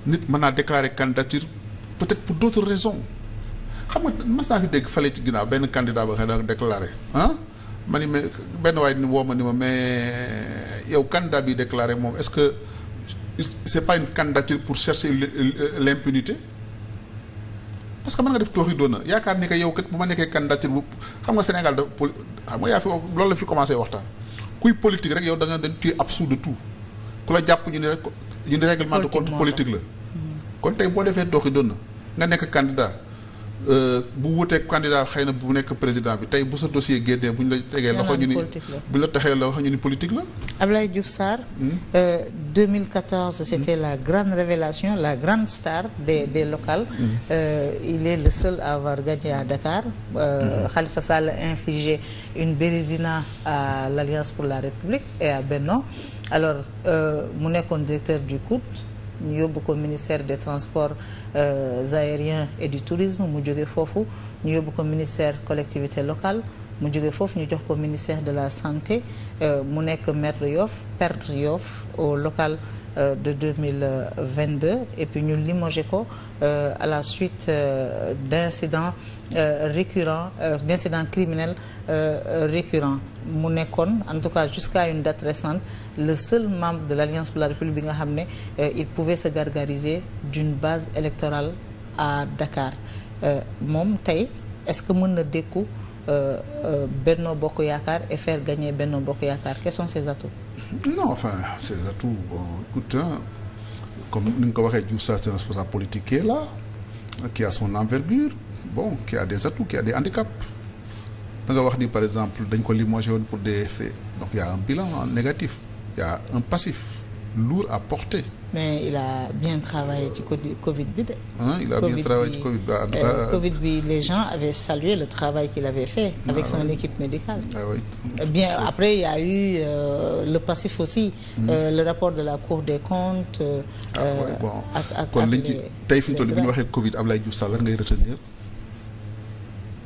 nit mën naa déclarer candidature peut-être pour d'autres raisons xam nga mas naa fi dégg fale ci ginnaaw benn candidat ba xëy na déclaré ah ma ni mais benn waaye woo ma ni ma mais yow candidat bi déclaré moom est-ce que c'est pas une candidature pour chercher l'impunité parce que mën nga def tooxi doona yaakaar ni que yow kat bu ma nekkee candidature bu xam nga Sénégal da xam nga yaa fi loolu la fi commencé waxtaan kuy politique rek yow da nga dañ tu es absous tout ku la jàpp ñu ne ñu ne règlement de compte politique la kon tey boo defee tooxi doon na nga nekk candidat Euh, bu êtes candidat à bu président bi tay bu sa dossier buñ la tégué loxo ñu ni bu la taxé loxo ñu ni politique la Diouf 2014 hmm? euh, c'était hmm? la grande révélation la grande star des des locales hmm. euh, il est le seul à avoir gagné à Dakar Khalifa Sall a infligé une bérésina à l'Alliance pour la République et à Benno alors mu nekkoon directeur du coup nous ministère des transports euh, aériens et du tourisme mu Locales, Fofu. ministère collectivité locale mu nous fofu, ministère de la santé euh, mu avons maire Yoff père au local euh, de 2022 et puis nous à la suite d'incidents euh, récurrent euh, d'incidents criminels euh, euh récurrents mu en tout cas jusqu'à une date récente le seul membre de l'Alliance pour la République nga euh, il pouvait se gargariser d'une base électorale à Dakar euh, Mom, est-ce que vous décou euh, Benno Boko Yakar, et faire gagner Benno Boko Yakar quels sont ses atouts non enfin ses atouts écoute hein, comme nous avons dit, c'est un responsable politique là qui a son envergure bon qui a des atouts qui a des handicaps da nga wax par exemple d'un ko pour des effets donc il y a un bilan négatif il y a un passif lourd à porter. mais il a bien travaillé du Covid bi hein, il a bien travaillé du bah, euh, Covid bi Covid euh, les gens avaient salué le travail qu'il avait fait. Bah avec son équipe médicale. Ah, oui. Euh, bien après il y a eu le passif aussi. Mm -hmm. le rapport de la Cour des comptes. Euh, ah oui bon kon liñ ci tey fi ñu toll Covid Ablaye Diouf Sall ngay retenir.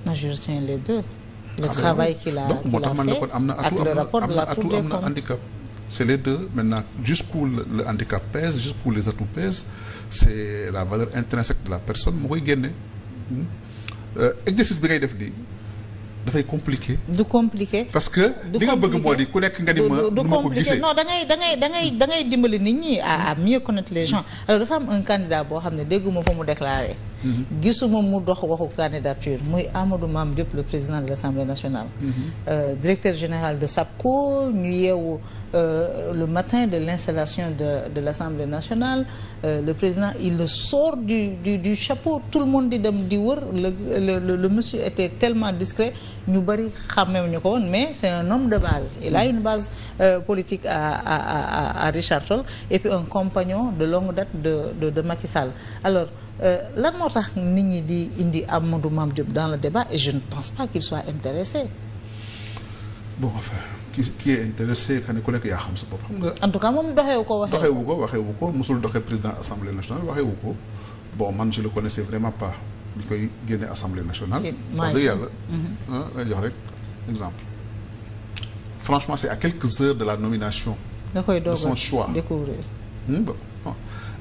Moi, je retiens les deux. Le ah ben travail qu'il a, Donc, qu a fait et le rapport de la Cour des comptes. C'est les deux. Maintenant, jusqu'où le, le, handicap pèse, jusqu'où les atouts pèsent, c'est la valeur intrinsèque de la personne. Moi, je L'exercice que je fais, dafay compliqué. De compliqué. parce que li nga bëgg moo di ku nekk nga di ma du compliqué non da ngay da ngay da ngay dimbali nit ñi à mieux connaître les hmm. gens alors dafa femme, un candidat boo xam ne dégguma ko mu déclaré. Mm-hmm. dox waxu candidature Amadou le président de l'Assemblée nationale mm-hmm. euh, directeur général de SAPCO euh, le matin de l'installation de l'Assemblée nationale euh, le président il le sort du du chapeau tout le monde dit dem le monsieur était tellement discret ñu bari mais c'est un homme de base il a une base politique à à à à Richard et puis un compagnon de longue date de de de Macky Sall alors euh, lan moo tax nit ñi di indi Amadou Mame Diop dans le débat et je ne pense pas qu'il soit intéressé bon enfin qui est intéressé Quand ku collègue yaa xam sa bopp en tout cas moom doxewu ko waxee. doxewu ko waxewu ko mosul président assemblée nationale waxewu bon man je le connaissais vraiment pas bi koy assemblée nationale. wax dëgg hein mm-hmm. lay ah, jox rek exemple. franchement c'est à quelques heures de la nomination. de son choix découvrir. Hmm,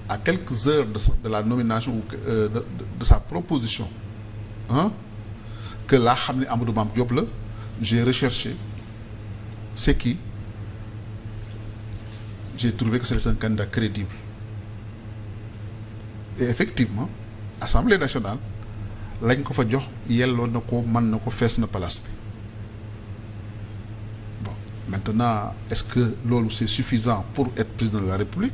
à quelques heures de, la nomination ou euh, de, sa proposition, hein, que la Hamni Amadou j'ai recherché ce qui j'ai trouvé que c'était un candidat crédible. Et effectivement, l'Assemblée nationale, lañ ko fa jox yelloo na ko bon maintenant est-ce que l'on c'est suffisant pour être président de la République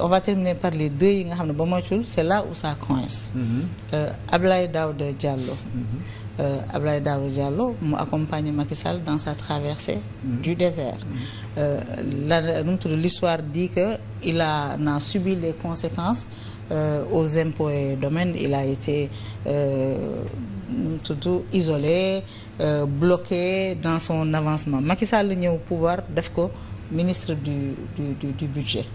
on va terminer par les deux c'est là où ça coince. Mm-hmm. Euh, Ablaye de Diallo. Mm-hmm. Euh, Ablaye Daoude Diallo accompagne Macky Sall dans sa traversée. Mm-hmm. du désert. Euh, l'histoire dit que il a subi les conséquences aux impôts et domaines il a été. isolé bloqué dans son avancement Macky Sall au pouvoir def ministre du budget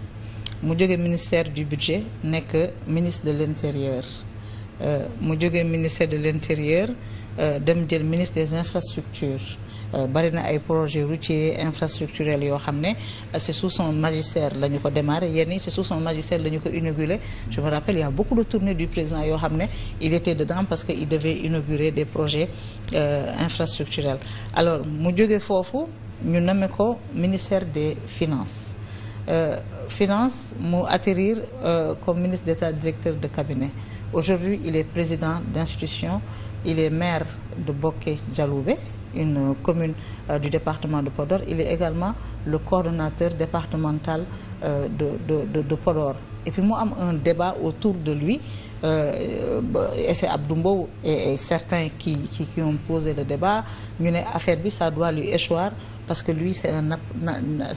le ministère du budget n'est que ministre de l'intérieur le euh, mu ministère de l'intérieur intérieur le ministre des infrastructures euh, il na a des projets routiers, infrastructurels euh, c'est sous son magistère que nous avons démarré c'est sous son magistère que nous avons inauguré je me rappelle il y a beaucoup de tournées du président il était dedans parce qu'il devait inaugurer des projets euh, infrastructurels alors mu nous ko ministère des finances euh, finance mou atterrir euh, comme ministre d'État directeur de cabinet. Aujourd'hui, il est président d'institution, il est maire de Boké Djaloubé, une commune euh, du département de Podor. Il est également le coordonnateur départemental euh, de, de, Podor. Et puis moi, un débat autour de lui. et c'est Abdoumbo et, certains qui, qui, ont posé le débat. mais affaire, ça doit lui échoir. parce que lui c'est un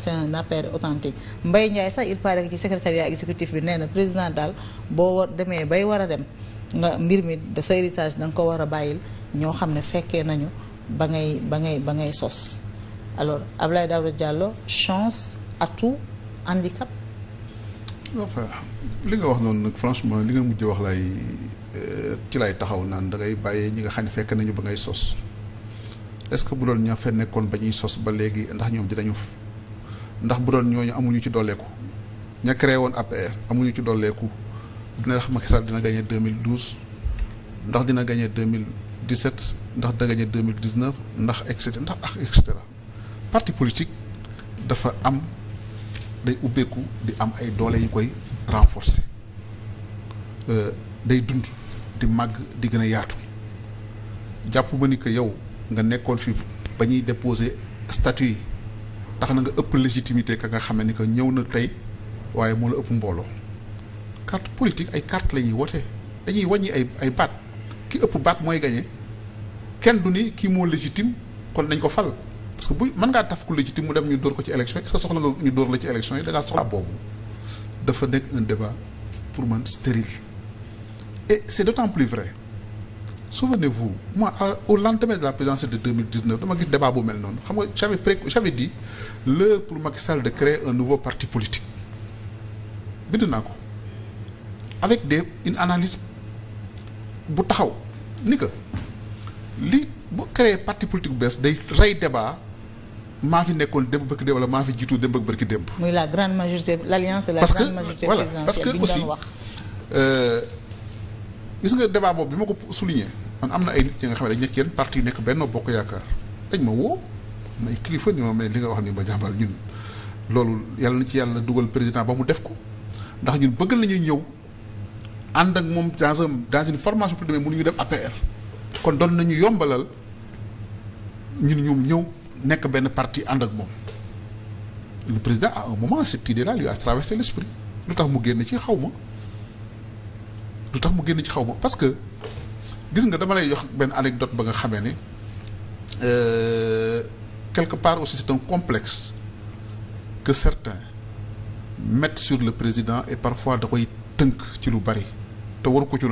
c'est un appel authentique mbay Ndiaye sax il paraît que ci secrétariat exécutif bi néna président dal bo démé bay wara a dem nga mbir mi de sa héritage dang ko wara a ño xamné féké nañu ba ngay ba ngay ba ngay sos alors Abdoulaye Daouda Diallo chance atout handicap enfin li nga wax non nak franchement li nga mujj wax lay euh, ci lay taxaw nan da ngay bayé ñi nga xani ne fekk nañu ba ngay sos est-ce que bu doon ñoo fee nekkoon ba ñuy sos ba léegi ndax ñoom dinañu ndax bu doon ñooñu amuñu ci dolleeku ña créé woon APR amuñu ci dooleeku dina wax Macky Sall dina gagné 2012 ndax dina gagné 2017 ndax dina gagné 2019 ndax et cetera ndax ak ah, et cetera parti politique dafa am day ubbeeku di am ay doole koy renforcer euh, day dund di màgg di gën a yaatu jàpp ma nikk que yow. nga nekkoon fi ba ñuy déposer statut yi tax na nga ëpp légitimité ka nga xam ni que ñëw na tey waaye moo la ëpp mbooloo carte politique ay carte la ñuy wote dañuy wàññi ay ay baat ki ëpp baat mooy gagné kenn du ni kii moo légitime kon nañ ko fal parce que bu mën ngaa taf ku légitime mu dem ñu door ko ci élection yi est-ce que soxla nga ñu door la ci élection yi da ngaa soxla boobu dafa nekk un débat pour man stérile et c'est d'autant plus vrai souvenez-vous moi au lendemain de la présidence de 2019 débat bu mel j'avais dit l'heure pour Macky Sall de créer un nouveau parti politique ko avec des une analyse bu taxaw ni que li bu créer parti politique bu day rey débat Ma fi nekkoon démb bëgg démb fi jiitu démb bëgg la grande majorité l'alliance de la grande majorité présidentielle parce que voilà parce gis nga débat boobu bi ma ko souligner man am na ay nit ñi nga xam ne dañ nekk yenn parti nekk benn Bokk Yaakaar dañ ma woo am ay kilifa ni ma mais li nga wax ni ma jàmbal ñun loolu yàlla na ci yàlla dugal président ba mu def ko ndax ñun bëgg nañuy ñëw ànd ak moom dans un dans une formation plus demee mënuñu dem APR kon doon nañu yombalal ñun ñoom ñëw nekk benn parti ànd ak moom le président à un moment cette idée là lui a traversé l'esprit lu tax mu génn ci xaw ma parce que Je nga dama lay jox anecdote euh, quelque part aussi c'est un complexe que certains mettent sur le président et parfois da koy tënk ci lu bari te waru ko ci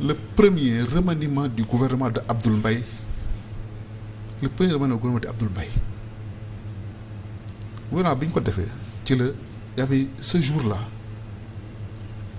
le premier remaniement du gouvernement de Abdoul Mbaye le premier remaniement du gouvernement de Abdoul Mbaye gouvernement bi ñu ko defee ci y avait ce jour-là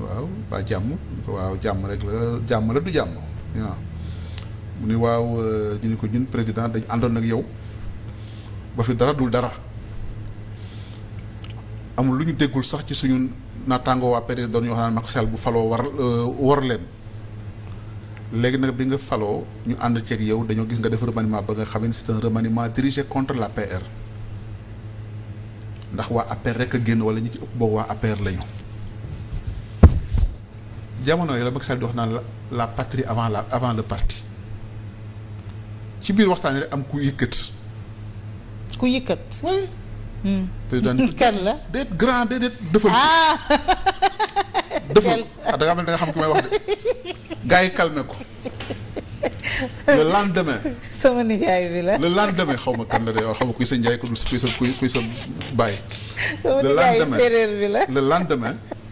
waaw ba jàmm waaw jàmm rek la jàmm la du jàmm waaw mu ya. ni waaw ñu eh, ni ko ñun président dañ àndoon ak yow ba fi dara dul dara amul lu ñu déggul sax ci suñu naataango waa PDS doon yoo xam ne Maxel bu faloo war eh, war leen léegi nag bi nga faloo ñu ànd ceeg yow dañoo gis nga def remaniement ba nga xam ne c'est un remaniement dirigé contre PR ndax waa APR rek a wala ñi ci ëpp boobu waa APR lañu jamono yi la Macky la patrie avant la avant le parti ci biir waxtaan am ku yëkkat. ku oui. Hmm. la déet grand ah. ah da da nga xam ki may wax de gars yi ko. le lendemain. sama nijaay bi la. le lendemain xaw ma kan la de yow xaw ma kuy sa njaay kuy sa sama nijaay bi le lendemain.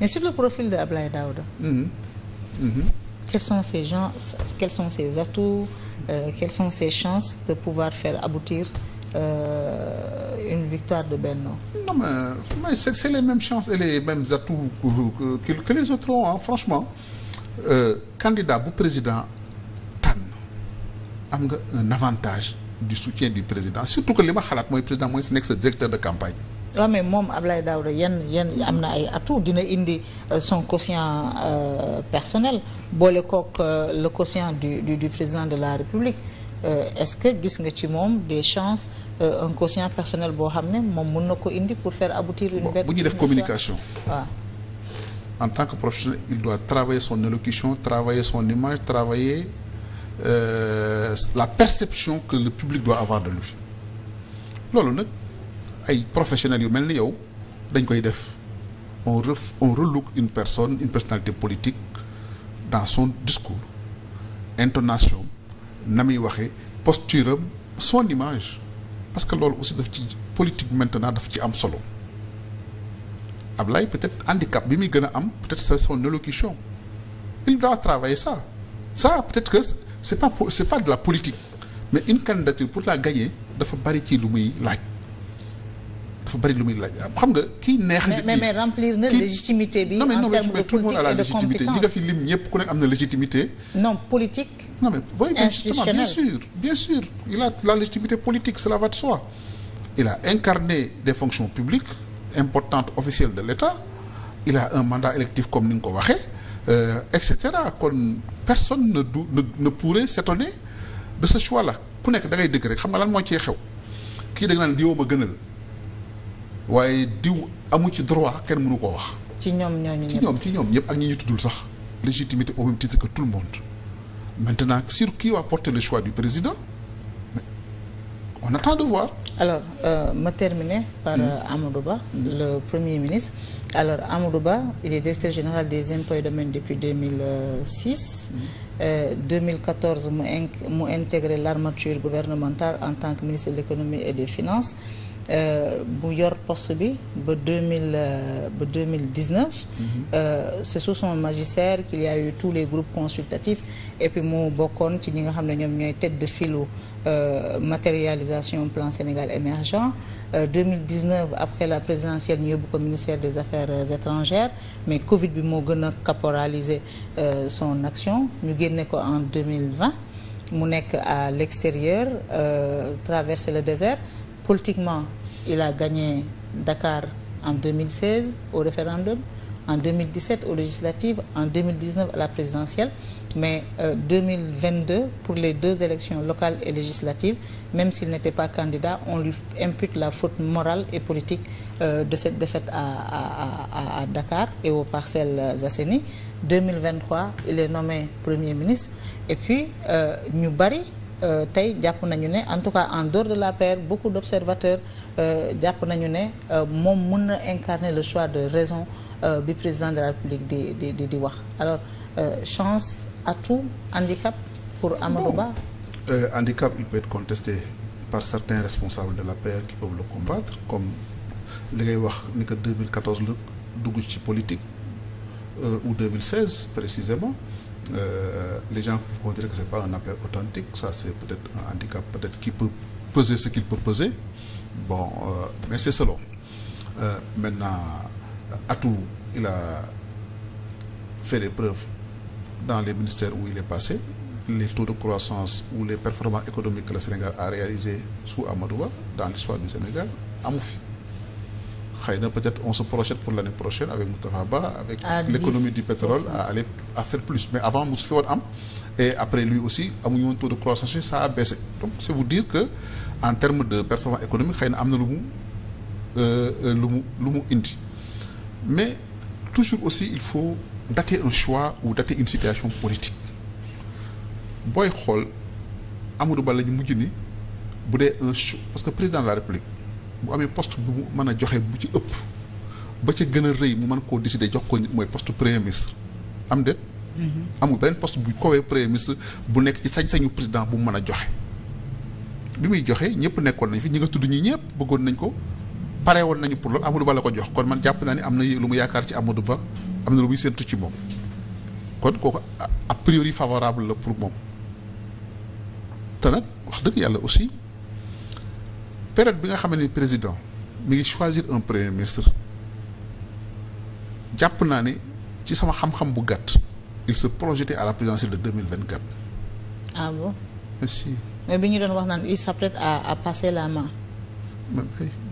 mais sur le profil de mhm. Mhm. quels sont ses gens quels sont ces atouts euh, quelles sont ses chances de pouvoir faire aboutir euh, une victoire de Benno Non, mais, c'est les mêmes chances et les mêmes atouts que, les autres hein. franchement. Euh, candidat pour président, TAN, un avantage du soutien du président surtout que le ma xalaat le président mooy c'est ex directeur de campagne. Oui, mais moom Ablaye Daouda il y a, un ay atout dina indi euh, son quotient euh, personnel boole euh, le quotient du du président de la République est-ce que gis nga des chances un quotient personnel pour amener indi pour faire aboutir une belle communication en tant que professionnel il doit travailler son élocution travailler son image travailler euh, la perception que le public doit avoir de lui Là nag ay professionnels yu mel yow on ref une personne une personnalité politique dans son discours intonation na posture son image parce que là aussi daf politique maintenant daf ci am solo peut-être handicap bi gana am peut-être c'est son élocution il doit travailler ça ça peut-être que c'est pas pas de la politique mais une candidature pour la gagner il faut barrer qui lui laaj dafa bari lu muy laaj xam nga mais mais remplir na légitimité bi. en termes de politique et de compétence la légitimité lim légitimité. non politique. non mais oui bien sûr bien sûr il a la légitimité politique cela va de soi. il a incarné des fonctions publiques importantes officielles de l'État il a un mandat électif comme nous euh, etc. kon personne ne ne, ne pourrait s'étonner de ce choix là ku nek da ngay dëgg rek xam nga lan moo cee xew kii da nga naan diwoo ma gënal waaye diw amu ci droit kenn mënu koo wax. ci ñoom ñoo ñu ci ñoom ci ñoom ñëpp ak ñi ñu tuddul sax légitimité au même titre que tout le monde maintenant sur qui va porter le choix du président. On attend de voir. Alors, euh, me terminer par hmm. euh, Amourouba, le Premier ministre. Alors, Amadouba, il est directeur général des impôts et domaines depuis 2006. Mmh. Hmm. Euh, 2014, a intégré l'armature gouvernementale en tant que ministre de l'économie et des finances. Euh, bu yor poste bi ba euh, hmm. sous son magistère qu'il y a eu tous les groupes consultatifs et puis mon bokon, ci ñi tête de filo. Euh, matérialisation plan Sénégal émergent. 2019, euh, après la présidentielle, nous avons au ministère des Affaires euh, étrangères, mais Covid a caporalisé son action. Nous avons en 2020, nous à l'extérieur, traversé le désert. Politiquement, il a gagné Dakar en 2016 au référendum, en 2017 aux législatives, en 2019 à la présidentielle. Mais euh, 2022, pour les deux élections locales et législatives, même s'il n'était pas candidat, on lui impute la faute morale et politique euh, de cette défaite à, Dakar et aux parcelles Zasseni. 2023, il est nommé Premier ministre. Et puis, euh, Nubari, euh, en tout cas en dehors de la paire beaucoup d'observateurs euh, incarné euh, incarner le choix de raison du président de la République de, de, alors euh, chance, atout, handicap pour Amadouba euh, Handicap, il peut être contesté par certains responsables de la qui peuvent le combattre, comme les 2014 le politique, euh, ou 2016 précisément. les gens vont dire que ce n'est pas un appel authentique, ça c'est peut-être un handicap peut-être qui peut peser ce qu'il peut peser. Bon, mais c'est selon. maintenant, tout, il a fait des preuves dans les ministères où il est passé, les taux de croissance ou les performances économiques que le Sénégal a réalisé sous Amadoua dans l'histoire du Sénégal, Amoufi. Peut-être on se projette pour l'année prochaine avec Moutafaba, avec l'économie du pétrole, à, aller, à faire plus. Mais avant Moussoufé et après lui aussi, un taux de croissance, ça a baissé. Donc c'est vous dire que en termes de performance économique, Khayna Amna Lumu euh, euh, Indi. Mais toujours aussi, il faut dater un choix ou dater une situation politique booy xool Amadou Ba la ñu mujj ni bu dee un parce que président de la République bu amee post bu mu mën a joxe bu ci ëpp ba ca gën a rëy mu mën koo décider jox ko nit mooy post premier ministre am déet. Mm-hmm. amul beneen poste bu kowee premier bu nekk ci sañ-sañu président bu mu mën a joxe. bi muy joxe ñëpp nekkoon nañ fi ñi nga tudd ñi ñëpp bëggoon nañ ko pare woon nañu pour loolu Amadou Ba la ko jox kon man jàpp naa ni am na lu mu yaakaar ci Amadou Ba. am na lu muy ci mom kon kooku a priori favorable la pour mom te nak wax deug yalla aussi période bi nga xam président mi ngi choisir un premier ministre japp naa ne ci sama xam-xam bu Gat, il se projetait à la présidence de 2024 ah bon merci eh mais bi ñu wax nan il s'apprête à à passer la main mais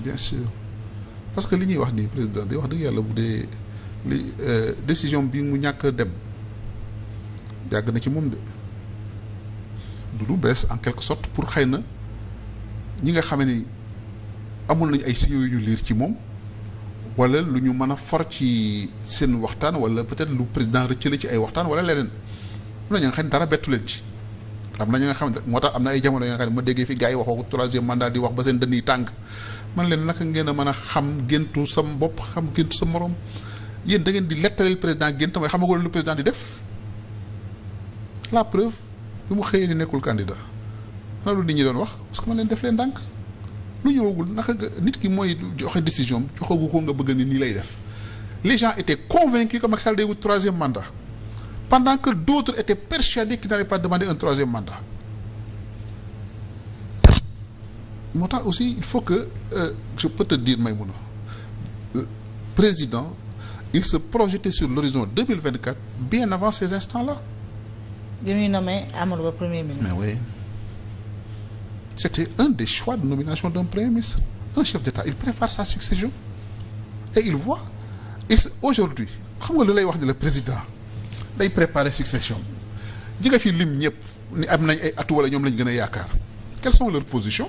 bien sûr parce que li ñuy wax ni président di wax deug yalla bu li eh, décision bi mu ñàkk dem yàgg na ci moom de du lu bees en quelque sorte pour xëy na ñi nga xamee ni amul nañ ay signaux yu ñu liir ci moom wala lu ñu mën a for ci seen waxtaan wala peut-être lu président rëccale ci ay waxtaan wala leneen am na ñi dara bettu leen ci am na ñi nga xam ne moo tax am na ay jamono nga xam ne ma déggee fi gars yi wax troisième mandat di wax ba seen dënn yi tàng man leen naka ngeen a mën a xam gentu sam bopp xam géntu sa morom yéen da ngeen di lettaleel président gént mooy xamagoo lu président di def la preuve bi mu xëyee ni nekkul candidat ana lu nit ñi doon wax parce que man leen def leen ndànk lu ñëwagul naka nit ki mooy joxe décision joxagu ko nga bëgg ni nii lay def les gens étaient convaincus que Macky Sall day troisième mandat pendant que d'autres étaient persuadés qu'il n'allait pas demander un troisième mandat moo tax aussi il faut que euh, je peux te dire Maïmouna euh, président il se projetait sur l'horizon 2024 bien avant ces instants-là. Premier ministre. Mais oui. C'était un des choix de nomination d'un Premier ministre. Un chef d'État, il prépare sa succession. Et il voit. Et aujourd'hui, comme le président, il prépare la succession. Quelles sont leurs positions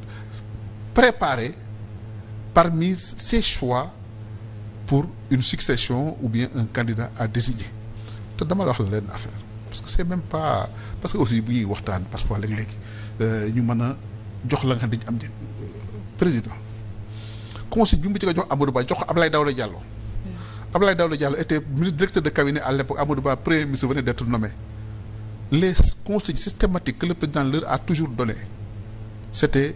préparer parmi ses choix pour une succession ou bien un candidat à désigner parce que c'est même pas parce que aussi parce euh, que président conseil bi mu ci jox hmm. Diallo était ministre directeur de cabinet à l'époque nommé les conseils systématiques que le président leur a toujours donné c'était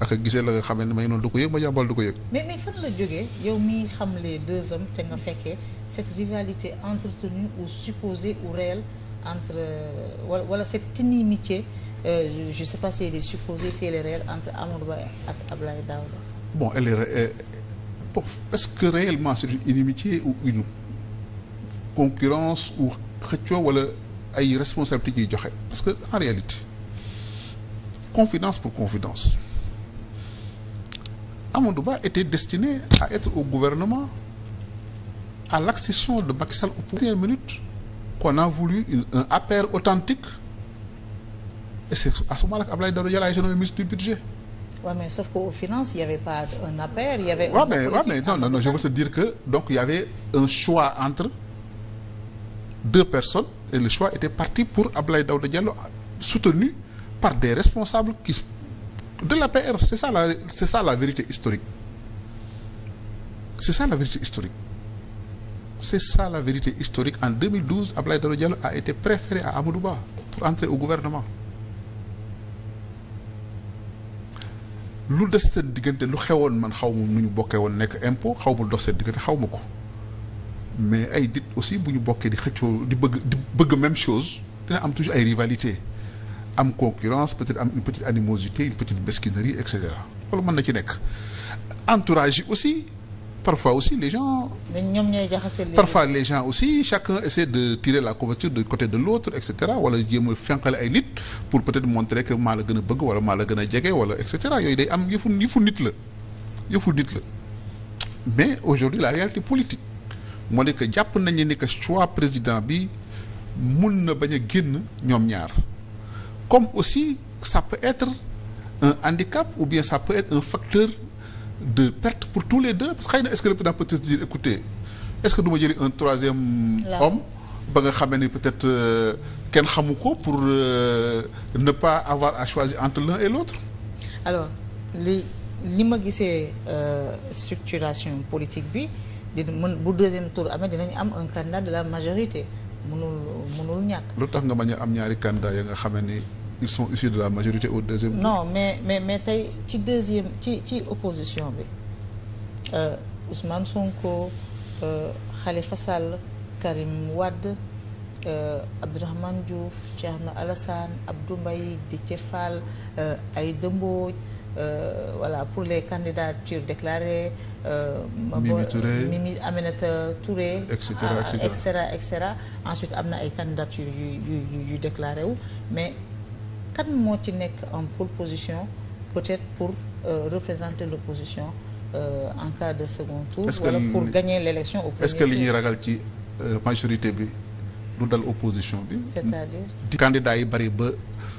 ak a gisee la nga xam ne may noonu du ko yëg ma jàmbal du ko mais mais fan la jógee yow les deux hommes te nga fekkee cette rivalité entretenue ou supposée ou réelle entre euh, wala cette inimitié euh, je sais pas si elle est supposée si elle est réelle entre Amadou et ak Abdoulaye Daouda. bon elle est bon euh, est-ce que réellement c'est une inimitié ou une concurrence ou xëccoo wala ay responsabilités yuy joxe parce que en réalité confidence pour confidence. Amadouba était destiné à être au gouvernement à l'accession de Macky au pouvoir. Minute qu'on a voulu un appel authentique. Et c'est à ce moment-là qu'Ablaï Daroyal a été nommé ministre du budget. Oui, mais sauf qu'aux finances, il n'y avait pas un appel, il y avait... Oui, mais, ouais, mais, non, non, non, je veux te dire que, donc, il y avait un choix entre deux personnes, et le choix était parti pour Ablaï soutenu par des responsables qui de PR. C'est ça, c'est ça la vérité historique. C'est ça la vérité historique. C'est ça la vérité historique. En 2012, Ablaï Diallo a été préféré à Amadouba pour entrer au gouvernement. lu des seen diggante lu xewoon man xawmu ma nu ñu bokkee woon impôt xaw ma dox xawmako mais ay dit aussi bu ñu bokkee di xëccio di bëgg di bëgg même chose dina am toujours ay rivalités am concurrence peut-être une petite animosité une petite mesquinerie etc cetera entourage aussi parfois aussi les gens. parfois les gens aussi chacun essaie de tirer la couverture du côté de l'autre etc cetera wala me ay pour peut-être montrer que malgré suis un peu bëgg wala etc. il gën a jege wala et cetera yooyu day mais aujourd'hui la réalité politique je di que le nañu ni que choix président bi mun na bañ a génn comme aussi ça peut être un handicap ou bien ça peut être un facteur de perte pour tous les deux. est-ce que le président peut se dire, écoutez, est-ce que nous avons un troisième Là. homme peut-être euh, pour euh, ne pas avoir à choisir entre l'un et l'autre Alors, l'image est euh, structuration politique, bi, pour le deuxième tour, un candidat de la majorité. Mënul mënul ñak un candidat de ils sont issus de la majorité au deuxième tour. non mais mais mais tu deuxième ci opposition euh, Ousmane Sonko euh, Khalifa Sall Karim Wad, euh, Abdourahmane Diouf Alassane Abdou Mbaye Déthié Fall euh, euh, voilà pour les candidatures déclarées. Euh, Mimi Touré Mimi Aminata Touré. etc. cetera et cetera ensuite am na ay candidatures yu mais kan moo ci nekk en pole position peut-être pour euh, représenter l'opposition euh, en cas de second tour. wala pour gagner l'élection au est-ce que li ñuy ragal ci euh, majorité bi du dal opposition bi. c'est-à-dire di candidats yi bari ba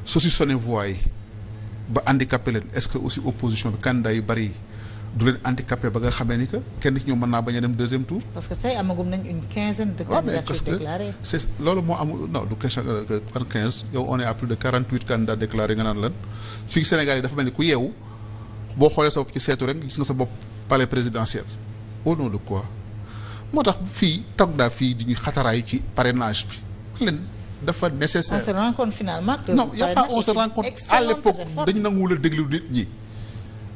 saucissonné voix yi ba handicapé leen est-ce que aussi opposition bi candidats yi du leen handicapé ba nga xamee ni que kenn ci ñoom mën naa bañ deuxième tour. parce que tey amagum nañ une quinzaine de candidatures déclarées c' est loolu moo amul non du question par quinze yow on est à plus de 48 candidats déclarés nga naan lan fii Sénégal yi dafa mel ni ku yeewu boo xoolee sa bopp ci seetu rek gis nga sa bopp palais présidentiel au nom de quoi moo tax fii toog naa fii di ñuy xataraayu ci parrainage bi leen dafa nécessaire. on se rend finalement que. non y' a pas on se rencontre à l'époque. époque dañu nanguwul a déglu nit ñi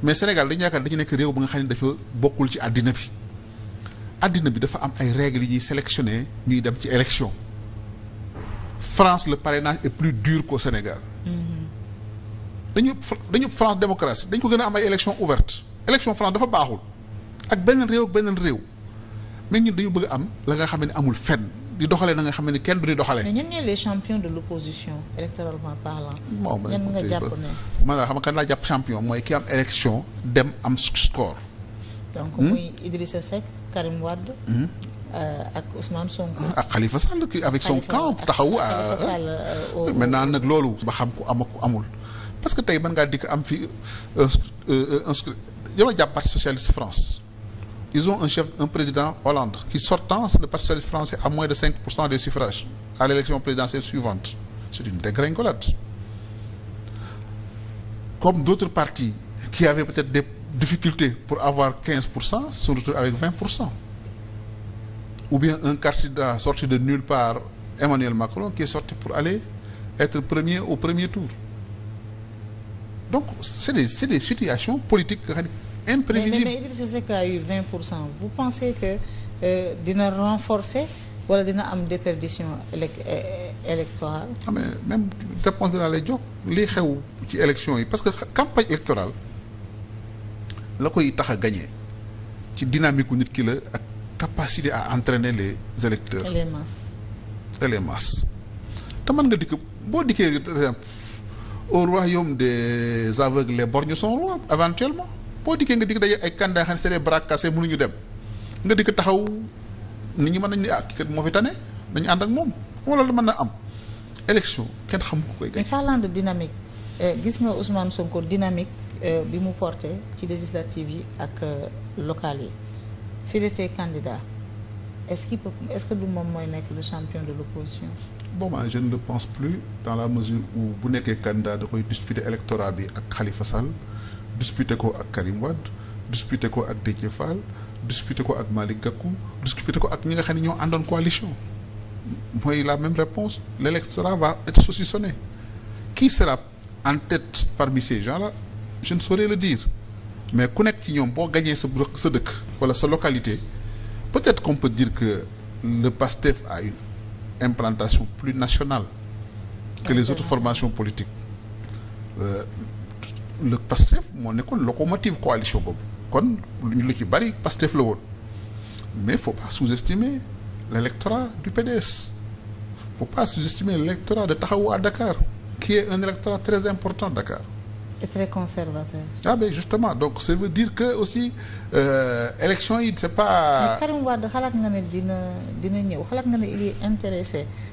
mais Sénégal dañu yaakaar dañu nekk réew ba nga xam ne dafa bokkul ci àddina bi àddina bi dafa am ay règles yi ñuy sélectionné ñuy dem ci élection France le parrainage est plus dur qu'au Sénégal mm-hmm. dañu dañu France démocratie dañ ko gën a am ay élection ouverte élection France dafa baaxul ak beneen réew ak beneen réew mais ñun dañu bëgg am la nga xam ne amul fenn di doxale na nga xam ne kenn du di doxale. mais ñan ñooy les champions de l'opposition électoralement parlant. bon ñan nga jàpp ne. man xam kan laa jàpp champion mooy ki am élection dem am score. donc muy Idrissa Seck Karim Wade. ak Ousmane Sonko. ak Khalifa Sall ki avec son camp taxawu. maintenant nag loolu. ba xam ku am ak ku amul. parce que tey mën ngaa dikk am fi un un un yow jàpp parti socialiste France. Ils ont un chef, un président Hollande qui sortant le Parti socialiste français à moins de 5% des suffrages à l'élection présidentielle suivante. C'est une dégringolade. Comme d'autres partis qui avaient peut-être des difficultés pour avoir 15%, sont avec 20%. Ou bien un candidat sorti de nulle part, Emmanuel Macron, qui est sorti pour aller être premier au premier tour. Donc, c'est des, des situations politiques radicales imprévisible. Mais, mais, mais Idrissa a eu 20 vous pensez que euh, dina renforcer wala dina am déperdition électorale. ah mais même réponse bi dans lay les gens, xew ci élection parce que campagne électorale la koy tax a gagné la dynamique nit ki la capacité à entraîner les électeurs. les masses. et les masses comment mën nga que au royaume des aveugles les borgnes sont rois éventuellement boo dikkee nga dikk daje ay candidat xam ne c'est les bras cassés mënuñu dem nga dikk taxaw ni ñi mën nañ ne ah kii kat moo fi tane dañu ànd ak moom wala lu mën na am élection kenn xam ko koy gañ. mais parlant de dynamique euh, gis nga Ousmane Sonko dynamique euh, bi mu porté ci législative yi ak euh, locales yi s'il était candidat est-ce qu'il peut est-ce que du moom mooy nekk le champion de l'opposition bon man je ne le pense plus dans la mesure où bu nekkee candidat da koy disputer électorat bi ak Khalifa Sall disputé ko ak Karim Wad disputé ko ak Malikakou, disputé ko ak Malik Gakou disputé ko ak ñi nga coalition la même réponse l'électorat va être saucissonné qui sera en tête parmi ces gens-là je ne saurais le dire mais ku pour ci ce ce ce ce ce deuk localité peut-être qu'on peut dire que le PASTEF a une implantation plus nationale que les autres formations politiques euh, le PASTEF mon école locomotive coalition kon lu bari PASTEF mais faut pas sous-estimer l'électorat du PDS faut pas sous-estimer l'électorat de Tahoua à Dakar qui est un électorat très important à Dakar. Et très conservateur. Ah ben justement, donc ça veut dire que aussi euh, élection, il ne sait pas... Mais Karim il est intéressé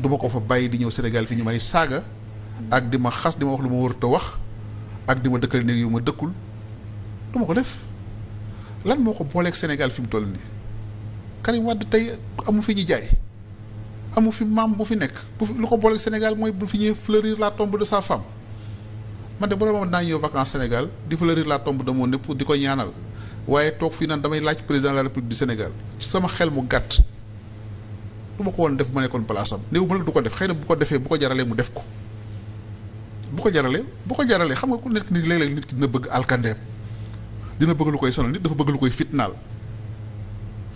du ma ko fa bàyyi di ñëw Sénégal fi ñu may saaga ak di ma xas di wax lu ma warut a wax ak di ma dëkkal néeg yu ma dëkkul du ma ko def lan moo ko booleeg Sénégal fi mu toll nii Karim Wade tey amu fi ñu jaay amu fi maam bu fi nekk bu fi lu ko booleeg Sénégal mooy bu fi ñuy fleurir la tombe de saa femme man de bu la moom naa ñëw vacances Sénégal di fleurir la tombe de mon époux di ko ñaanal waaye toog fi naan damay laaj président la République du Sénégal sama xel mu gàtt du ma ko woon def bu ma nekkoon place am néew ma du ko def xëy na bu ko defee bu ko jaralee mu def ko bu ko jaralee bu ko jaralee xam nga ku nekk nit léeg-léeg nit ki dina bëgg alkandeem dina bëgg lu koy sonal nit dafa bëgg lu koy fitnaal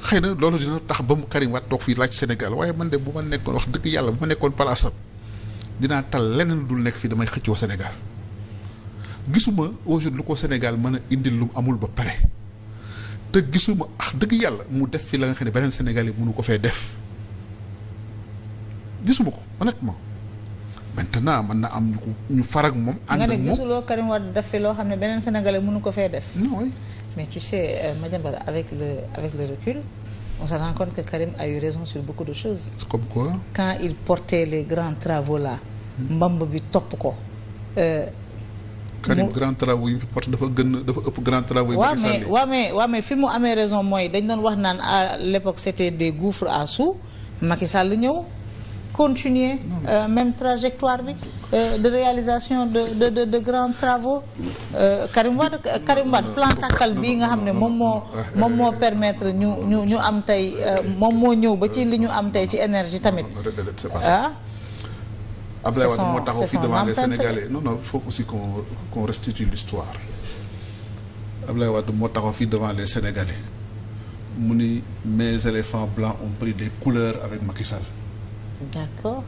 xëy na loolu dina tax ba mu Karim Wade toog fii laaj Sénégal waaye man de bu ma nekkoon wax dëgg yàlla bu ma nekkoon place am dinaa tal leneen lu dul nekk fii damay xëccoo Sénégal gisuma aujourd'hui lu ko Sénégal mën a indi lu mu amul ba pare te gisuma ax dëgg yàlla mu def fi la nga xam ne beneen Sénégal mënu ko fee def gisuma ko honnêtement maintenant man na am ñu ko ñu farag mom ànd ak nga ne lo Karim wad def fi loo xam ne sénégalais mënu ko fee def. non mais tu sais euh, Madiambal avec le avec le recul on se rend compte que Karim a eu raison sur beaucoup de choses. comme quoi. quand il portait les grands travaux là. Hmm. mbamb bi top ko. Euh, Karim grand travaux yi fi porte dafa gën dafa ëpp grand travaux yi. Macky wa mais wa mais fi mu amé raison moy dañ doon wax naan à l'époque c'était des gouffres à sous Macky Sall ñëw continuer euh, même trajectoire euh, de réalisation de grands travaux euh, Karim Wade plan ne permettre ñu ñu ñu am énergie ah? faut aussi qu'on restitue l'histoire Abdoulaye Wade devant les Sénégalais mes éléphants blancs ont pris des couleurs avec Macky D'accord.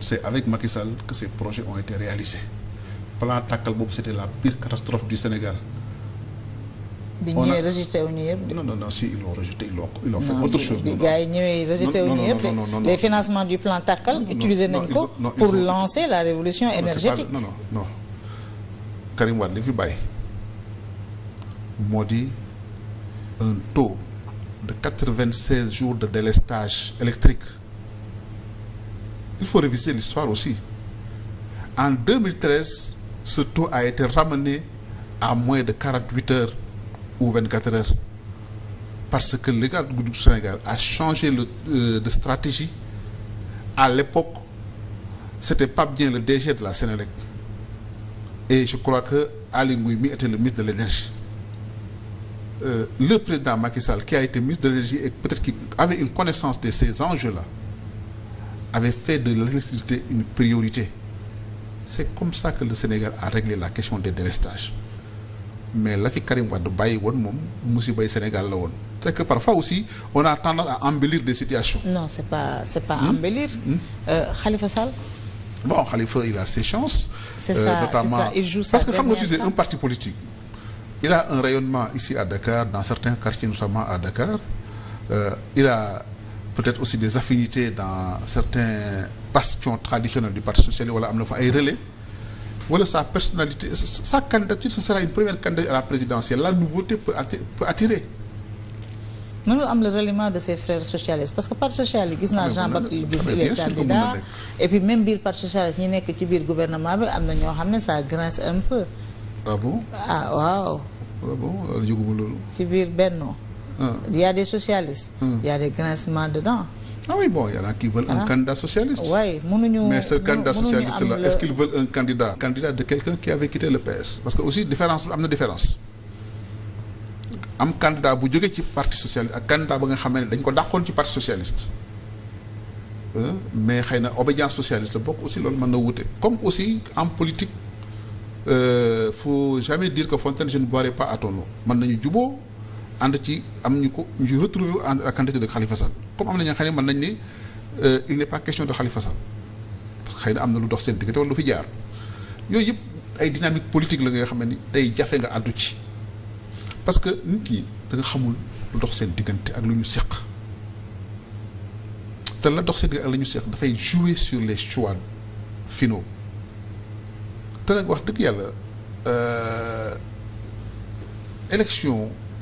C'est avec Macky Sall que ces projets ont été réalisés. Plan Takal Bob, c'était la pire catastrophe du Sénégal. On a... rejeté Non, non, non, si ils l'ont rejeté, ils l'ont, ils fait autre chose. Les, les financements du plan TACAL utilisés NEMCO pour lancer la révolution énergétique. non, non, non. Karim Wad, m'a dit un taux de 96 jours de délestage électrique il faut réviser l'histoire aussi. En 2013, ce taux a été ramené à moins de 48 heures ou 24 heures. Parce que l'égard du Sénégal a changé euh, de stratégie. À l'époque, c'était pas bien le DG de la Sénélec. Et je crois que Ali était le ministre de l'énergie. Euh, le président Macky Sall, qui a été ministre de l'énergie et peut-être qu'il avait une connaissance de ces enjeux-là, avait fait de l'électricité une priorité. C'est comme ça que le Sénégal a réglé la question des délestages. Mais la fille Karim Wade bayi mom au Sénégal C'est que parfois aussi on a tendance à embellir des situations. Non, c'est pas c'est pas hmm? embellir. Hmm? Euh, Khalifa Sall Bon, Khalifa, il a ses chances. C'est euh, ça, notamment... ça, il joue Parce que comme tu disais, un parti politique, il a un rayonnement ici à Dakar, dans certains quartiers, notamment à Dakar. Euh, il a peut-être aussi des affinités dans certains bastions traditionnels du Parti Socialiste, voilà, Amnofa et relais. Voilà sa personnalité, sa candidature, ce sera une première candidature à la présidentielle. La nouveauté peut attirer. Nous avons le relayement de ses frères socialistes. Parce que le Parti socialiste, ah, Jean-Baptiste ah, il est candidat. Et puis même le Parti socialiste, il n'est dans le gouvernement, ça grince un peu. Ah bon Ah, waouh. Ah bon, je ne sais gouvernement. Il y a des socialistes. Hmm. Il y a des grincements dedans. Ah oui, bon, il y en a qui veulent un candidat socialiste. Oui, mais ce candidat socialiste-là, est-ce qu'il veut un candidat Candidat de quelqu'un qui avait quitté le PS Parce que aussi, différence, il y a différence. un candidat bu jógee parti socialiste un candidat ba nga xam dañ parti socialiste hein? mais xëy na obédience socialiste donc aussi loolu mën na comme aussi en politique il euh, faut jamais dire que Fontaine je ne boirai pas à ton nom mën nañu ànd ci am ñu ko ñu retrouvé wu ànd ak candidature de Khalifa Sall comme am na ñoo xam ne mën euh, nañ il n'est pas question de Khalifa Sall parce que xëy na am na lu dox seen diggante wala lu fi jaar yooyu yëpp ay dynamique politique la nga xam ne ni day jafe nga àddu ci parce que nit ñi da nga xamul lu dox seen diggante ak lu ñu seq la dox seen diggante ak lu ñu seq dafay jouer sur les choix finaux te nag wax dëgg yàlla euh, élection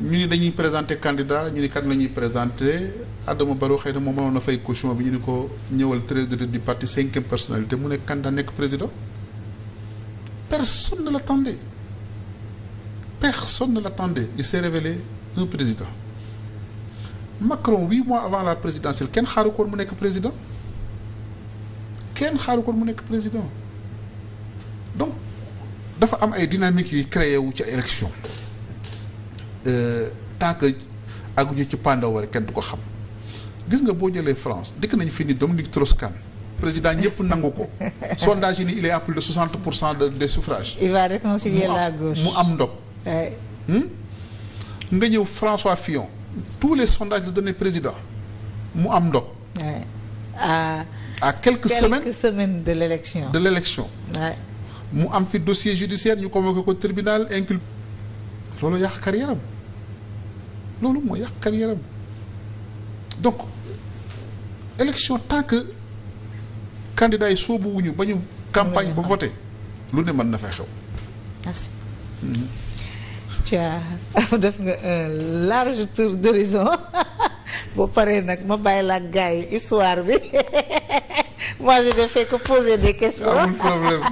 ñu ni dañuy présenter candidat ñu ni kan Adam ñuy présenter Adama Barrow xëy na moom na fay caution bi ñu ni du parti cinquième personnalité mu nekk candidat nekk président personne ne l'attendait personne ne l'attendait il s'est révélé un président Macron huit mois avant la présidentielle kenn xaaru ko mu nekk président kenn xaaru ko mu nekk président donc dafa am ay dynamiques yuy créé wu ci élection euh, tant que àgguñu ci pandaw rek ken du ko xam gis nga bo jélé France dik nañ fini Dominique Troscan président ñepp nanguko sondage ni il est à plus de 60 de, des suffrages. il va réconcilier la gauche mu am ndog. Hmm? nga ñëw François Fillon tous les sondages le donné président mu am ndog. à à quelques, quelques semaines, de l'élection de l'élection mu am fi dossier judiciaire ñu convoqué ko tribunal inculpé loolu yàq carrière am loolu moo yàq carrière donc élection tant que candidat yi soobu wuñu ba campagne ba voté lu ne mën na fay xew. merci. Mhm. tu as def nga un large tour d'horizon pour parler nag ma bàyyi la ak gars yi histoire bi moi je ne fais que poser des questions. amul problème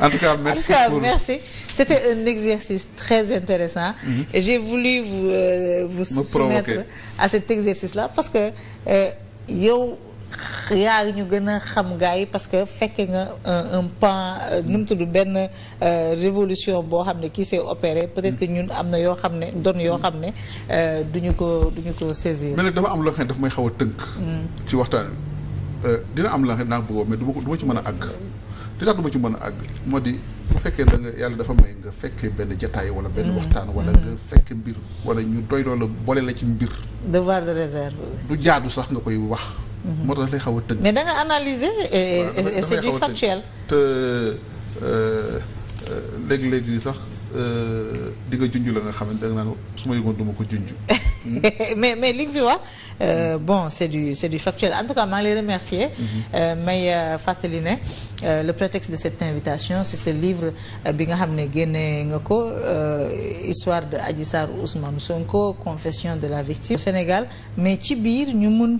en tout cas merci. En tout cas, merci. C'était un exercice très intéressant mm -hmm. et j'ai voulu vous, euh, vous soumettre à cet exercice-là parce que euh, yo yaa ñu gën a xam gars parce que fekkee nga un un pan euh, nu mu tudd benn euh, révolution boo xam ne qui s'est opéré peut-être que ñun am yo xamné don yo xamné yoo euh, duñu ko duñu ko saisir. mais dafa am lo xam daf may xawa teunk mm. ci waxtan euh dina am la nga naan mais duma ko du ci mën a àgg. li tax ci mën a Modi bu fekkee da yàlla dafa may nga fekkee benn jataay wala benn mm-hmm. waxtaan wala mm-hmm. nga fekk mbir wala ñu doy loola boole la ci mbir devoir de du jaadu sax nga koy wax mm-hmm. moo tax lay xaw a tënk mais da nga analyser et c'est du factuel te euh, euh, léegi-léegi sax Euh, la nga ko mais mais li euh, bon c'est du c'est du factuel en tout cas je ngi remercier. Mm-hmm. Euh, mais Fateline, le prétexte de cette invitation c'est ce livre bi nga histoire de Adji Ousmane Sonko confession de la victime au Sénégal mais Tibir nous ñu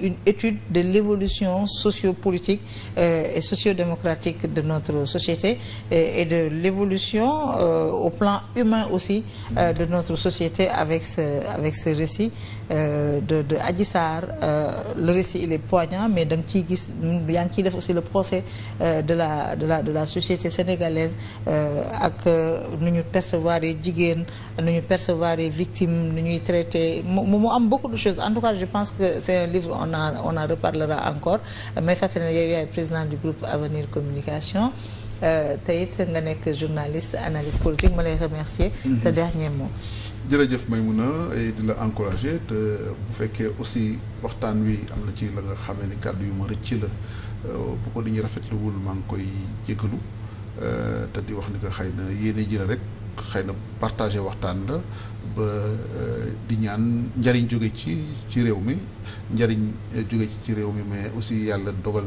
une étude de l'évolution sociopolitique et sociodémocratique de notre société et de l'évolution au plan humain aussi euh, de notre société avec ce, avec ce récit euh, de, de euh, le récit, il est poignant, mais il y a aussi le procès de, la, de, la, société sénégalaise à nous nous percevoir les nous nous percevoir les victimes, nous nous traiter. beaucoup de choses. En tout cas, je pense que c'est un livre, on, a, on en reparlera encore. Mais Fatina est président du groupe Avenir Communication. Euh, tey it nga nek journaliste analyste politique ma lay remercier Ce mhm. dernier mot. jërëjëf Maimouna et di la encourager te bu fekkee aussi waxtaan wi am na ci la nga xamé ni kàddu yu ma rëcc la euh, bu ko nit rafetlu wul maa ngi koy euh te di wax ni ko xëy na yéene ji la rek xëy partager partagé waxtaan la ba euh, di ñaan njariñ jóge ci ci réew mi njariñ jóge ci ci réew mi mais aussi yalla dogal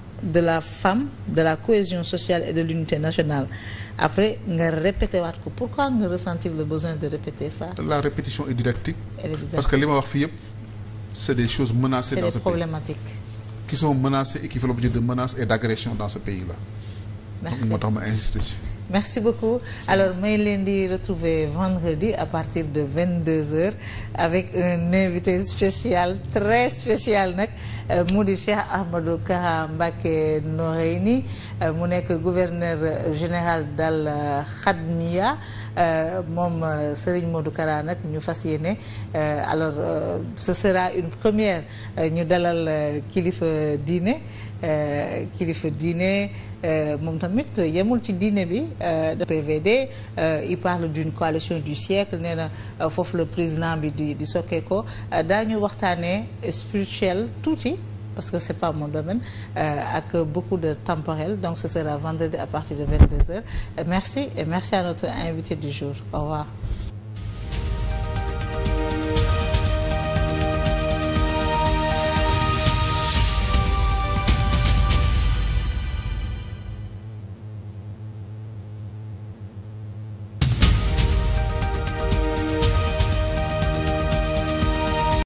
de la femme, de la cohésion sociale et de l'unité nationale. Après, répéter pourquoi nous ressentir le besoin de répéter ça La répétition est didactique. Parce que les filles, c'est des choses menacées dans ce problématiques. qui sont menacées et qui font l'objet de menaces et d'agressions dans ce pays-là. Merci merci beaucoup alors may leen retrouver vendredi à partir de 22h avec un invité spécial très spécial nag euh, Cheikh Ahmadou Noreini, Noreyni euh, gouverneur général dal khadmiya euh, moom Serigne Modou Kara nag alors ce sera une première ñu dalal dîner. Euh, kilifa il y a yemul ci diine bi euh, PVD euh, il parle d'une coalition du siècle nee na le président bi di di sokkee ko daañu waxtaanee spirituel tuuti parce que c'est pas mon domaine avec beaucoup de temporel donc ce sera vendredi à partir de 22 h merci et merci à notre invité du jour au revoir